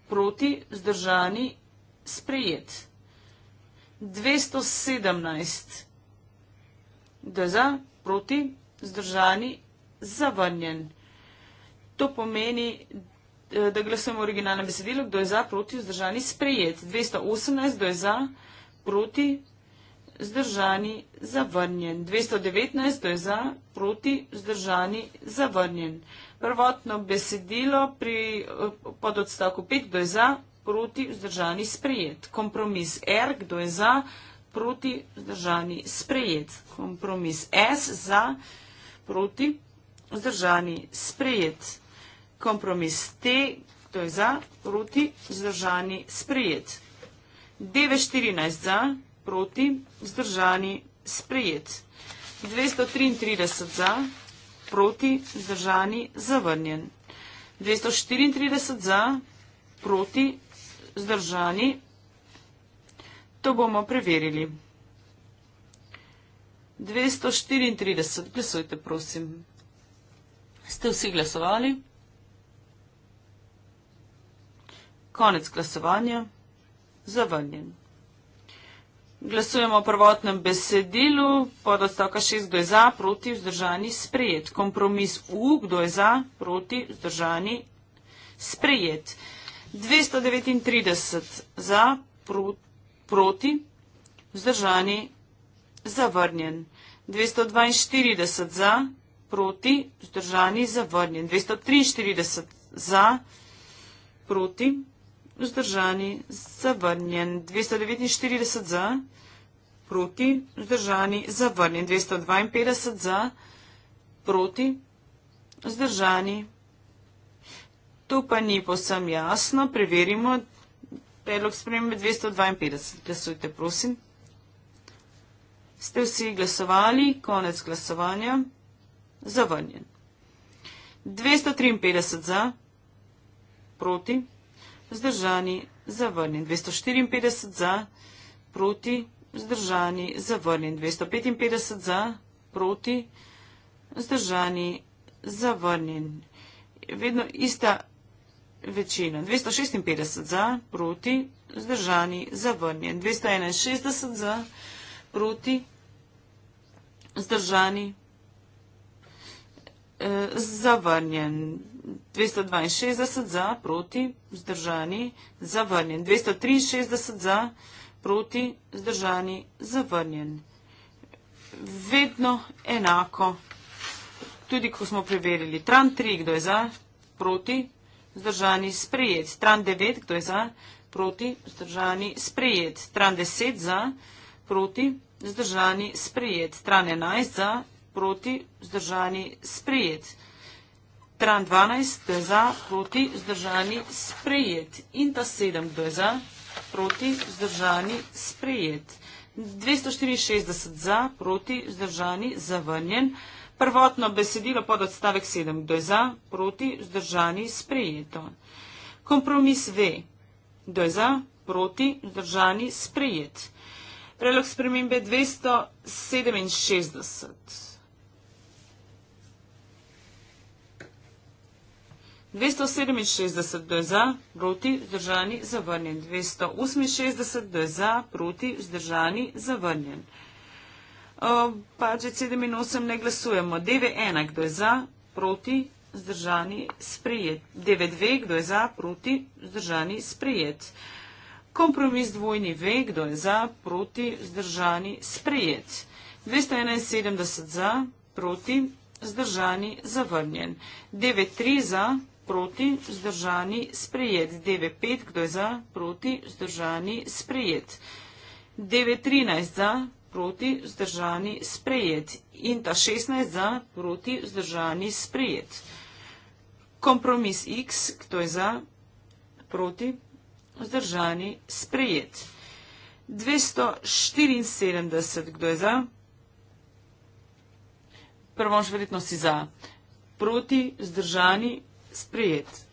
Speaker 3: proti, zdržani, sprejec. 217, kdo je za, proti, zdržani, zavrnjen. To pomeni, eh, da glasujemo o originalnem besedilu, kdo je za, proti, vzdržani, sprejet. 218, kdo je za, proti, vzdržani, zavrnjen. 219, kdo je za, proti, vzdržani, zavrnjen. Prvotno besedilo pri eh, pododstavku 5, kdo je za, proti, vzdržani, sprejet. Kompromis R, kdo je za, proti, vzdržani, sprejet. Kompromis S, za, proti, vzdržani, sprejet kompromis T, to je za, proti, zdržani, sprejet. DV14 za, proti, zdržani, sprejet. 233 za, proti, zdržani, zavrnjen. 234 za, proti, zdržani, to bomo preverili. 234, glasujte prosim. Ste vsi glasovali? Konec glasovanja. Zavrnjen. Glasujemo o prvotnem besedilu. Pod odstavka 6 kdo je za, proti, vzdržani, sprejet. Kompromis U, kdo je za, proti, vzdržani, sprejet. 239 za, pro, proti, vzdržani, zavrnjen. 242 za, proti, vzdržani, zavrnjen. 243 za, proti, vzdržani, zavrnjen 249 za, proti, vzdržani, zavrnjen 252 za, proti, vzdržani. Tu pa ni posem jasno, preverimo, predlog spremembe 252, glasujte prosim. Ste vsi glasovali, konec glasovanja, zavrnjen. 253 za, proti, vzdržani vzdržani, zavrnjen, 254 za, proti, vzdržani, zavrnjen, 255 za, proti, vzdržani, zavrnjen. Vedno ista večina, 256 za, proti, vzdržani, zavrnjen, 261 za, proti, vzdržani, e, zavrnjen. 262 za, proti, zdržani, zavrnjen. 263 za, proti, zdržani, zavrnjen. Vedno enako. Tudi, ko smo preverili. Tran 3, kdo je za, proti, zdržani, sprejet. Tran 9, kdo je za, proti, zdržani, sprejet. Tran 10 za, proti, zdržani, sprejet. Tran 11 za, proti, zdržani, sprejet. Tran 11 za, proti, zdržani, sprejet. 23 je za, proti vzdržani sprejet. In ta 7 je za, proti vzdržani sprejet. 264 za, proti vzdržani zavrnjen. Prvotno besedilo pod odstavek 7 je za, proti vzdržani sprejeto. Kompromis V je za, proti vzdržani sprejet. Prelog spremembe 267. 267 do je za, proti, vzdržani, zavrnjen. 268 do je za, proti, vzdržani, zavrnjen. Pače 7 in 8 ne glasujemo. 9-1, kdo je za, proti, vzdržani, sprejet. 9-2, kdo je za, proti, vzdržani, sprejet. Kompromis dvojni V, kdo je za, proti, vzdržani, sprejet. 271 za, proti, vzdržani, zavrnjen. 9-3 za, proti, vzdržani, sprejet proti, vzdržani, sprejet. 9.5, kdo je za, proti, vzdržani, sprejet. 9.13 za, proti, vzdržani, sprejet. In ta 16 za, proti, vzdržani, sprejet. Kompromis X, kdo je za, proti, vzdržani, sprejet. 274, kdo je za? Prvo, še verjetno si za. Proti, zdržani, sprejet.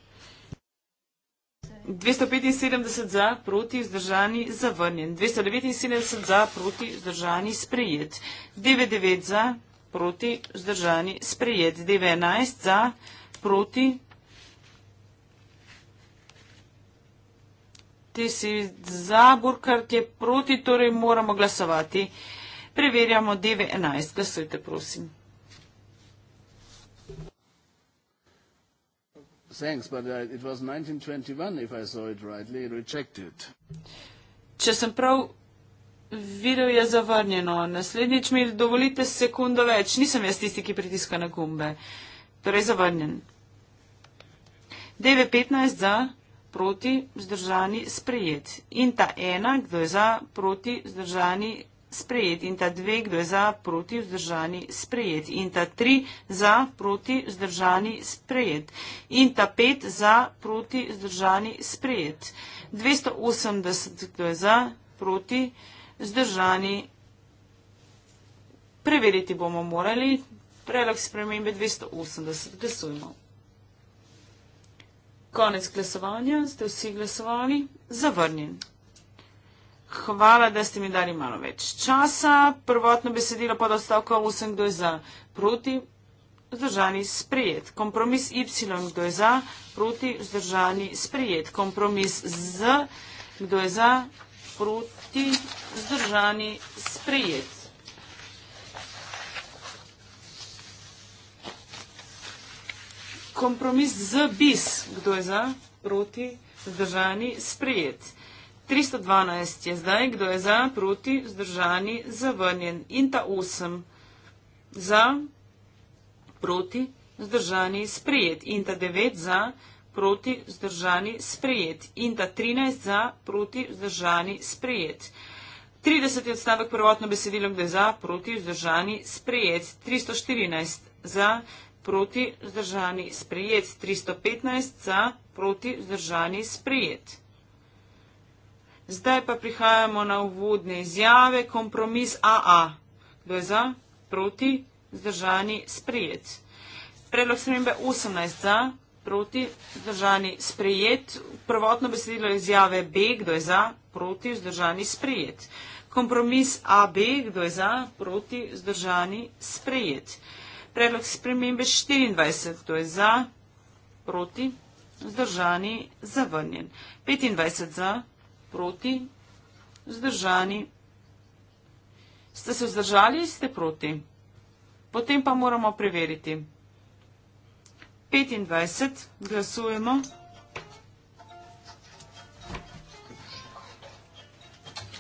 Speaker 3: 275 za, proti, vzdržani, zavrnjen. 279 za, proti, vzdržani, sprejet. 99 za, proti, vzdržani, sprejet. 19 za, proti, ti si za, Burkart je proti, torej moramo glasovati. Preverjamo 19,
Speaker 2: glasujte prosim.
Speaker 1: thanks, but uh, it was 1921, if I saw it rightly, rejected. Če sem prav
Speaker 3: videl, je zavrnjeno. Naslednjič mi dovolite sekundo več. Nisem jaz tisti, ki pritiska na gumbe. Torej, zavrnjen. DV15 za, proti, zdržani, sprejet. In ta ena, kdo je za, proti, zdržani, sprejet in ta dve, kdo je za, proti, vzdržani, sprejet in ta tri, za, proti, vzdržani, sprejet in ta pet, za, proti, vzdržani, sprejet. 280, kdo je za, proti, vzdržani, preveriti bomo morali, prelog spremembe 280, glasujmo. Konec glasovanja, ste vsi glasovali, zavrnjen. Hvala, da ste mi dali malo več časa. Prvotno besedilo pod odstavkom 8, kdo je za, proti, vzdržani, sprejet. Kompromis Y, kdo je za, proti, vzdržani, sprejet. Kompromis Z, kdo je za, proti, vzdržani, sprejet. Kompromis Z bis, kdo je za, proti, vzdržani, sprejet. 312 je zdaj, kdo je za, proti, zdržani, zavrnjen. In ta 8 za, proti, zdržani, sprejet. In ta 9 za, proti, zdržani, sprejet. In ta 13 za, proti, zdržani, sprejet. 30 je odstavek prvotno besedilo, kdo je za, proti, zdržani, sprejet. 314 za, proti, zdržani, sprejet. 315 za, proti, zdržani, sprejet. Zdaj pa prihajamo na uvodne izjave. Kompromis AA. Kdo je za? Proti? Zdržani? Sprejet. Predlog spremembe 18 za? Proti? Zdržani? Sprejet. Prvotno besedilo izjave B. Kdo je za? Proti? Zdržani? Sprejet. Kompromis AB. Kdo je za? Proti? Zdržani? Sprejet. Predlog spremembe 24. Kdo je za? Proti? Zdržani? Zavrnjen. 25 za? proti, zdržani. Ste se vzdržali in ste proti. Potem pa moramo preveriti. 25 glasujemo.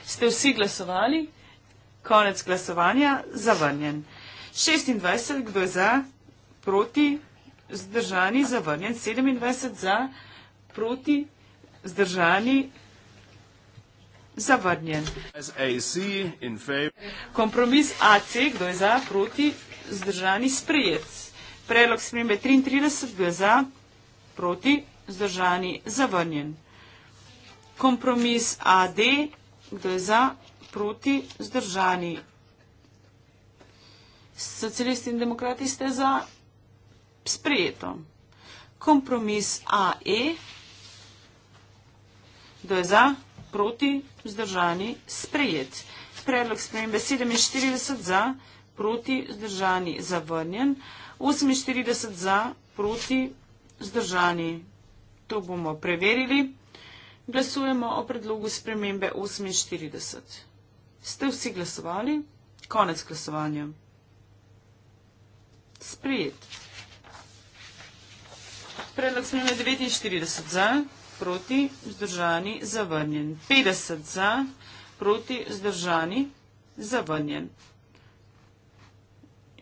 Speaker 3: Ste vsi glasovali? Konec glasovanja, zavrnjen. 26, kdo je za, proti, zdržani, zavrnjen. 27 za, proti, zdržani, zavrnjen. Kompromis AC, kdo je za, proti, zdržani sprejet. Predlog spremembe 33, kdo je za, proti, zdržani zavrnjen. Kompromis AD, kdo je za, proti, zdržani. Socialisti in demokrati ste za sprejeto. Kompromis AE, kdo je za, proti, zdržani proti, vzdržani, sprejet. Predlog spremembe 47 za, proti, vzdržani, zavrnjen. 48 za, proti, vzdržani. To bomo preverili. Glasujemo o predlogu spremembe 48. Ste vsi glasovali? Konec glasovanja. Sprejet. Predlog spremembe 49 za proti, vzdržani, zavrnjen. 50 za, proti, vzdržani, zavrnjen.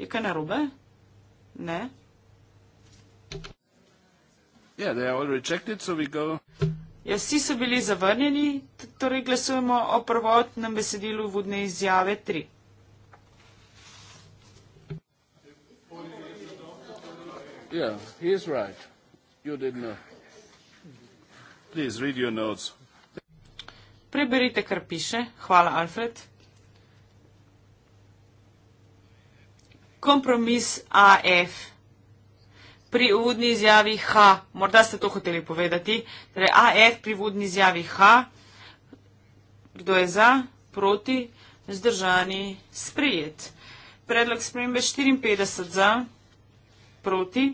Speaker 3: Je kaj narobe? Ne.
Speaker 2: Yeah, they are all rejected, so we go.
Speaker 3: Ja, vsi so bili zavrnjeni, torej glasujemo o prvotnem besedilu vodne izjave 3. Ja, yeah, he is right. You didn't know. Please read your notes. Preberite, kar piše. Hvala, Alfred. Kompromis AF. Pri uvodni izjavi H, morda ste to hoteli povedati, torej AF pri uvodni izjavi H, kdo je za, proti, zdržani, sprejet. Predlog spremembe 54 za, proti,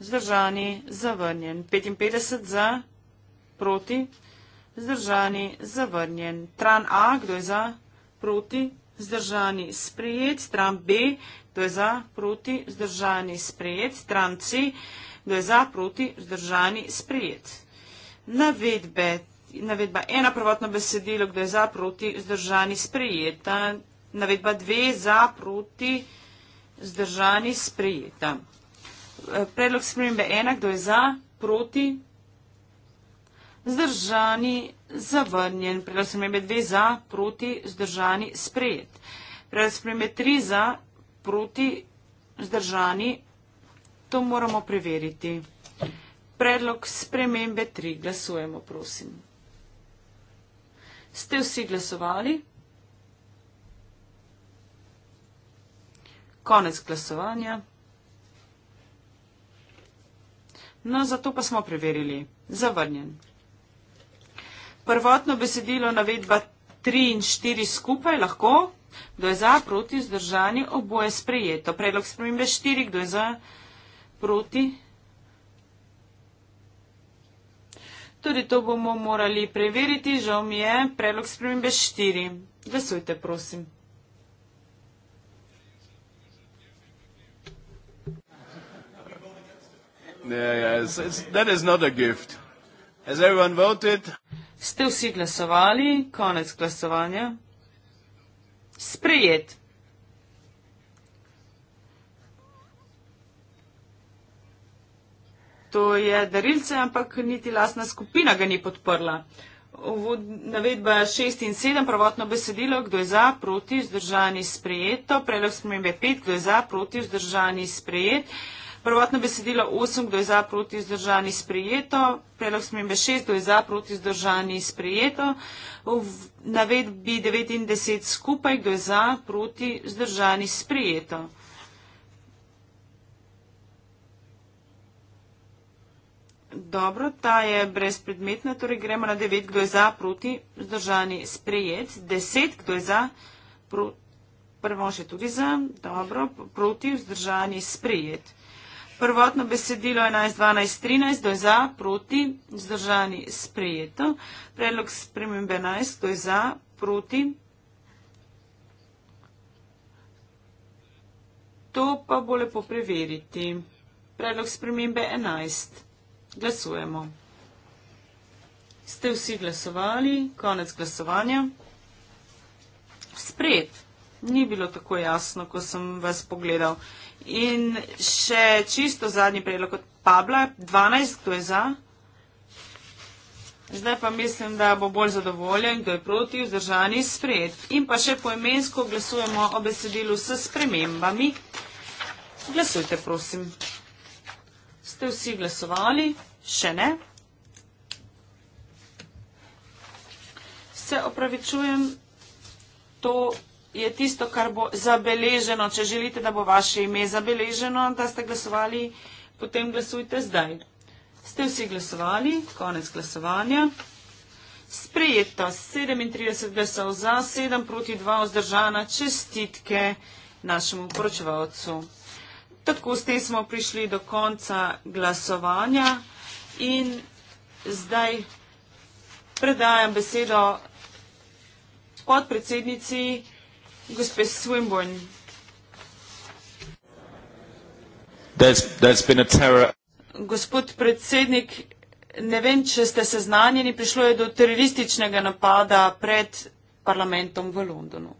Speaker 3: Zdržani, zavrnjen. 55 za, proti. Zdržani, zavrnjen. Tran A, kdo je za, proti. Zdržani, sprejet. Tran B, kdo je za, proti. Zdržani, sprejet. Tran C, kdo je za, proti. Zdržani, sprejet. Navedbe. Navedba ena, prvotno besedilo, kdo je za, proti. Zdržani, sprejeta. Navedba dve, za, proti. Zdržani, sprejeta predlog spremembe ena, kdo je za, proti, zdržani, zavrnjen. Predlog spremembe dve za, proti, zdržani, sprejet. Predlog spremembe tri za, proti, zdržani, to moramo preveriti. Predlog spremembe tri, glasujemo, prosim. Ste vsi glasovali? Konec glasovanja. No, zato pa smo preverili. Zavrnjen. Prvotno besedilo navedba 3 in 4 skupaj lahko. Kdo je za, proti, zdržani, oboje sprejeto. Predlog spremembe 4, kdo je za, proti. Tudi to bomo morali preveriti, žal mi je, predlog spremembe 4. Glasujte, prosim. Yes, it's, that is not a gift. Has everyone voted? Ste vsi glasovali? Konec glasovanja. Sprejet. To je darilce, ampak niti lastna skupina ga ni podprla. Navedba 6 in 7, prvotno besedilo, kdo je za, proti, vzdržani, sprejeto. Predlog spremembe 5, kdo je za, proti, vzdržani, sprejeto. Prvotno besedilo 8, kdo je za, proti, zdržani, sprijeto. Predlog smembe 6, kdo je za, proti, zdržani, sprijeto. Navedbi 9 in 10 skupaj, kdo je za, proti, zdržani, sprijeto. Dobro, ta je brezpredmetna, torej gremo na 9, kdo je za, proti, zdržani, sprijet. 10, kdo je za, proti, prvo še tudi za, dobro, proti, zdržani, sprijet. Prvotno besedilo 11.12.13, kdo je za, proti, vzdržani, sprejeto. Predlog spremembe 11, kdo je za, proti. To pa bo lepo preveriti. Predlog spremembe 11. Glasujemo. Ste vsi glasovali, konec glasovanja. Sprejet. Ni bilo tako jasno, ko sem vas pogledal. In še čisto zadnji predlog od Pabla, 12, kdo je za? Zdaj pa mislim, da bo bolj zadovoljen, kdo je proti, vzdržani spred. In pa še poemensko glasujemo o besedilu s spremembami. Glasujte, prosim. Ste vsi glasovali? Še ne? Se opravičujem, to je tisto, kar bo zabeleženo. Če želite, da bo vaše ime zabeleženo, da ste glasovali, potem glasujte zdaj. Ste vsi glasovali, konec glasovanja. Sprejeto 37 glasov za, 7 proti 2 vzdržana čestitke našemu poročevalcu. Tako s tem smo prišli do konca glasovanja in zdaj predajam besedo podpredsednici gospe Swinburne. There's, there's been a terror... Gospod predsednik, ne vem, če ste seznanjeni, prišlo je do terorističnega napada pred parlamentom v Londonu.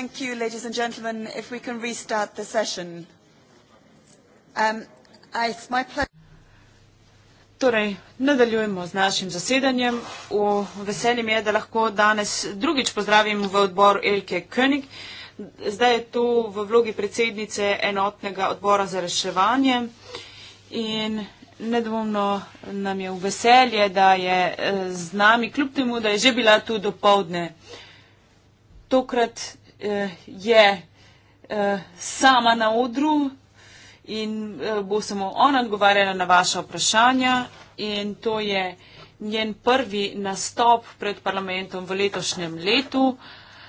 Speaker 3: Thank you, ladies and gentlemen. If we can restart the session. Um, it's my pleasure. Torej, nadaljujemo z našim zasedanjem. V veselju mi je, da lahko danes drugič pozdravim v odbor Elke König. Zdaj je tu v vlogi predsednice enotnega odbora za reševanje in nedvomno nam je v veselje, da je eh, z nami, kljub temu, da je že bila tu do povdne. Tokrat eh, je eh, sama na odru in eh, bo samo ona odgovarjala na vaše vprašanja in to je njen prvi nastop pred parlamentom v letošnjem letu.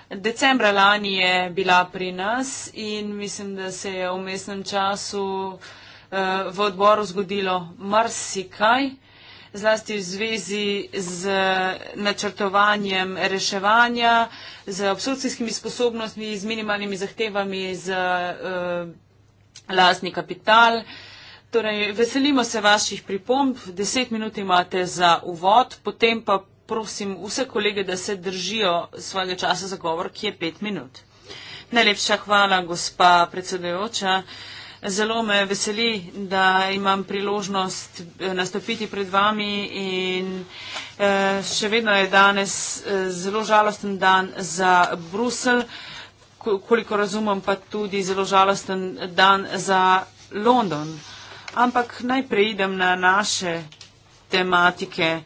Speaker 3: Decembra lani je bila pri nas in mislim, da se je v mestnem času eh, v odboru zgodilo marsikaj zlasti v zvezi z načrtovanjem reševanja, z absorpcijskimi sposobnostmi, z minimalnimi zahtevami za uh, lastni kapital. Torej, veselimo se vaših pripomb, deset minut imate za uvod, potem pa prosim vse kolege, da se držijo svojega časa za govor, ki je pet minut. Najlepša hvala, gospa predsedujoča. Uh, Zelo me veseli, da imam priložnost eh, nastopiti pred vami in eh, še vedno je danes eh, zelo žalosten dan za Brusel, koliko razumem pa tudi zelo žalosten dan za London. Ampak najprej idem na naše tematike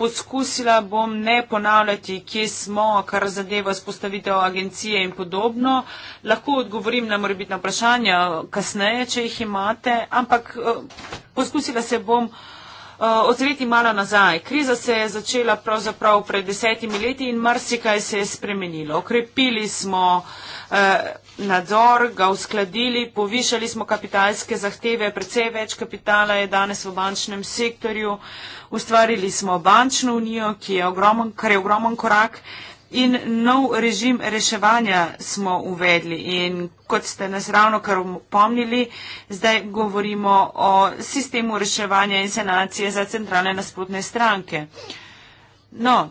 Speaker 3: poskusila bom ne ponavljati, kje smo, kar zadeva spostavitev agencije in podobno. Lahko odgovorim na morebitna vprašanja kasneje, če jih imate, ampak eh, poskusila se bom. Eh, Ozreti malo nazaj. Kriza se je začela pravzaprav pred desetimi leti in marsikaj se je spremenilo. Okrepili smo eh, nadzor, ga uskladili, povišali smo kapitalske zahteve, precej več kapitala je danes v bančnem sektorju, ustvarili smo bančno unijo, je ogromen, kar je ogromen korak in nov režim reševanja smo uvedli. In kot ste nas ravno kar pomnili, zdaj govorimo o sistemu reševanja in senacije za centralne nasprotne stranke. No,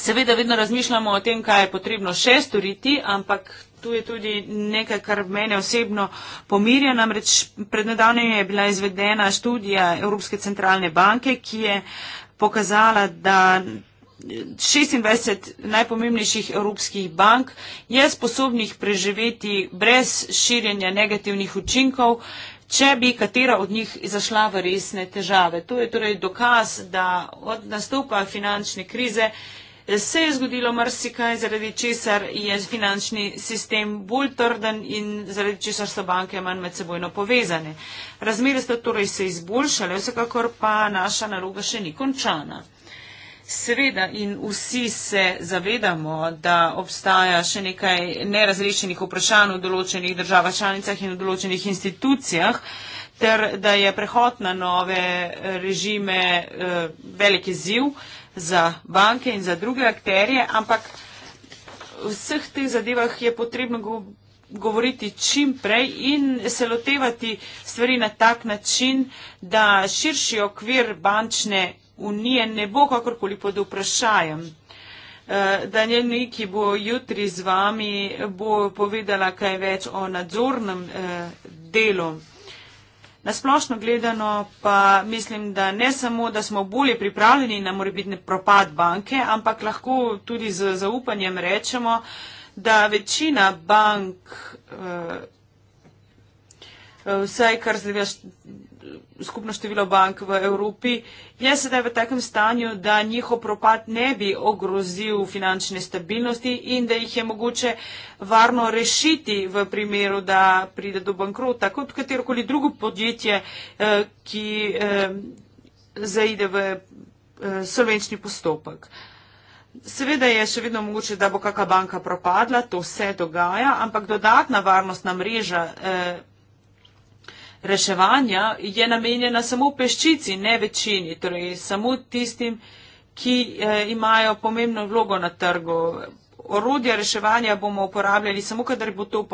Speaker 3: Seveda vedno razmišljamo o tem, kaj je potrebno še storiti, ampak To je tudi nekaj, kar mene osebno pomirja. Namreč prednedavnem je bila izvedena študija Evropske centralne banke, ki je pokazala, da 26 najpomembnejših evropskih bank je sposobnih preživeti brez širjenja negativnih učinkov, če bi katera od njih zašla v resne težave. To je torej dokaz, da od nastopa finančne krize se je zgodilo marsikaj, zaradi česar je finančni sistem bolj trden in zaradi česar so banke manj med sebojno povezane. Razmere so torej se izboljšale, vsekakor pa naša naloga še ni končana. Seveda in vsi se zavedamo, da obstaja še nekaj nerazrešenih vprašanj v določenih državah članicah in v določenih institucijah, ter da je prehod na nove režime eh, velike ziv. Eh, za banke in za druge akterje, ampak v vseh teh zadevah je potrebno go govoriti čim prej in se lotevati stvari na tak način, da širši okvir bančne unije ne bo kakorkoli pod vprašajem. Eh, Daniel Nui, ki bo jutri z vami, bo povedala kaj več o nadzornem eh, delu. Nasplošno gledano pa mislim, da ne samo, da smo bolje pripravljeni na morebitni propad banke, ampak lahko tudi z zaupanjem rečemo, da večina bank, eh, eh, vsaj kar zdaj veš, skupno število bank v Evropi, je sedaj v takem stanju, da njihov propad ne bi ogrozil finančne stabilnosti in da jih je mogoče varno rešiti v primeru, da pride do bankrota, kot katerokoli drugo podjetje, eh, ki eh, zaide v eh, solvenčni postopek. Seveda je še vedno mogoče, da bo kakšna banka propadla, to se dogaja, ampak dodatna varnostna mreža eh, reševanja je namenjena samo peščici, ne večini, torej samo tistim, ki eh, imajo pomembno vlogo na trgu. Orodja reševanja bomo uporabljali samo, kadar bo to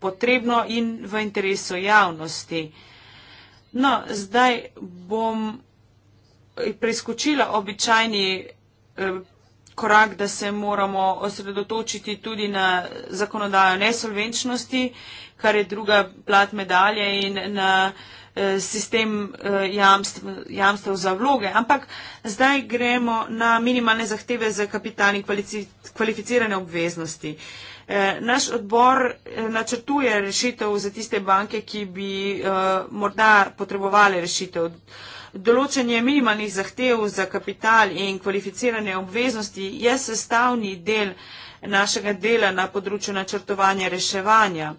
Speaker 3: potrebno in v interesu javnosti. No, zdaj bom eh, preskočila običajni eh, korak, da se moramo osredotočiti tudi na zakonodajo nesolvenčnosti kar je druga plat medalje in na eh, sistem jamstv, eh, jamstv za vloge. Ampak zdaj gremo na minimalne zahteve za kapitalne kvalificirane obveznosti. Eh, naš odbor načrtuje rešitev za tiste banke, ki bi morda potrebovali rešitev. Določanje minimalnih zahtev za kapital in kvalificirane obveznosti je sestavni del našega dela na področju načrtovanja reševanja.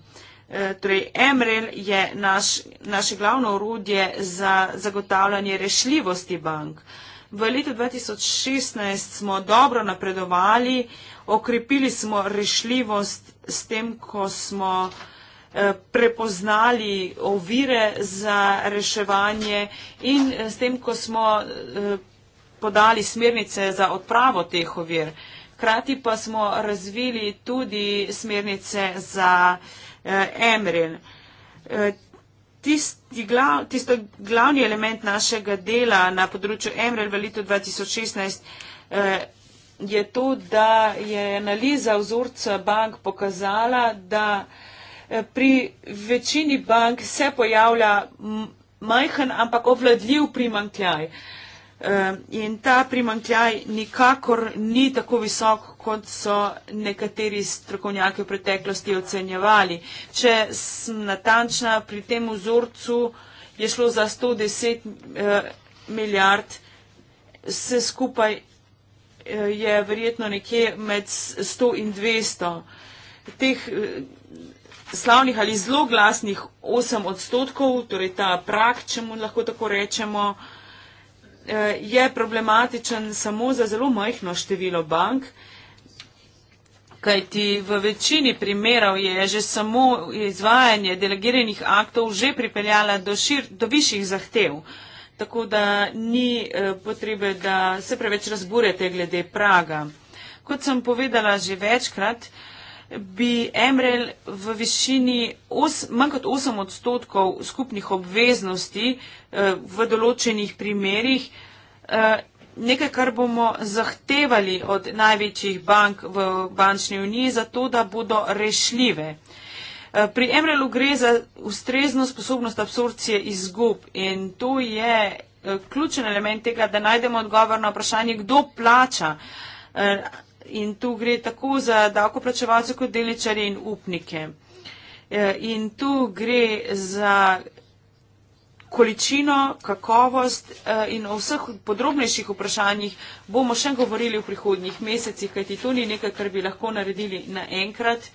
Speaker 3: Eh, torej MREL je naš, naše glavno orodje za zagotavljanje rešljivosti bank. V letu 2016 smo dobro napredovali, okrepili smo rešljivost s tem, ko smo eh, prepoznali ovire za reševanje in eh, s tem, ko smo podali smernice za odpravo teh ovir. Hkrati pa smo razvili tudi smernice za uh, eh, Emrin. Eh, Tisti glav, tisto glavni element našega dela na področju Emrel v letu 2016 eh, je to, da je analiza vzorca bank pokazala, da eh, pri večini bank se pojavlja majhen, ampak obvladljiv primankljaj. In ta primankljaj nikakor ni tako visok, kot so nekateri strokovnjaki v preteklosti ocenjevali. Če sem natančna, pri tem vzorcu je šlo za 110 eh, milijard, vse skupaj eh, je verjetno nekje med 100 in 200. Teh eh, slavnih ali zelo glasnih 8 odstotkov, torej ta prak, če mu lahko tako rečemo, Eh, je problematičen samo za zelo majhno število bank, kajti v večini primerov je že samo izvajanje delegiranih aktov že pripeljala do, šir, do višjih zahtev. Tako da ni eh, potrebe, da se preveč razburete glede praga. Kot sem povedala že večkrat, bi Emrel v višini os, manj kot 8 odstotkov skupnih obveznosti eh, v določenih primerjih, eh, nekaj, kar bomo zahtevali od največjih bank v bančni uniji, zato da bodo rešljive. Eh, pri Emrelu gre za ustrezno sposobnost absorpcije izgub in to je eh, ključen element tega, da najdemo odgovor na vprašanje, kdo plača. Eh, in tu gre tako za davkoplačevalce kot deličare in upnike. E, in tu gre za količino, kakovost e, in o vseh podrobnejših vprašanjih bomo še govorili v prihodnjih mesecih, kajti to ni nekaj, kar bi lahko naredili naenkrat.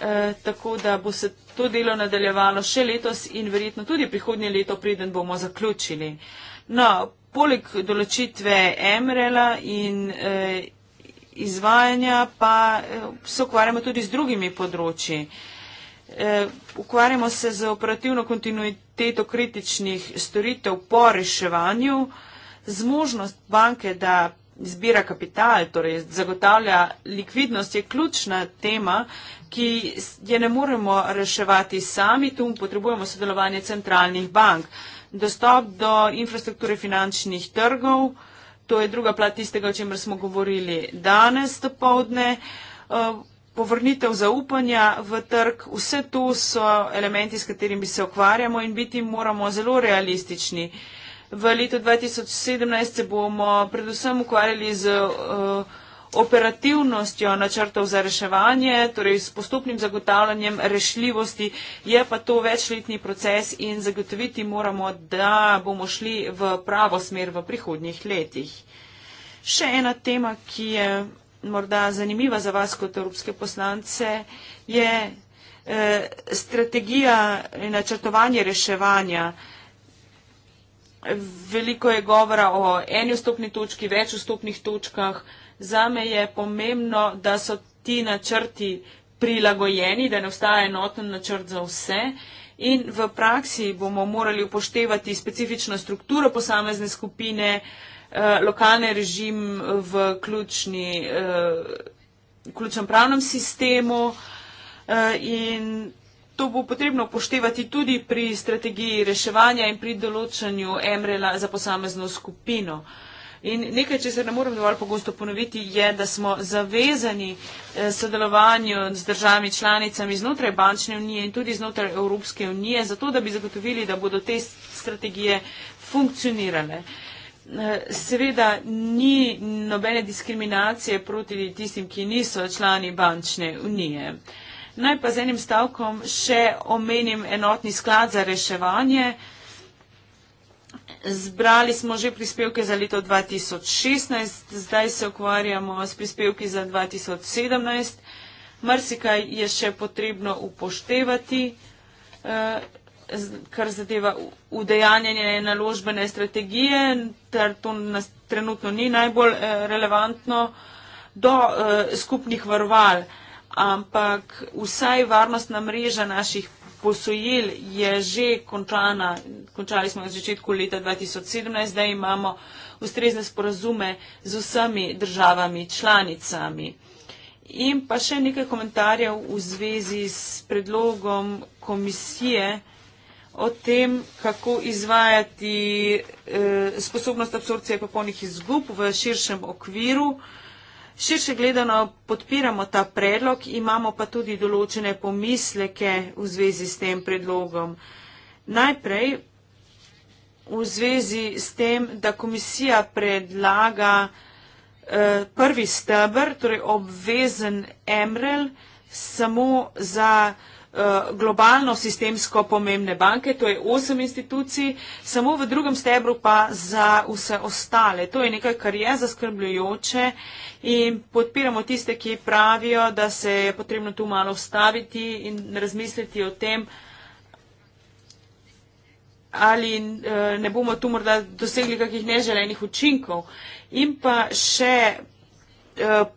Speaker 3: E, tako da bo se to delo nadaljevalo še letos in verjetno tudi prihodnje leto, preden bomo zaključili. No, poleg določitve MRL-a in izvajanja, pa eh, se ukvarjamo tudi z drugimi področji. Eh, ukvarjamo se z operativno kontinuiteto kritičnih storitev po reševanju, zmožnost banke, da zbira kapital, torej zagotavlja likvidnost, je ključna tema, ki je ne moremo reševati sami, tu potrebujemo sodelovanje centralnih bank. Dostop do infrastrukture finančnih trgov, To je druga plat tistega, o čemer smo govorili danes do povdne. Eh, povrnitev zaupanja v trg, vse to so elementi, s katerimi se okvarjamo in biti moramo zelo realistični. V letu 2017 se bomo predvsem ukvarjali z. Uh, operativnostjo načrtov za reševanje, torej s postopnim zagotavljanjem rešljivosti, je pa to večletni proces in zagotoviti moramo, da bomo šli v pravo smer v prihodnjih letih. Še ena tema, ki je morda zanimiva za vas kot evropske poslance, je eh, strategija in načrtovanje reševanja. Veliko je govora o eni vstopni točki, več vstopnih točkah za me je pomembno, da so ti načrti prilagojeni, da ne ostaja enoten načrt za vse. In v praksi bomo morali upoštevati specifično strukturo posamezne skupine, eh, lokalni režim v ključni, eh, ključnem pravnem sistemu. Eh, in to bo potrebno upoštevati tudi pri strategiji reševanja in pri določanju emrela za posamezno skupino. In nekaj, če se ne moram dovolj pogosto ponoviti, je, da smo zavezani eh, sodelovanju z državami članicami znotraj bančne unije in tudi znotraj Evropske unije, zato da bi zagotovili, da bodo te strategije funkcionirale. Eh, seveda ni nobene diskriminacije proti tistim, ki niso člani bančne unije. Naj pa z enim stavkom še omenim enotni sklad za reševanje. Zbrali smo že prispevke za leto 2016, zdaj se ukvarjamo s prispevki za 2017. Mrsikaj je še potrebno upoštevati, eh, kar zadeva udejanjanje naložbene strategije, ter to nas trenutno ni najbolj eh, relevantno, do eh, skupnih varval. Ampak vsaj varnostna mreža naših posojil je že končana, končali smo na začetku leta 2017, zdaj imamo ustrezne sporazume z vsemi državami članicami. In pa še nekaj komentarjev v zvezi s predlogom komisije o tem, kako izvajati eh, sposobnost absorpcije popolnih izgub v širšem okviru. Eh, Širše gledano podpiramo ta predlog, imamo pa tudi določene pomisleke v zvezi s tem predlogom. Najprej v zvezi s tem, da komisija predlaga eh, prvi stebr, torej obvezen emrel, samo za Eh, globalno sistemsko pomembne banke, to je osem institucij, samo v drugem stebru pa za vse ostale. To je nekaj, kar je zaskrbljujoče in podpiramo tiste, ki pravijo, da se je potrebno tu malo ustaviti in razmisliti o tem, ali eh, ne bomo tu morda dosegli kakih neželenih učinkov. In pa še eh,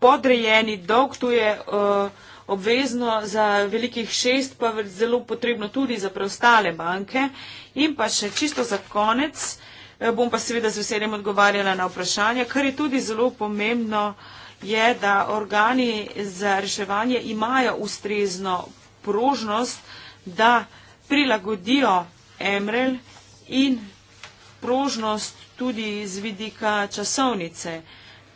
Speaker 3: podrejeni dolg, tu je uh, obvezno za velikih šest, pa zelo potrebno tudi za preostale banke. In pa še čisto za konec, eh, bom pa seveda z veseljem odgovarjala na vprašanja, kar je tudi zelo pomembno, je, da organi za reševanje imajo ustrezno prožnost, da prilagodijo emrel in prožnost tudi z vidika časovnice.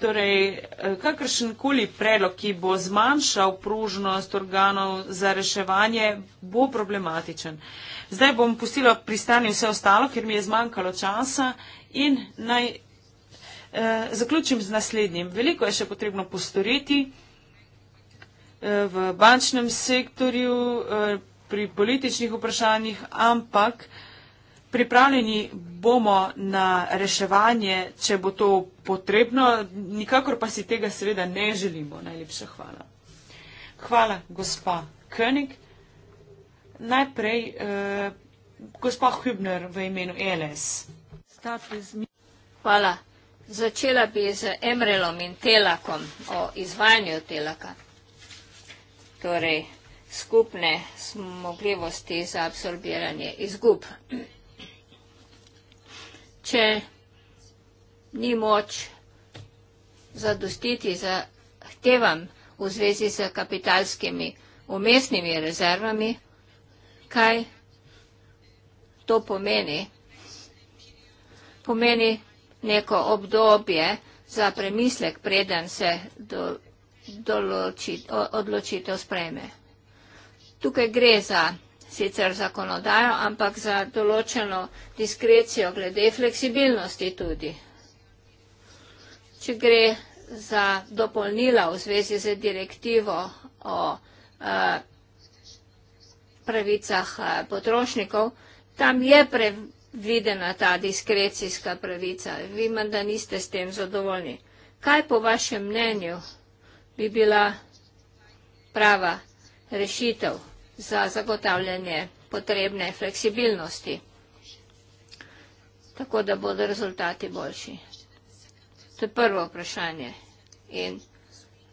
Speaker 3: Torej, eh, kakršen koli predlog, ki bo zmanjšal pružnost organov za reševanje, bo problematičen. Zdaj bom pustila pri stanju vse ostalo, ker mi je zmanjkalo časa in naj eh, zaključim z naslednjim. Veliko je še potrebno postoriti eh, v bančnem sektorju, eh, pri političnih vprašanjih, ampak eh, Pripravljeni bomo na reševanje, če bo to potrebno, nikakor pa si tega seveda ne želimo. Najlepša hvala. Hvala, gospa König. Najprej, eh, gospa Hübner v imenu e LS.
Speaker 1: Hvala. Začela bi z Emrelom in Telakom o izvajanju Telaka. Torej, skupne smogljivosti za absorbiranje izgub če ni moč zadostiti zahtevam v zvezi z kapitalskimi umestnimi rezervami, kaj to pomeni? Pomeni neko obdobje za premislek, preden se do, določit, odločitev sprejme. Tukaj gre za sicer zakonodajo, ampak za določeno diskrecijo glede fleksibilnosti tudi. Če gre za dopolnila v zvezi z direktivo o eh, pravicah eh, potrošnikov, tam je previdena ta diskrecijska pravica. Vima, da niste s tem zadovoljni. Kaj po vašem mnenju bi bila prava rešitev? za zagotavljanje potrebne fleksibilnosti, tako da bodo rezultati boljši. To je prvo vprašanje. In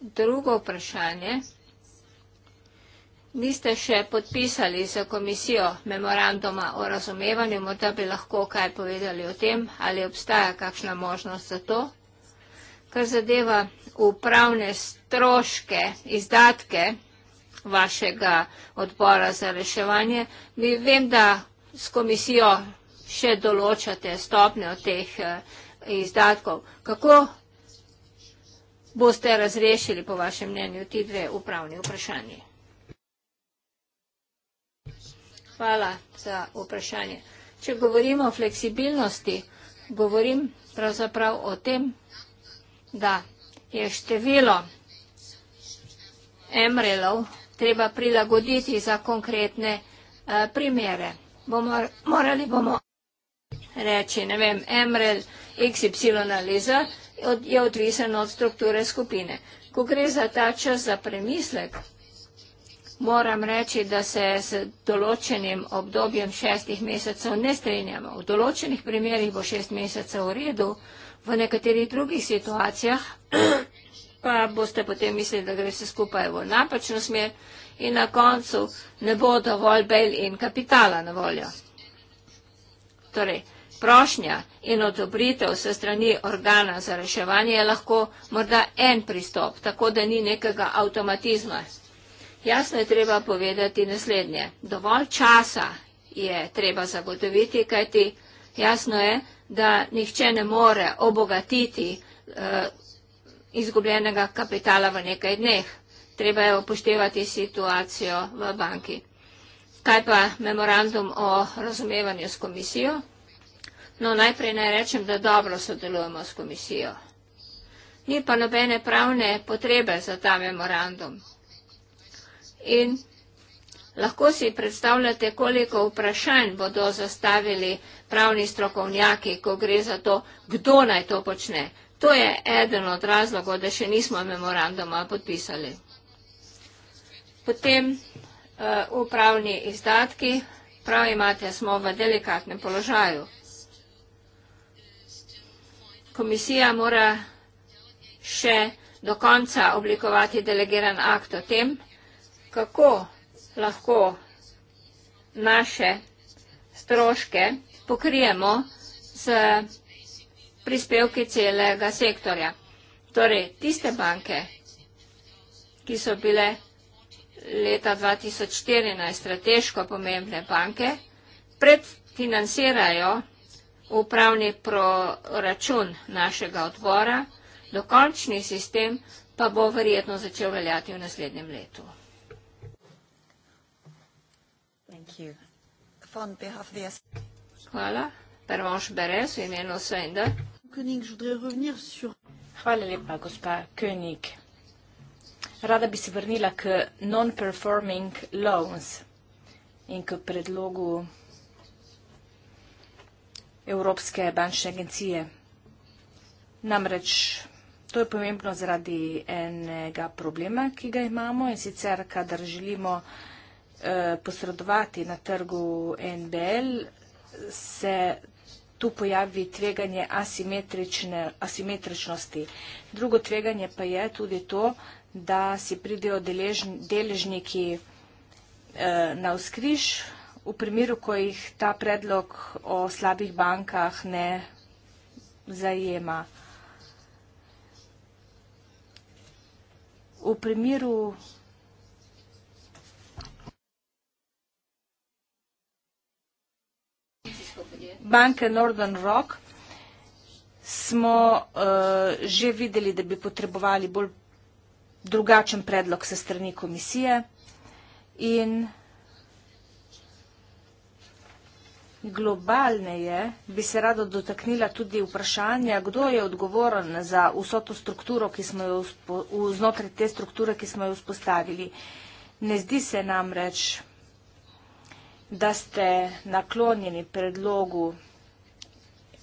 Speaker 1: drugo vprašanje, niste še podpisali za komisijo memorandoma o razumevanju, morda bi lahko kaj povedali o tem, ali obstaja kakšna možnost za to, kar zadeva upravne stroške, izdatke, ki je vse, vašega odbora za reševanje. Mi vem, da s komisijo še določate stopne od teh eh, izdatkov. Kako boste razrešili, po vašem mnenju, ti dve upravni vprašanje? Hvala za vprašanje. Če govorimo o fleksibilnosti, govorim pravzaprav o tem, da je število emrelov treba prilagoditi za konkretne eh, primere. Bomo, morali bomo reči, ne vem, emrel XY analiza je odvisen od strukture skupine. Ko gre za ta čas za premislek, moram reči, da se z določenim obdobjem šestih mesecev ne strenjamo. V določenih primerih bo šest mesecev v redu, v nekaterih drugih situacijah pa boste potem mislili, da gre vse skupaj v napačno smer in na koncu ne bo dovolj bail in kapitala na voljo. Torej, prošnja in odobritev se strani organa za reševanje je lahko morda en pristop, tako da ni nekega avtomatizma. Jasno je treba povedati naslednje. Dovolj časa je treba zagotoviti, kajti jasno je, da nihče ne more obogatiti uh, izgubljenega kapitala v nekaj dneh. Treba je upoštevati situacijo v banki. Kaj pa memorandum o razumevanju s komisijo? No, najprej naj rečem, da dobro sodelujemo s komisijo. Ni pa nobene pravne potrebe za ta memorandum. In lahko si predstavljate, koliko vprašanj bodo zastavili pravni strokovnjaki, ko gre za to, kdo naj to počne. To je eden od razlogov, da še nismo memoranduma podpisali. Potem uh, upravni izdatki. Prav imate, smo v delikatnem položaju. Komisija mora še do konca oblikovati delegiran akt o tem, kako lahko naše stroške pokrijemo z prispevki celega sektorja. Torej, tiste banke, ki so bile leta 2014 strateško pomembne banke, predfinansirajo upravni proračun našega odbora, dokončni sistem pa bo verjetno začel veljati v naslednjem letu. Hvala. Pervonš Beres v imenu Svendr. König, je
Speaker 2: voudrais revenir sur...
Speaker 1: Hvala lepa, gospa König. Rada bi se
Speaker 2: vrnila k non-performing loans in k predlogu Evropske bančne agencije. Namreč to je pomembno zaradi enega problema, ki ga imamo in sicer, kadar želimo eh, posredovati na trgu NBL, se tu pojavi tveganje asimetrične, asimetričnosti. Drugo tveganje pa je tudi to, da si pridejo delež, deležniki eh, na vzkriž, v primeru, ko jih ta predlog o slabih bankah ne zajema. V primeru, banke Northern Rock smo uh, že videli, da bi potrebovali bolj drugačen predlog se strani komisije in globalne je, bi se rado dotaknila tudi vprašanja, kdo je odgovoren za vso to strukturo, ki smo jo uspo, znotraj te strukture, ki smo jo vzpostavili. Ne zdi se namreč da ste naklonjeni predlogu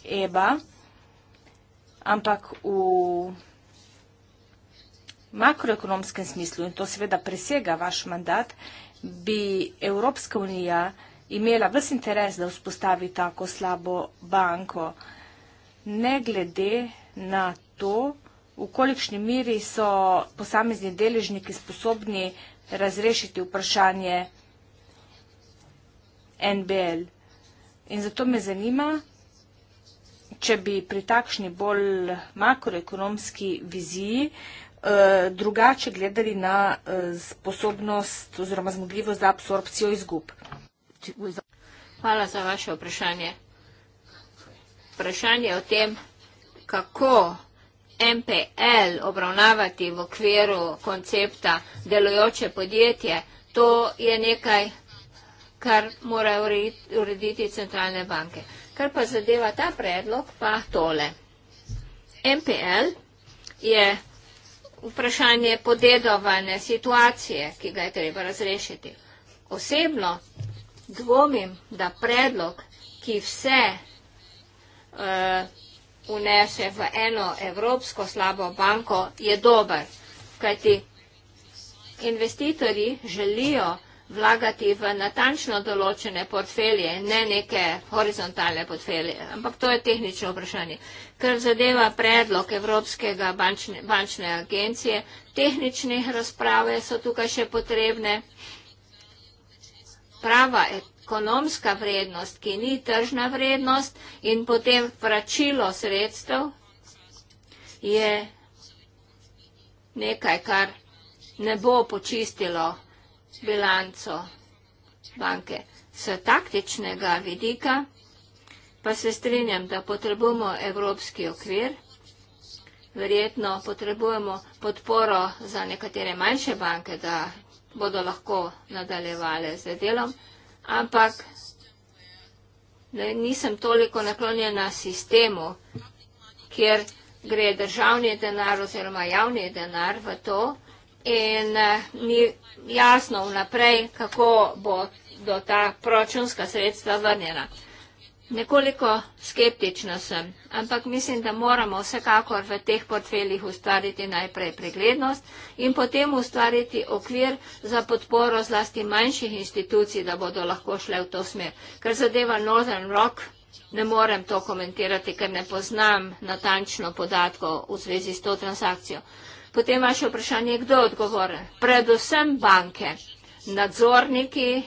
Speaker 2: EBA, ampak v makroekonomskem smislu, in to seveda presega vaš mandat, bi Evropska unija imela ves interes, da vzpostavi tako slabo banko, ne glede na to, v kolikšni miri so posamezni deležniki sposobni razrešiti vprašanje NBL. In zato me zanima, če bi pri takšni bolj makroekonomski viziji eh, drugače gledali na
Speaker 1: eh, sposobnost oziroma zmogljivost za absorpcijo izgub. Hvala za vaše vprašanje. Vprašanje o tem, kako MPL obravnavati v okviru koncepta delojoče podjetje, to je nekaj vprašanje kar morajo urediti centralne banke. Kar pa zadeva ta predlog, pa tole. MPL je vprašanje podedovane situacije, ki ga je treba razrešiti. Osebno dvomim, da predlog, ki vse uh, eh, unese v eno evropsko slabo banko, je dober, kajti investitorji želijo, vlagati v natančno določene portfelje, ne neke horizontalne portfelje, ampak to je tehnično vprašanje. Ker zadeva predlog Evropskega bančne, bančne agencije, tehnične razprave so tukaj še potrebne. Prava ekonomska vrednost, ki ni tržna vrednost in potem vračilo sredstev, je nekaj, kar ne bo počistilo bilanco banke. S taktičnega vidika pa se strinjam, da potrebujemo evropski okvir, verjetno potrebujemo podporo za nekatere manjše banke, da bodo lahko nadaljevale z delom, ampak ne, nisem toliko naklonjena sistemu, kjer gre državni denar oziroma javni denar v to, in ni eh, jasno vnaprej, kako bo do ta proračunska sredstva vrnjena. Nekoliko skeptično sem, ampak mislim, da moramo vsekakor v teh portfeljih ustvariti najprej preglednost in potem ustvariti okvir za podporo zlasti manjših institucij, da bodo lahko šle v to smer. Ker zadeva Northern Rock, ne morem to komentirati, ker ne poznam natančno podatkov v zvezi s to transakcijo. Potem vaše vprašanje, kdo odgovore? Predvsem banke. Nadzorniki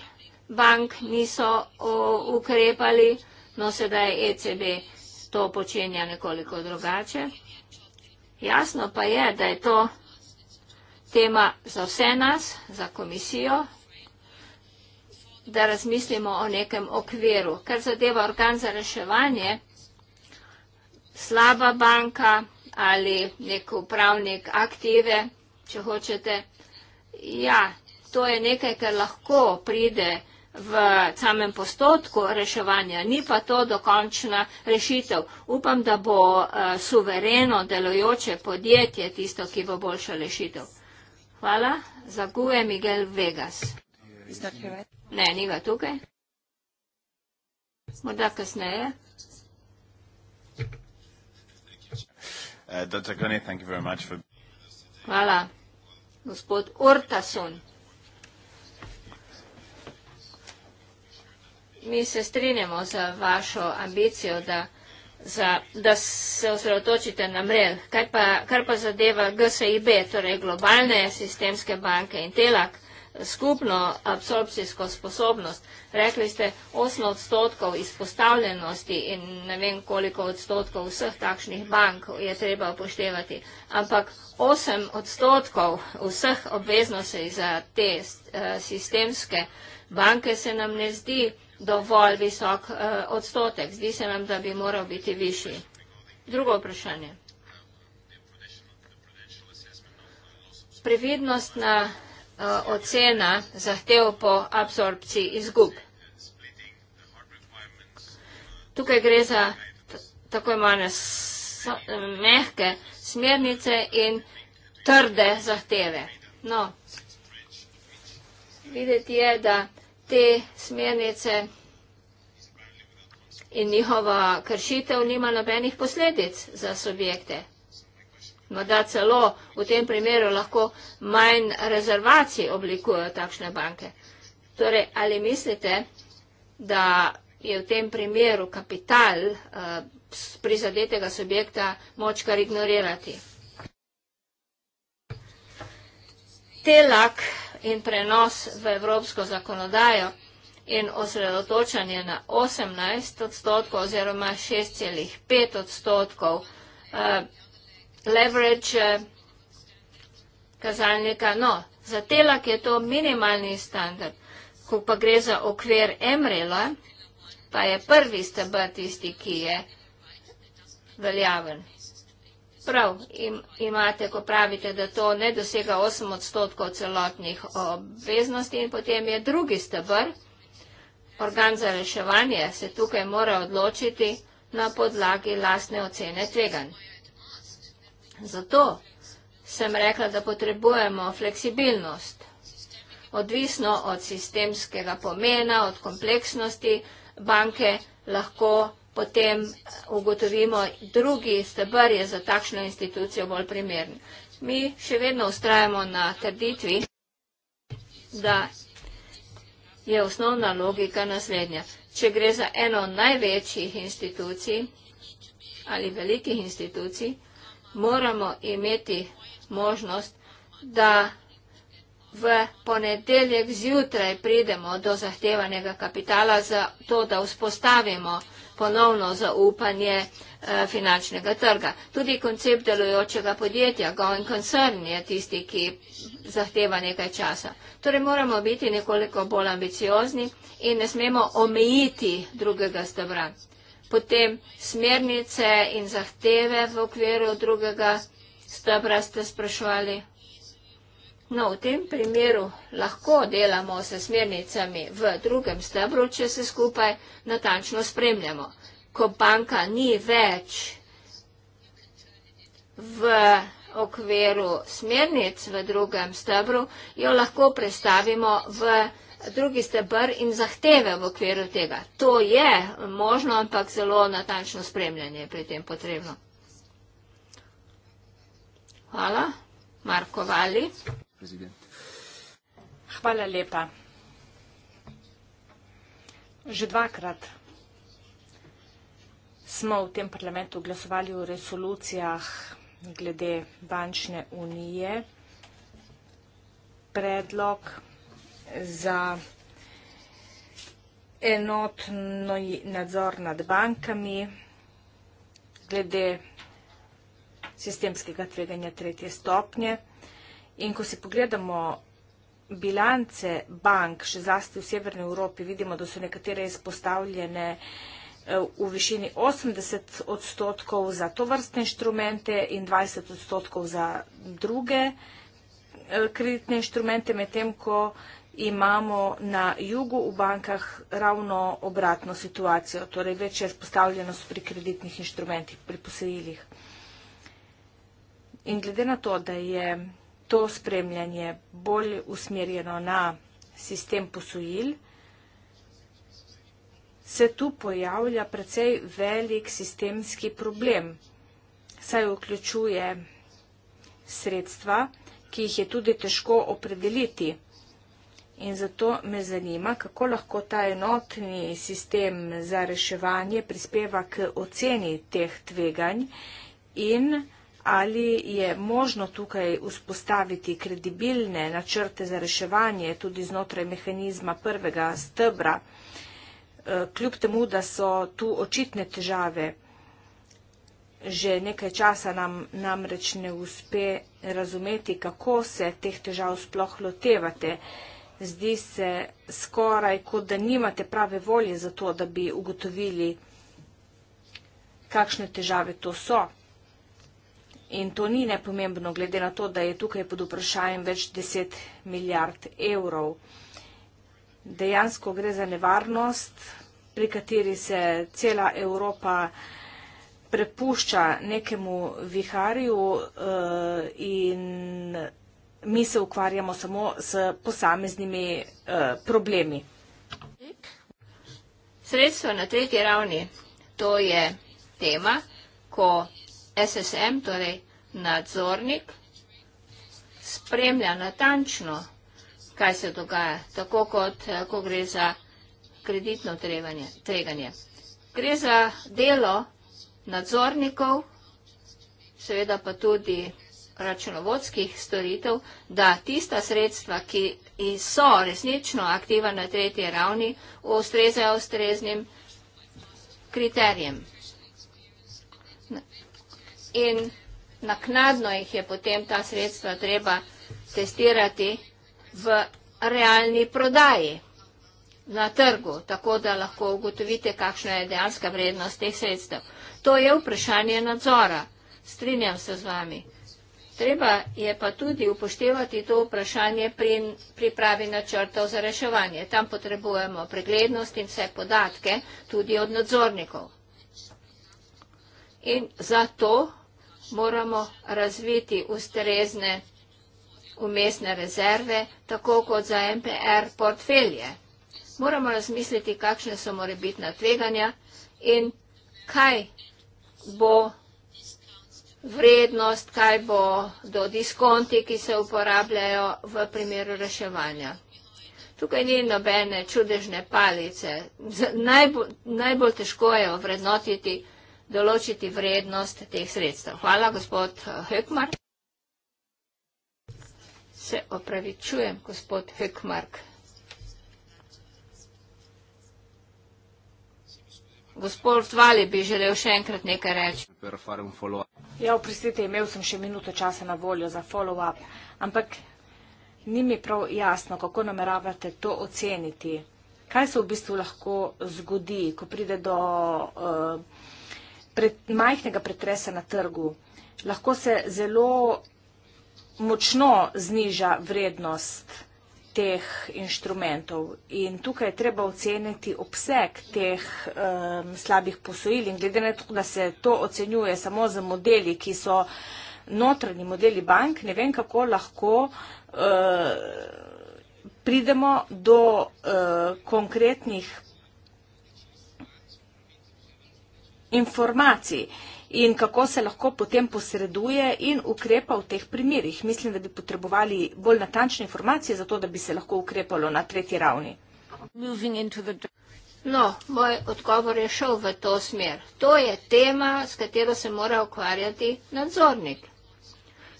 Speaker 1: bank niso ukrepali, no sedaj ECB to počenja nekoliko drugače. Jasno pa je, da je to tema za vse nas, za komisijo, da razmislimo o nekem okviru. Ker zadeva organ za reševanje, slaba banka, ali nek upravnik aktive, če hočete. Ja, to je nekaj, kar lahko pride v samem postotku reševanja, ni pa to dokončna rešitev. Upam, da bo uh, suvereno delojoče podjetje tisto, ki bo boljša rešitev. Hvala. Zaguje Miguel Vegas. Ne, ni ga tukaj. Morda kasneje. Uh, Hvala. Gospod Ortason. Mi se strinjamo za vašo ambicijo, da, za, da se osredotočite na mrel. Kaj pa, kar pa zadeva GSIB, torej globalne sistemske banke in telak, skupno absorpcijsko sposobnost. Rekli ste 8 odstotkov izpostavljenosti in ne vem koliko odstotkov vseh takšnih bank je treba upoštevati, ampak 8 odstotkov vseh obveznosti za te eh, sistemske banke se nam ne zdi dovolj visok eh, odstotek. Zdi se nam, da bi moral biti višji. Drugo vprašanje. Previdnost na Eh, ocena zahtev po absorpciji izgub. Tukaj gre za tako imane eh, mehke smernice in trde zahteve. No, videti je, da te smernice in njihova kršitev nima nobenih posledic za subjekte morda celo v tem primeru lahko manj rezervacij oblikujejo takšne banke. Torej, ali mislite, da je v tem primeru kapital uh, prizadetega subjekta moč kar ignorirati? Telak in prenos v evropsko zakonodajo in osredotočanje na 18 odstotkov oziroma 6,5 odstotkov uh, leverage eh, kazalnika. No, za telak je to minimalni standard. Ko pa gre za okvir MREL-a, pa je prvi stebr tisti, ki je veljaven. Prav, imate, ko pravite, da to ne dosega 8 odstotkov celotnih obveznosti in potem je drugi stebr, organ za reševanje se tukaj mora odločiti na podlagi lastne ocene tveganj. Zato sem rekla, da potrebujemo fleksibilnost, odvisno od sistemskega pomena, od kompleksnosti banke lahko potem ugotovimo drugi stebr je za takšno institucijo bolj primeren. Mi še vedno ustrajamo na trditvi, da je osnovna logika naslednja. Če gre za eno največjih institucij ali velikih institucij, moramo imeti možnost, da v ponedeljek zjutraj pridemo do zahtevanega kapitala za to, da vzpostavimo ponovno zaupanje eh, finančnega trga. Tudi koncept delujočega podjetja, going concern, je tisti, ki zahteva nekaj časa. Torej moramo biti nekoliko bolj ambiciozni in ne smemo omejiti drugega stebra potem smernice in zahteve v okviru drugega stebra ste spraševali. No, v tem primeru lahko delamo s smernicami v drugem stebru, če se skupaj natančno spremljamo. Ko banka ni več v okviru smernic v drugem stebru, jo lahko predstavimo v smernicami drugi stebr in zahteve v okviru tega. To je možno, ampak zelo natančno spremljanje je pri tem potrebno. Hvala. Marko Vali.
Speaker 2: Hvala lepa. Že dvakrat smo v tem parlamentu glasovali o resolucijah glede bančne unije. Predlog za enotno nadzor nad bankami glede sistemskega tveganja tretje stopnje. In ko si pogledamo bilance bank, še zlasti v Severni Evropi, vidimo, da so nekatere izpostavljene eh, v višini 80 odstotkov za to vrste inštrumente in 20 odstotkov za druge eh, kreditne inštrumente, medtem ko imamo na jugu v bankah ravno obratno situacijo, torej večja izpostavljenost pri kreditnih inštrumentih, pri posojilih. In glede na to, da je to spremljanje bolj usmerjeno na sistem posojil, se tu pojavlja precej velik sistemski problem, saj vključuje sredstva, ki jih je tudi težko opredeliti. In zato me zanima, kako lahko ta enotni sistem za reševanje prispeva k oceni teh tveganj in ali je možno tukaj vzpostaviti kredibilne načrte za reševanje tudi znotraj mehanizma prvega stebra, eh, kljub temu, da so tu očitne težave. Že nekaj časa nam namreč ne uspe razumeti, kako se teh težav sploh lotevate zdi se skoraj, kot da nimate prave volje za to, da bi ugotovili, kakšne težave to so. In to ni nepomembno, glede na to, da je tukaj pod vprašanjem več deset milijard evrov. Dejansko gre za nevarnost, pri kateri se cela Evropa prepušča nekemu viharju uh, in mi se ukvarjamo samo s
Speaker 1: posameznimi eh,
Speaker 2: problemi.
Speaker 1: Sredstvo na tretji ravni, to je tema, ko SSM, torej nadzornik, spremlja natančno, kaj se dogaja, tako kot eh, ko gre za kreditno treganje. treganje. Gre za delo nadzornikov, seveda pa tudi računovodskih storitev, da tista sredstva, ki so resnično aktiva na tretji ravni, ustrezajo ustreznim kriterijem. In naknadno jih je potem ta sredstva treba testirati v realni prodaji na trgu, tako da lahko ugotovite, kakšna je dejanska vrednost teh sredstev. To je vprašanje nadzora. Strinjam se z vami. Treba je pa tudi upoštevati to vprašanje pri pripravi načrtov za reševanje. Tam potrebujemo preglednost in vse podatke tudi od nadzornikov. In zato moramo razviti ustrezne umestne rezerve, tako kot za MPR portfelje. Moramo razmisliti, kakšne so morebitna tveganja in kaj bo vprašanje vrednost, kaj bo do diskonti, ki se uporabljajo v primeru reševanja. Tukaj ni nobene čudežne palice. Najbolj, najbolj težko je ovrednotiti, določiti vrednost teh sredstev. Hvala, gospod eh, Hökmark. Se opravičujem, gospod Hökmark. Gospod Vali bi želel še enkrat nekaj reči. Ja, oprostite,
Speaker 2: imel sem še minuto časa na voljo za follow-up, ampak ni mi prav jasno, kako nameravate to oceniti. Kaj se v bistvu lahko zgodi, ko pride do uh, pred, majhnega pretresa na trgu? Lahko se zelo močno zniža vrednost uh, teh inštrumentov. In tukaj je treba oceniti obseg teh um, slabih posojil in glede na to, da se to ocenjuje samo z modeli, ki so notranji modeli bank, ne vem, kako lahko uh, pridemo do uh, konkretnih informacij. Uh, in kako se lahko potem posreduje in ukrepa v teh primerjih. Mislim, da bi potrebovali bolj natančne informacije za to, da bi se lahko ukrepalo na tretji ravni.
Speaker 1: No, moj odgovor je šel v to smer. To je tema, s katero se mora ukvarjati nadzornik.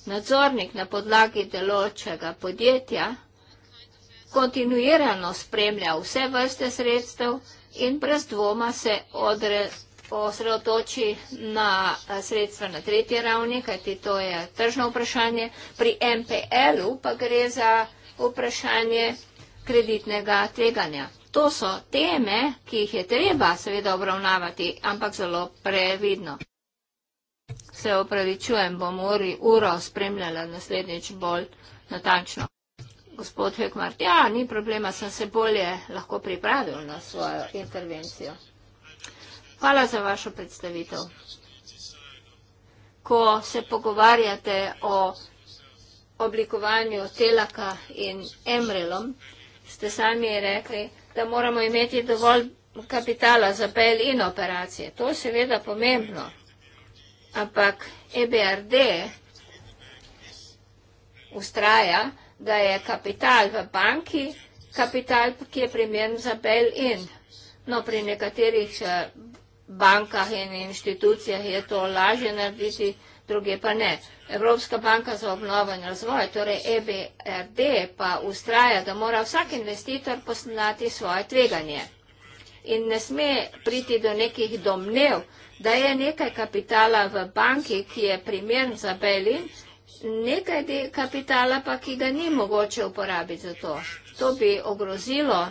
Speaker 1: Nadzornik na podlagi deločega podjetja kontinuirano spremlja vse vrste sredstev in brez dvoma se odre, osredotoči na eh, sredstva na tretji ravni, kajti to je tržno vprašanje. Pri MPL-u pa gre za vprašanje kreditnega tveganja. To so teme, ki jih je treba seveda obravnavati, ampak zelo previdno. Se opravičujem, bom uri uro spremljala naslednjič bolj natančno. Gospod Hekmart, ja, ni problema, sem se bolje lahko pripravil na svojo intervencijo. Hvala za vašo predstavitev. Ko se pogovarjate o oblikovanju Telaka in Emrelom, ste sami rekli, da moramo imeti dovolj kapitala za bel in operacije. To je seveda pomembno. Ampak EBRD ustraja, da je kapital v banki kapital, ki je primern za bel in. No, pri nekaterih eh, bankah in inštitucijah je to lažje narediti, druge pa ne. Evropska banka za obnovo in razvoj, torej EBRD, pa ustraja, da mora vsak investitor poznati svoje tveganje. In ne sme priti do nekih domnev, da je nekaj kapitala v banki, ki je primern za Belin, nekaj kapitala pa, ki ga ni mogoče uporabiti za to. To bi ogrozilo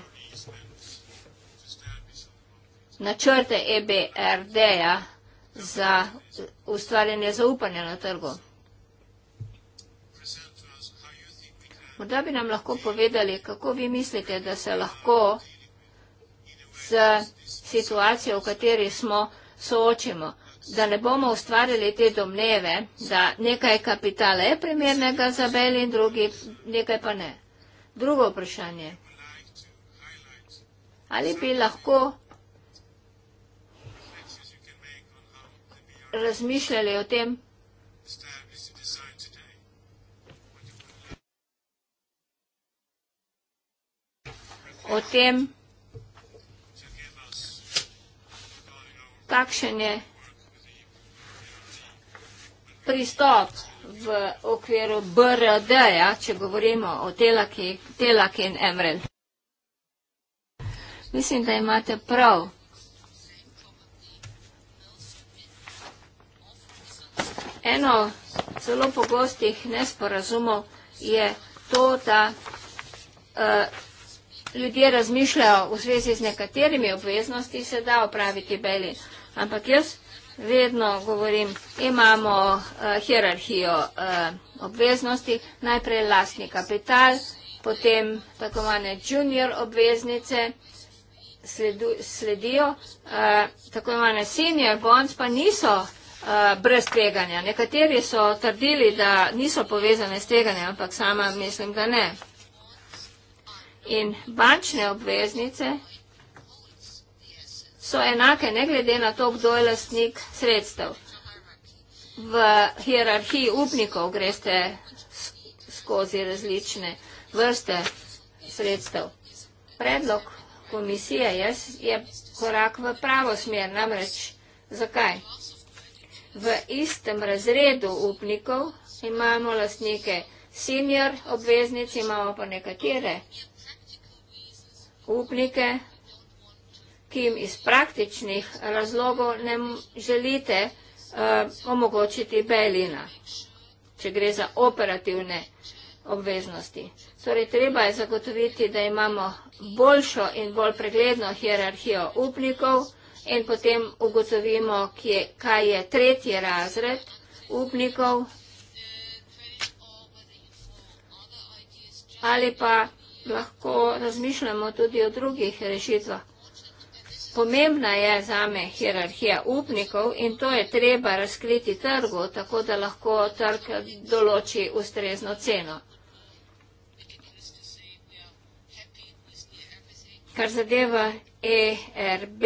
Speaker 1: načrte EBRD-ja za ustvarjanje zaupanja na trgu. Morda bi nam lahko povedali, kako vi mislite, da se lahko z situacijo, v kateri smo, soočimo, da ne bomo ustvarjali te domneve, da nekaj kapitala je primernega za beli in drugi nekaj pa ne. Drugo vprašanje. Ali bi lahko razmišljali o tem. O tem, kakšen je pristop v okviru BRD, ja, če govorimo o Telaki, Telaki in Emrel. Mislim, da imate prav. eno zelo pogostih nesporazumov je to, da uh, ljudje razmišljajo v zvezi z nekaterimi obveznosti, se da opraviti beli. Ampak jaz vedno govorim, imamo uh, hierarhijo uh, obveznosti, najprej lastni kapital, potem tako imane junior obveznice, sledu, sledijo, uh, tako imane senior bonds pa niso Eh, brez tveganja. Nekateri so trdili, da niso povezane s tveganjem, ampak sama mislim, da ne. In bančne obveznice so enake, ne glede na to, kdo je lastnik sredstev. V hierarhiji upnikov greste skozi različne vrste sredstev. Predlog komisije je korak v pravo smer, namreč zakaj? V istem razredu upnikov imamo lasnike senior obveznic, imamo pa nekatere upnike, ki jim iz praktičnih razlogov ne želite uh, omogočiti belina, če gre za operativne obveznosti. Torej, treba je zagotoviti, da imamo boljšo in bolj pregledno hierarhijo upnikov, in potem ugotovimo, kje, kaj je tretji razred upnikov ali pa lahko razmišljamo tudi o drugih rešitvah. Pomembna je zame hierarhija upnikov in to je treba razkriti trgu, tako da lahko trg določi ustrezno ceno. Kar zadeva ERB,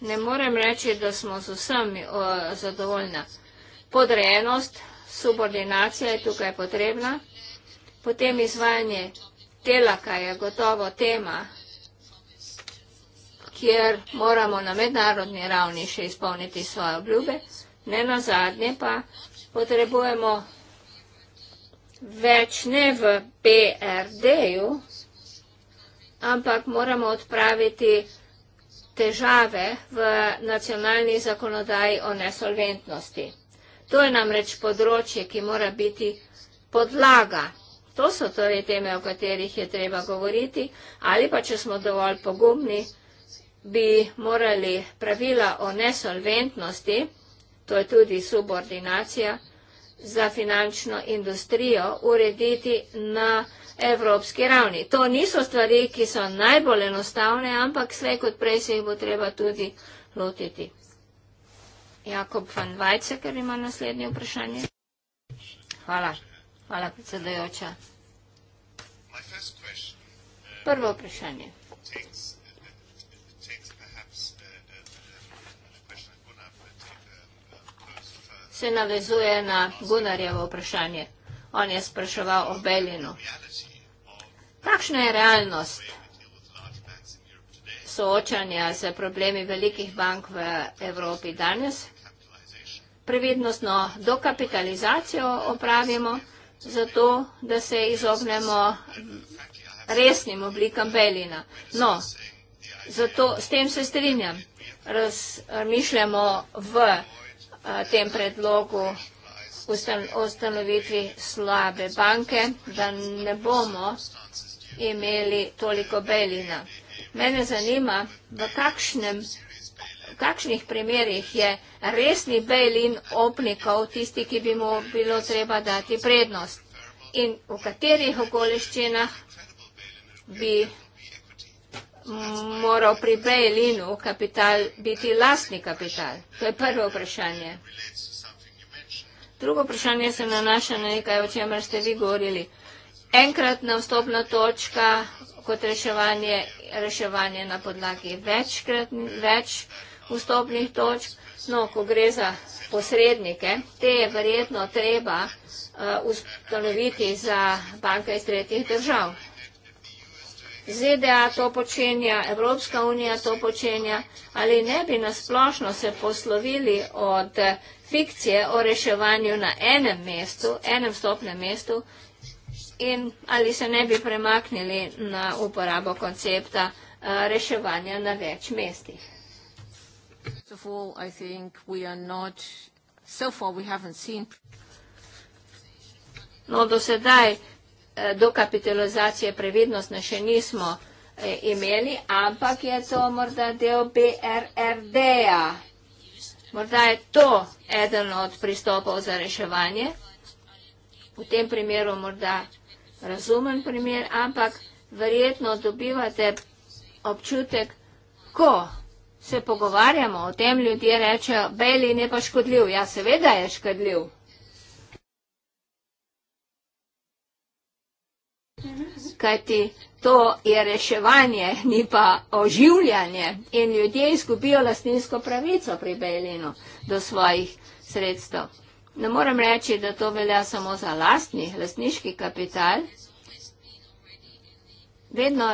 Speaker 1: ne morem reči, da smo z vsemi uh, zadovoljna. Podrejenost, subordinacija je tukaj potrebna. Potem izvajanje telaka je gotovo tema, kjer moramo na mednarodni ravni še izpolniti svoje obljube. Ne na zadnje pa potrebujemo več ne v PRD-ju, ampak moramo odpraviti težave v nacionalni zakonodaji o nesolventnosti. To je namreč področje, ki mora biti podlaga. To so torej teme, o katerih je treba govoriti, ali pa če smo dovolj pogumni, bi morali pravila o nesolventnosti, to je tudi subordinacija, za finančno industrijo urediti na evropski ravni. To niso stvari, ki so najbolj enostavne, ampak vse kot prej se jih bo treba tudi lotiti. Jakob van Vajce, ker ima naslednje vprašanje. Hvala. Hvala, predsedajoča. Prvo vprašanje. Se navezuje na Gunarjevo vprašanje. On je spraševal o Belinu. Kakšna je realnost soočanja z problemi velikih bank v Evropi danes? Previdnostno dokapitalizacijo opravimo, zato da se izognemo resnim oblikam belina. No, zato, s tem se strinjam. Razmišljamo v eh, tem predlogu ustanovitvi slabe banke, da ne bomo imeli toliko belina. Mene zanima, v kakšnem, kakšnih primerjih je resni belin opnikov tisti, ki bi mu bilo treba dati prednost in v katerih okoliščinah bi moral pri belinu kapital biti lastni kapital. To je prvo vprašanje. Drugo vprašanje se nanaša na nekaj, o čemer ste vi govorili enkratna vstopna točka kot reševanje, reševanje na podlagi večkrat, več vstopnih točk. No, ko gre za posrednike, te je verjetno treba uh, ustanoviti za banke iz tretjih držav. ZDA to počenja, Evropska unija to počenja, ali ne bi nasplošno se poslovili od eh, fikcije o reševanju na enem mestu, enem stopnem mestu, in ali se ne bi premaknili na uporabo koncepta eh, reševanja na več mestih. No, do sedaj eh, do kapitalizacije previdnostne še nismo eh, imeli, ampak je to morda del BRRD-ja. Morda je to eden od pristopov za reševanje. V tem primeru morda razumen primer, ampak verjetno dobivate občutek, ko se pogovarjamo o tem, ljudje rečejo, beli ne pa škodljiv. Ja, seveda je škodljiv. Kaj ti to je reševanje, ni pa oživljanje in ljudje izgubijo lastninsko pravico pri Belinu do svojih sredstev. Ne morem reči, da to velja samo za lastni, lastniški kapital. Vedno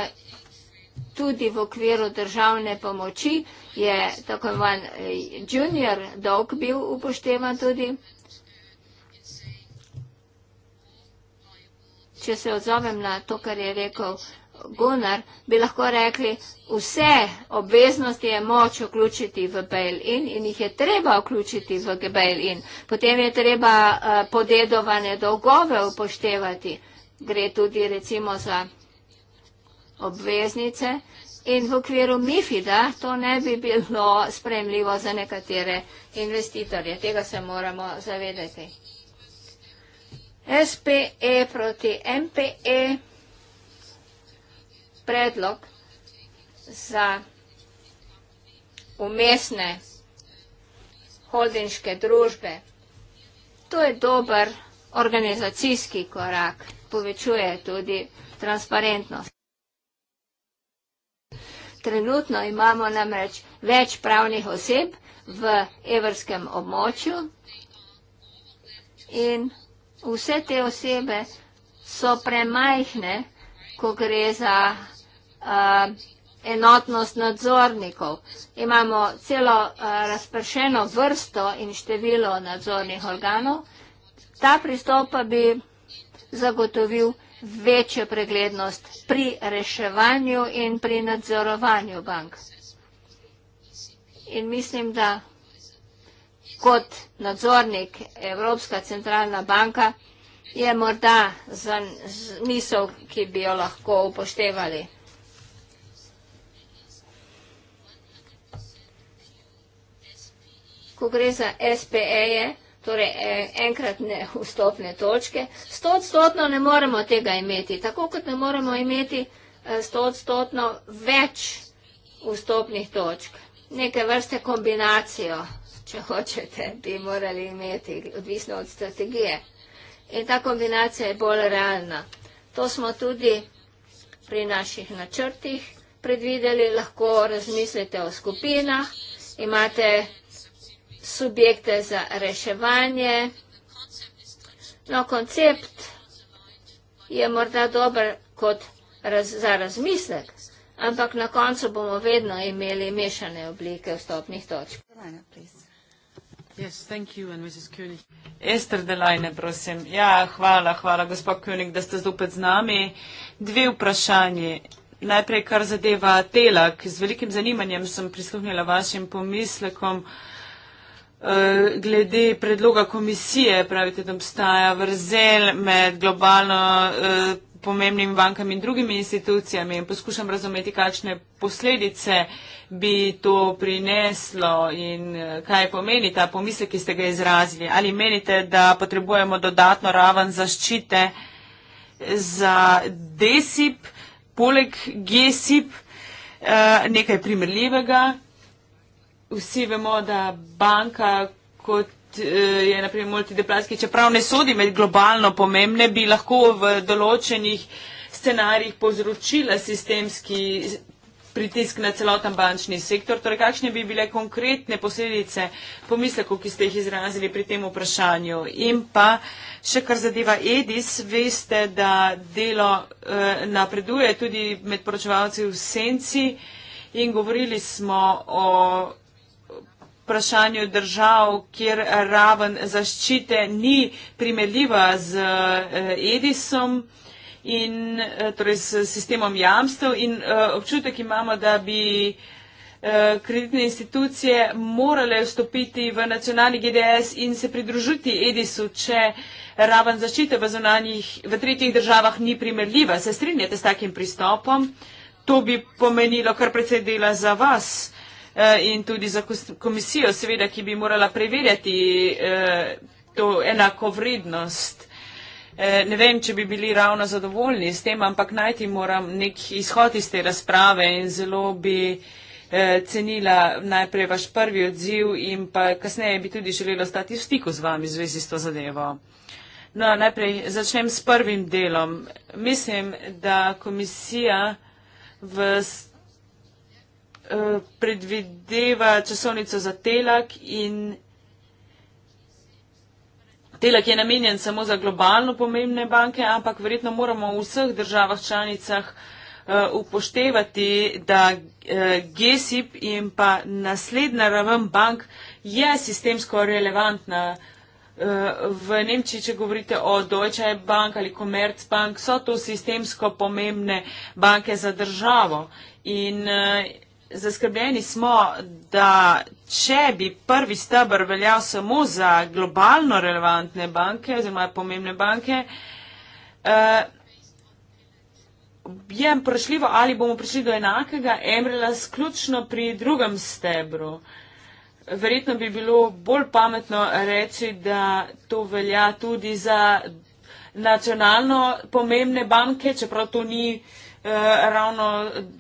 Speaker 1: tudi v okviru državne pomoči je tako van eh, junior dolg bil upoštevan tudi. Če se odzovem na to, kar je rekel Gunnar, bi lahko rekli, vse obveznosti je moč vključiti v bail-in in jih je treba vključiti v bail-in. Potem je treba uh, podedovane dolgove upoštevati. Gre tudi recimo za obveznice in v okviru MIFID-a to ne bi bilo spremljivo za nekatere investitorje. Tega se moramo zavedati. SPE proti MPE predlog za umestne holdinške družbe. To je dober organizacijski korak, povečuje tudi transparentnost. Trenutno imamo namreč več pravnih oseb v evrskem območju in vse te osebe so premajhne, ko gre za uh, enotnost nadzornikov. Imamo celo uh, razpršeno vrsto in število nadzornih organov. Ta pristop pa bi zagotovil večjo preglednost pri reševanju in pri nadzorovanju bank. In mislim, da kot nadzornik Evropska centralna banka je morda za misel, ki bi jo lahko upoštevali. ko gre za SPE-je, torej e, enkratne vstopne točke, stotstotno ne moremo tega imeti, tako kot ne moremo imeti e, stotstotno več vstopnih točk. Neke vrste kombinacijo, če hočete, bi morali imeti, odvisno od strategije. In ta kombinacija je bolj realna. To smo tudi pri naših načrtih predvideli, lahko razmislite o skupinah, imate subjekte za reševanje. No, koncept je morda dober kot raz, za razmislek, ampak na koncu bomo vedno imeli mešane oblike vstopnih točk.
Speaker 3: Yes, thank you and Mrs. König. Ester Delajne, prosim. Ja, hvala, hvala, gospod König, da ste zopet z nami. Dve vprašanje. Najprej, kar zadeva telak. Z velikim zanimanjem sem prisluhnila vašim pomislekom. Uh, Eh, glede predloga komisije, pravite, da obstaja vrzel med globalno eh, pomembnimi bankami in drugimi institucijami in poskušam razumeti, kakšne posledice bi to prineslo in eh, kaj pomeni ta pomislek, ki ste ga izrazili. Ali menite, da potrebujemo dodatno raven zaščite za DESIP, poleg GESIP, nekaj primerljivega, vsi vemo, da banka, kot eh, je naprimer multideplatski, čeprav ne sodi med globalno pomembne, bi lahko v določenih scenarijih povzročila sistemski pritisk na celoten bančni sektor. Torej, kakšne bi bile konkretne posledice pomislekov, ki ste jih izrazili pri tem vprašanju? In pa, še kar zadeva Edis, veste, da delo eh, napreduje tudi med poročevalci v senci in govorili smo o vprašanju držav, kjer raven zaščite ni primerljiva z eh, Edisom in eh, torej s sistemom jamstev in eh, občutek imamo, da bi kreditne institucije morale vstopiti v nacionalni GDS in se pridružiti Edisu, če raven zaščite v, zunanjih, v tretjih državah ni primerljiva. Se strinjate s takim pristopom? To bi pomenilo kar precej dela za vas. Eh, in tudi za komisijo, seveda, ki bi morala preverjati eh, to enako vrednost. Eh, ne vem, če bi bili ravno zadovoljni s tem, ampak najti moram nek izhod iz te razprave in zelo bi cenila najprej vaš prvi odziv in pa kasneje bi tudi želela ostati v stiku z vami v zvezi s to zadevo. No, najprej začnem s prvim delom. Mislim, da komisija v Eh, predvideva časovnico za telak in telak je namenjen samo za globalno pomembne banke, ampak verjetno moramo v vseh državah članicah eh, upoštevati, da eh, GESIP in pa naslednja raven bank je sistemsko relevantna. V Nemčiji, če govorite o Deutsche Bank ali Commerzbank, so to sistemsko pomembne banke za državo. In, uh, Zaskrbljeni smo, da če bi prvi stebr veljal samo za globalno relevantne banke oziroma pomembne banke, eh, je vprašljivo, ali bomo prišli do enakega emrela sključno pri drugem stebru. Verjetno bi bilo bolj pametno reči, da to velja tudi za nacionalno pomembne banke, čeprav to ni eh, ravno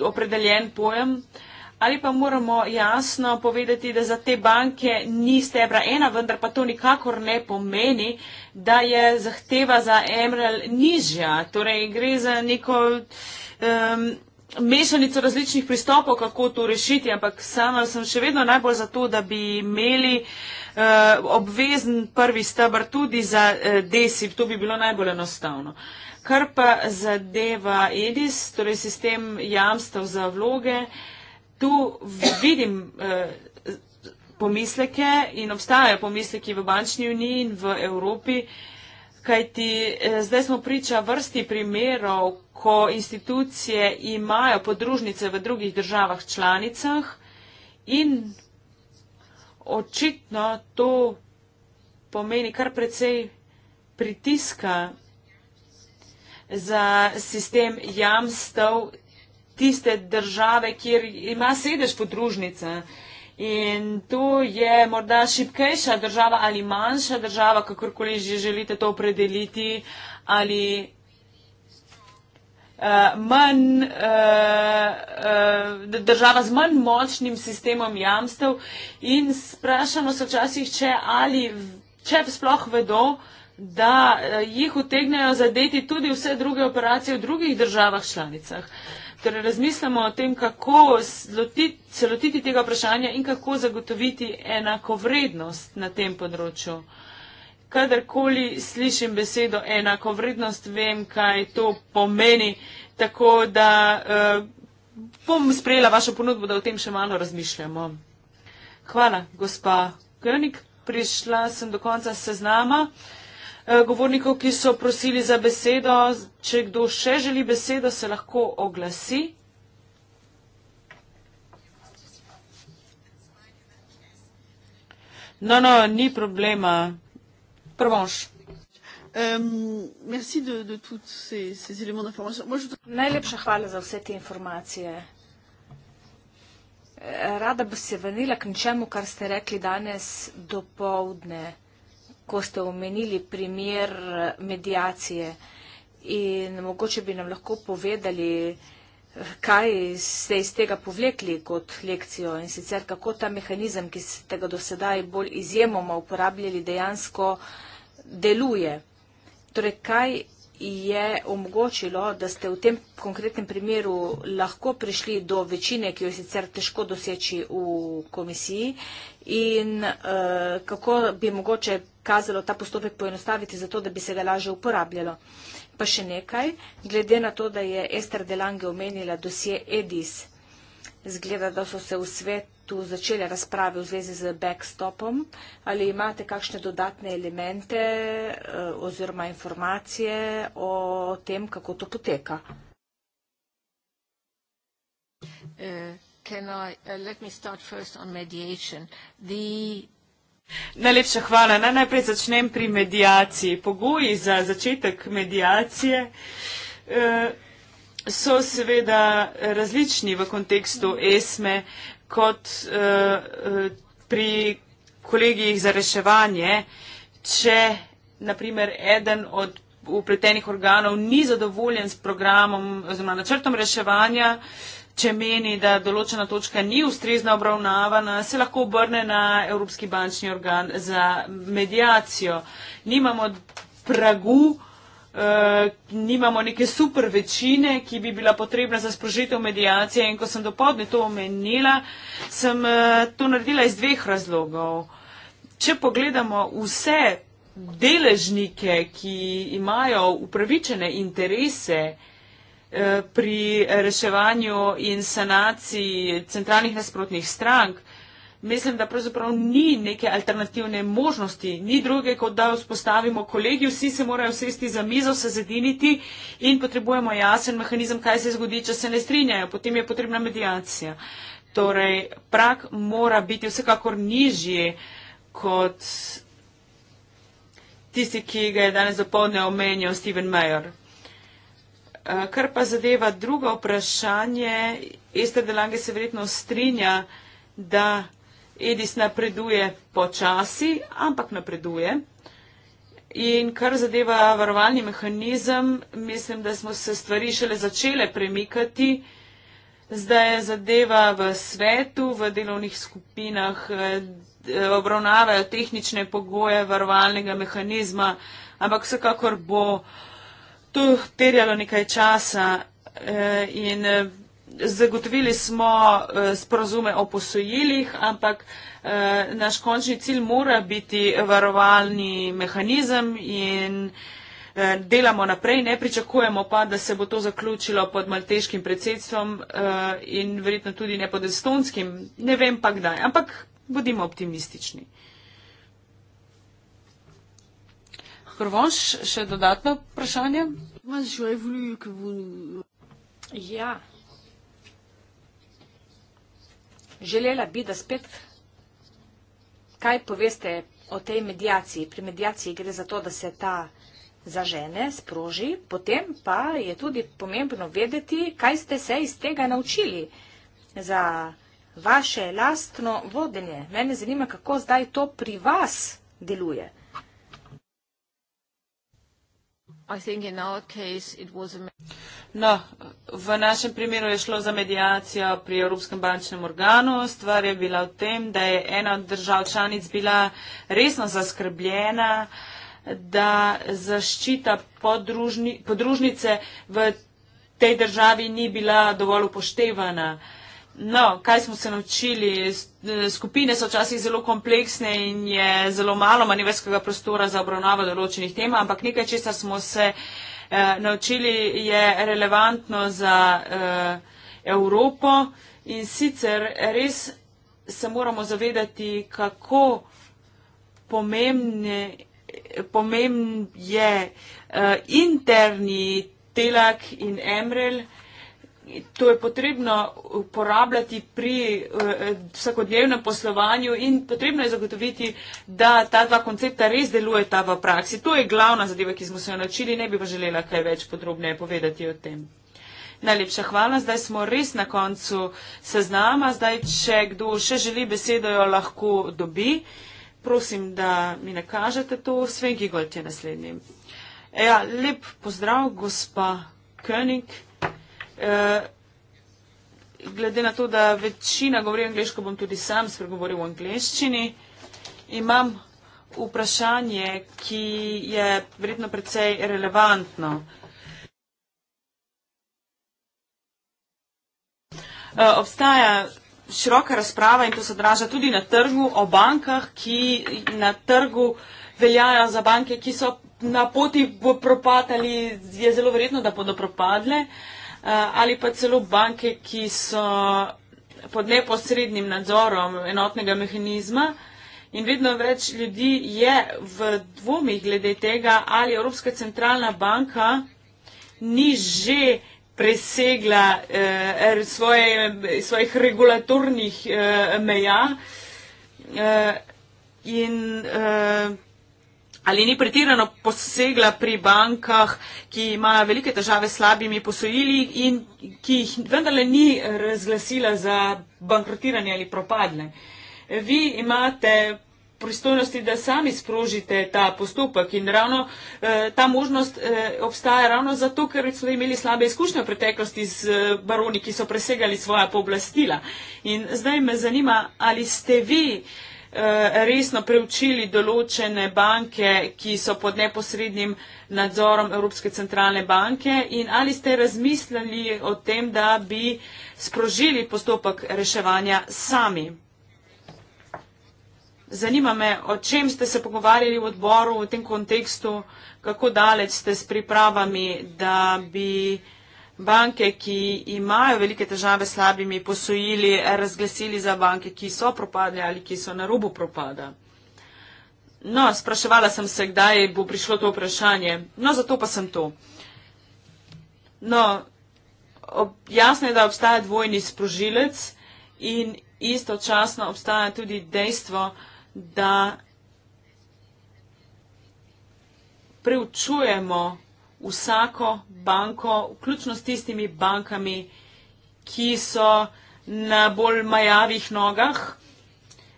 Speaker 3: opredeljen pojem. Eh, ali pa moramo jasno povedati, da za te banke ni stebra ena, vendar pa to nikakor ne pomeni, da je zahteva za MRL nižja. Torej gre za neko um, mešanico različnih pristopov, kako to rešiti, ampak sama sem še vedno najbolj za to, da bi imeli uh, obvezen prvi stebr tudi za uh, eh, DESIP. To bi bilo najbolj enostavno. Kar pa zadeva EDIS, torej sistem jamstev za vloge, uh, tu vidim eh, pomisleke in obstajajo pomisleki v bančni uniji in v Evropi, kajti eh, zdaj smo priča vrsti primerov, ko institucije imajo podružnice v drugih državah članicah in očitno to pomeni kar precej pritiska za sistem jamstev tiste države, kjer ima sedež podružnice. In to je morda šipkejša država ali manjša država, kakorkoli že želite to opredeliti, ali uh, manj, uh, uh, država z manj močnim sistemom jamstev. In sprašamo se včasih, če, ali, če sploh vedo, da jih utegnejo zadeti tudi vse druge operacije v drugih državah članicah. Uh, ter torej, razmislimo o tem, kako zloti, se lotiti tega vprašanja in kako zagotoviti enakovrednost na tem področju. Kadarkoli slišim besedo enakovrednost, vem, kaj to pomeni, tako da eh, bom sprejela vašo ponudbo, da o tem še malo razmišljamo. Hvala, gospa Grnik. Prišla sem do konca seznama. Eh, govornikov, ki so prosili za besedo. Če kdo še želi besedo, se lahko oglasi. No, no, ni problema. Prvonš.
Speaker 2: Najlepša hvala za vse te informacije. Eh, rada bi se vrnila k ničemu, kar ste rekli danes do povdne ko ste omenili primer eh, medijacije in mogoče bi nam lahko povedali, eh, kaj ste iz tega povlekli kot lekcijo in sicer kako ta mehanizem, ki ste ga do sedaj bolj izjemoma uporabljali, dejansko deluje. Torej, kaj je omogočilo, da ste v tem konkretnem primeru lahko prišli do večine, ki jo je sicer težko doseči v komisiji in uh, kako bi mogoče kazalo ta postopek poenostaviti zato, da bi se ga laže uporabljalo. Pa še nekaj, glede na to, da je Ester Delange omenila dosje Edis, zgleda, da so se v svet tu začele razprave v zvezi z backstopom. Ali imate kakšne dodatne elemente eh, oziroma informacije o tem, kako to poteka?
Speaker 1: Eh, eh,
Speaker 3: Najlepša hvala. Najprej začnem pri medijaciji. Pogoji za začetek medijacije so seveda različni v kontekstu ESME. Uh, kot eh, eh, pri kolegijih za reševanje, če naprimer eden od upletenih organov ni zadovoljen s programom oziroma načrtom reševanja, če meni, da določena točka ni ustrezno obravnavana, se lahko obrne na Evropski bančni organ za medijacijo. Nimamo pragu, uh, nimamo neke super večine, ki bi bila potrebna za sprožitev medijacije in ko sem dopodne to omenila, sem uh, to naredila iz dveh razlogov. Če pogledamo vse deležnike, ki imajo upravičene interese eh, pri reševanju in sanaciji centralnih nasprotnih strank, mislim, da pravzaprav ni neke alternativne možnosti, ni druge, kot da vzpostavimo kolegi, vsi se morajo sesti za mizo, se zediniti in potrebujemo jasen mehanizem, kaj se zgodi, če se ne strinjajo, potem je potrebna medijacija. Torej, prak mora biti vsekakor nižji kot tisti, ki ga je danes dopolne omenjal Steven Mayer. Eh, kar pa zadeva drugo vprašanje, Ester Delange se verjetno strinja, da Edis napreduje počasi, ampak napreduje. In kar zadeva varovalni mehanizem, mislim, da smo se stvari šele začele premikati. Zdaj je zadeva v svetu, v delovnih skupinah, eh, obravnavajo tehnične pogoje varovalnega mehanizma, ampak vsekakor bo to terjalo nekaj časa. Eh, in eh, zagotovili smo eh, sporozume o posojilih, ampak eh, naš končni cilj mora biti varovalni mehanizem in eh, delamo naprej, ne pričakujemo pa, da se bo to zaključilo pod malteškim predsedstvom in verjetno tudi ne pod estonskim, ne vem pa kdaj, ampak bodimo optimistični. Hrvonš,
Speaker 2: še dodatno vprašanje? Ja, Želela bi, da spet kaj poveste o tej medijaciji. Pri medijaciji gre za to, da se ta zažene, sproži, potem pa je tudi pomembno vedeti, kaj ste se iz tega naučili za vaše lastno vodenje. Mene zanima, kako zdaj to pri vas deluje. No, v
Speaker 1: našem primeru
Speaker 3: je šlo za medijacijo pri Evropskem bančnem organu. Stvar je bila v tem, da je ena od držav članic bila resno zaskrbljena, da zaščita podružni, podružnice v tej državi ni bila dovolj upoštevana. No, kaj smo se naučili? Eh, skupine so včasih zelo kompleksne in je zelo malo manjvenskega prostora za obravnavo določenih tem, ampak nekaj, česar smo se eh, naučili, je relevantno za eh, Evropo in sicer res se moramo zavedati, kako pomembne, pomemben je eh, interni telak in emrelj to je potrebno uporabljati pri uh, vsakodnevnem poslovanju in potrebno je zagotoviti, da ta dva koncepta res deluje ta v praksi. To je glavna zadeva, ki smo se jo naučili, ne bi pa želela kaj več podrobneje povedati o tem. Najlepša hvala, zdaj smo res na koncu seznama, zdaj če kdo še želi besedo, jo lahko dobi. Prosim, da mi ne kažete to, Svenki Golt je naslednji. Ja, lep pozdrav, gospa König. Eh, glede na to, da večina govori angliško, bom tudi sam spregovoril v angliščini. Imam vprašanje, ki je verjetno precej relevantno. Eh, obstaja široka razprava in to se draža tudi na trgu o bankah, ki na trgu veljajo za banke, ki so na poti v propad ali je zelo verjetno, da bodo propadle. Uh, Eh, ali pa celo banke, ki so pod neposrednim nadzorom enotnega mehanizma. In vedno več ljudi je v dvomih glede tega, ali Evropska centralna banka ni že presegla eh, svoje, svojih regulatornih eh, meja. Eh, in eh, ali ni pretirano posegla pri bankah, ki imajo velike težave s slabimi posojili in ki jih vendarle ni razglasila za bankrotiranje ali propadne. Vi imate pristojnosti, da sami sprožite ta postopek in ravno eh, ta možnost eh, obstaja ravno zato, ker so imeli slabe izkušnje v preteklosti z eh, baroni, ki so presegali svoja pooblastila. In zdaj me zanima, ali ste vi eh, Eh, resno preučili določene banke, ki so pod neposrednim nadzorom Evropske centralne banke in ali ste razmislili o tem, da bi sprožili postopek reševanja sami. Zanima me, o čem ste se pogovarjali v odboru v tem kontekstu, kako daleč ste s pripravami, da bi banke, ki imajo velike težave s slabimi posojili, razglasili za banke, ki so propadle ali ki so na robu propada. No, spraševala sem se, kdaj bo prišlo to vprašanje. No, zato pa sem tu. No, ob, jasno je, da obstaja dvojni sprožilec in istočasno obstaja tudi dejstvo, da preučujemo vsako banko, vključno s tistimi bankami, ki so na bolj majavih nogah.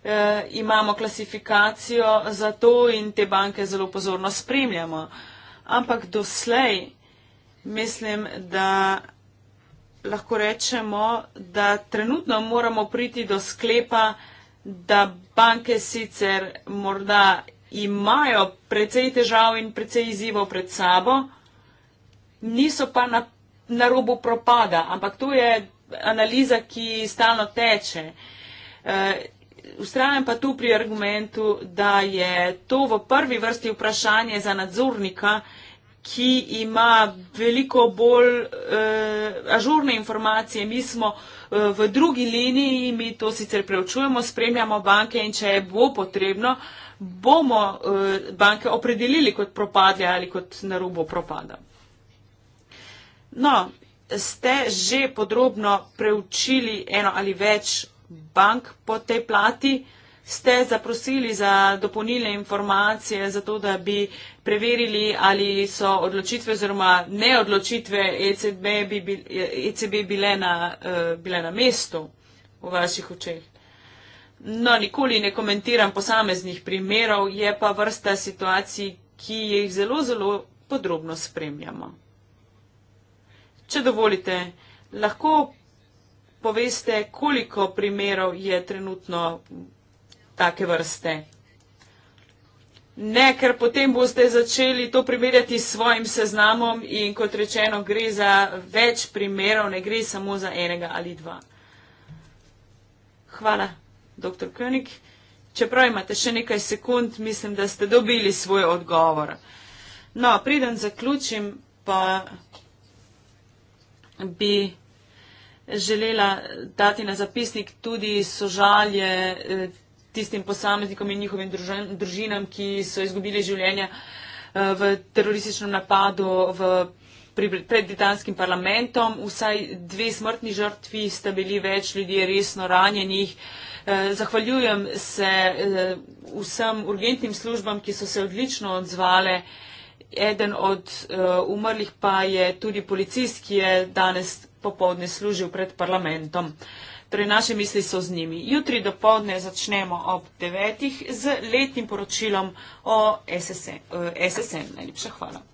Speaker 3: E, imamo klasifikacijo za to in te banke zelo pozorno spremljamo. Ampak doslej mislim, da lahko rečemo, da trenutno moramo priti do sklepa, da banke sicer morda imajo precej težav in precej izzivov pred sabo, niso pa na, na robu propada, ampak to je analiza, ki stalno teče. Ustrajam eh, pa tu pri argumentu, da je to v prvi vrsti vprašanje za nadzornika, ki ima veliko bolj uh, ažurne informacije. Mi smo uh, v drugi liniji, mi to sicer preučujemo, spremljamo banke in če je bo potrebno, bomo uh, banke opredelili kot propadle ali kot na robu propadam. No, ste že podrobno preučili eno ali več bank po tej plati? Ste zaprosili za dopolnilne informacije, za to, da bi preverili, ali so odločitve oziroma neodločitve ECB, bi, ECB bile, na, uh, bile na mestu v vaših očeh? No, nikoli ne komentiram posameznih primerov, je pa vrsta situacij, ki jih zelo, zelo podrobno spremljamo. Če dovolite, lahko poveste, koliko primerov je trenutno take vrste. Ne, ker potem boste začeli to primerjati s svojim seznamom in kot rečeno, gre za več primerov, ne gre samo za enega ali dva. Hvala, dr. König. Čeprav imate še nekaj sekund, mislim, da ste dobili svoj odgovor. No, preden zaključim, pa bi želela dati na zapisnik tudi sožalje eh, tistim posameznikom in njihovim družinam, ki so izgubili življenje eh, v terorističnem napadu v, pred britanskim parlamentom. Vsaj dve smrtni žrtvi sta bili več ljudi resno ranjenih. Eh, zahvaljujem se vsem urgentnim službam, ki so se odlično odzvale eden od uh, umrlih pa je tudi policist, ki je danes popovdne služil pred parlamentom. Torej, naše misli so z njimi. Jutri do povdne začnemo ob devetih z letnim poročilom o SSN. Uh, eh, SSN. Najlepša hvala.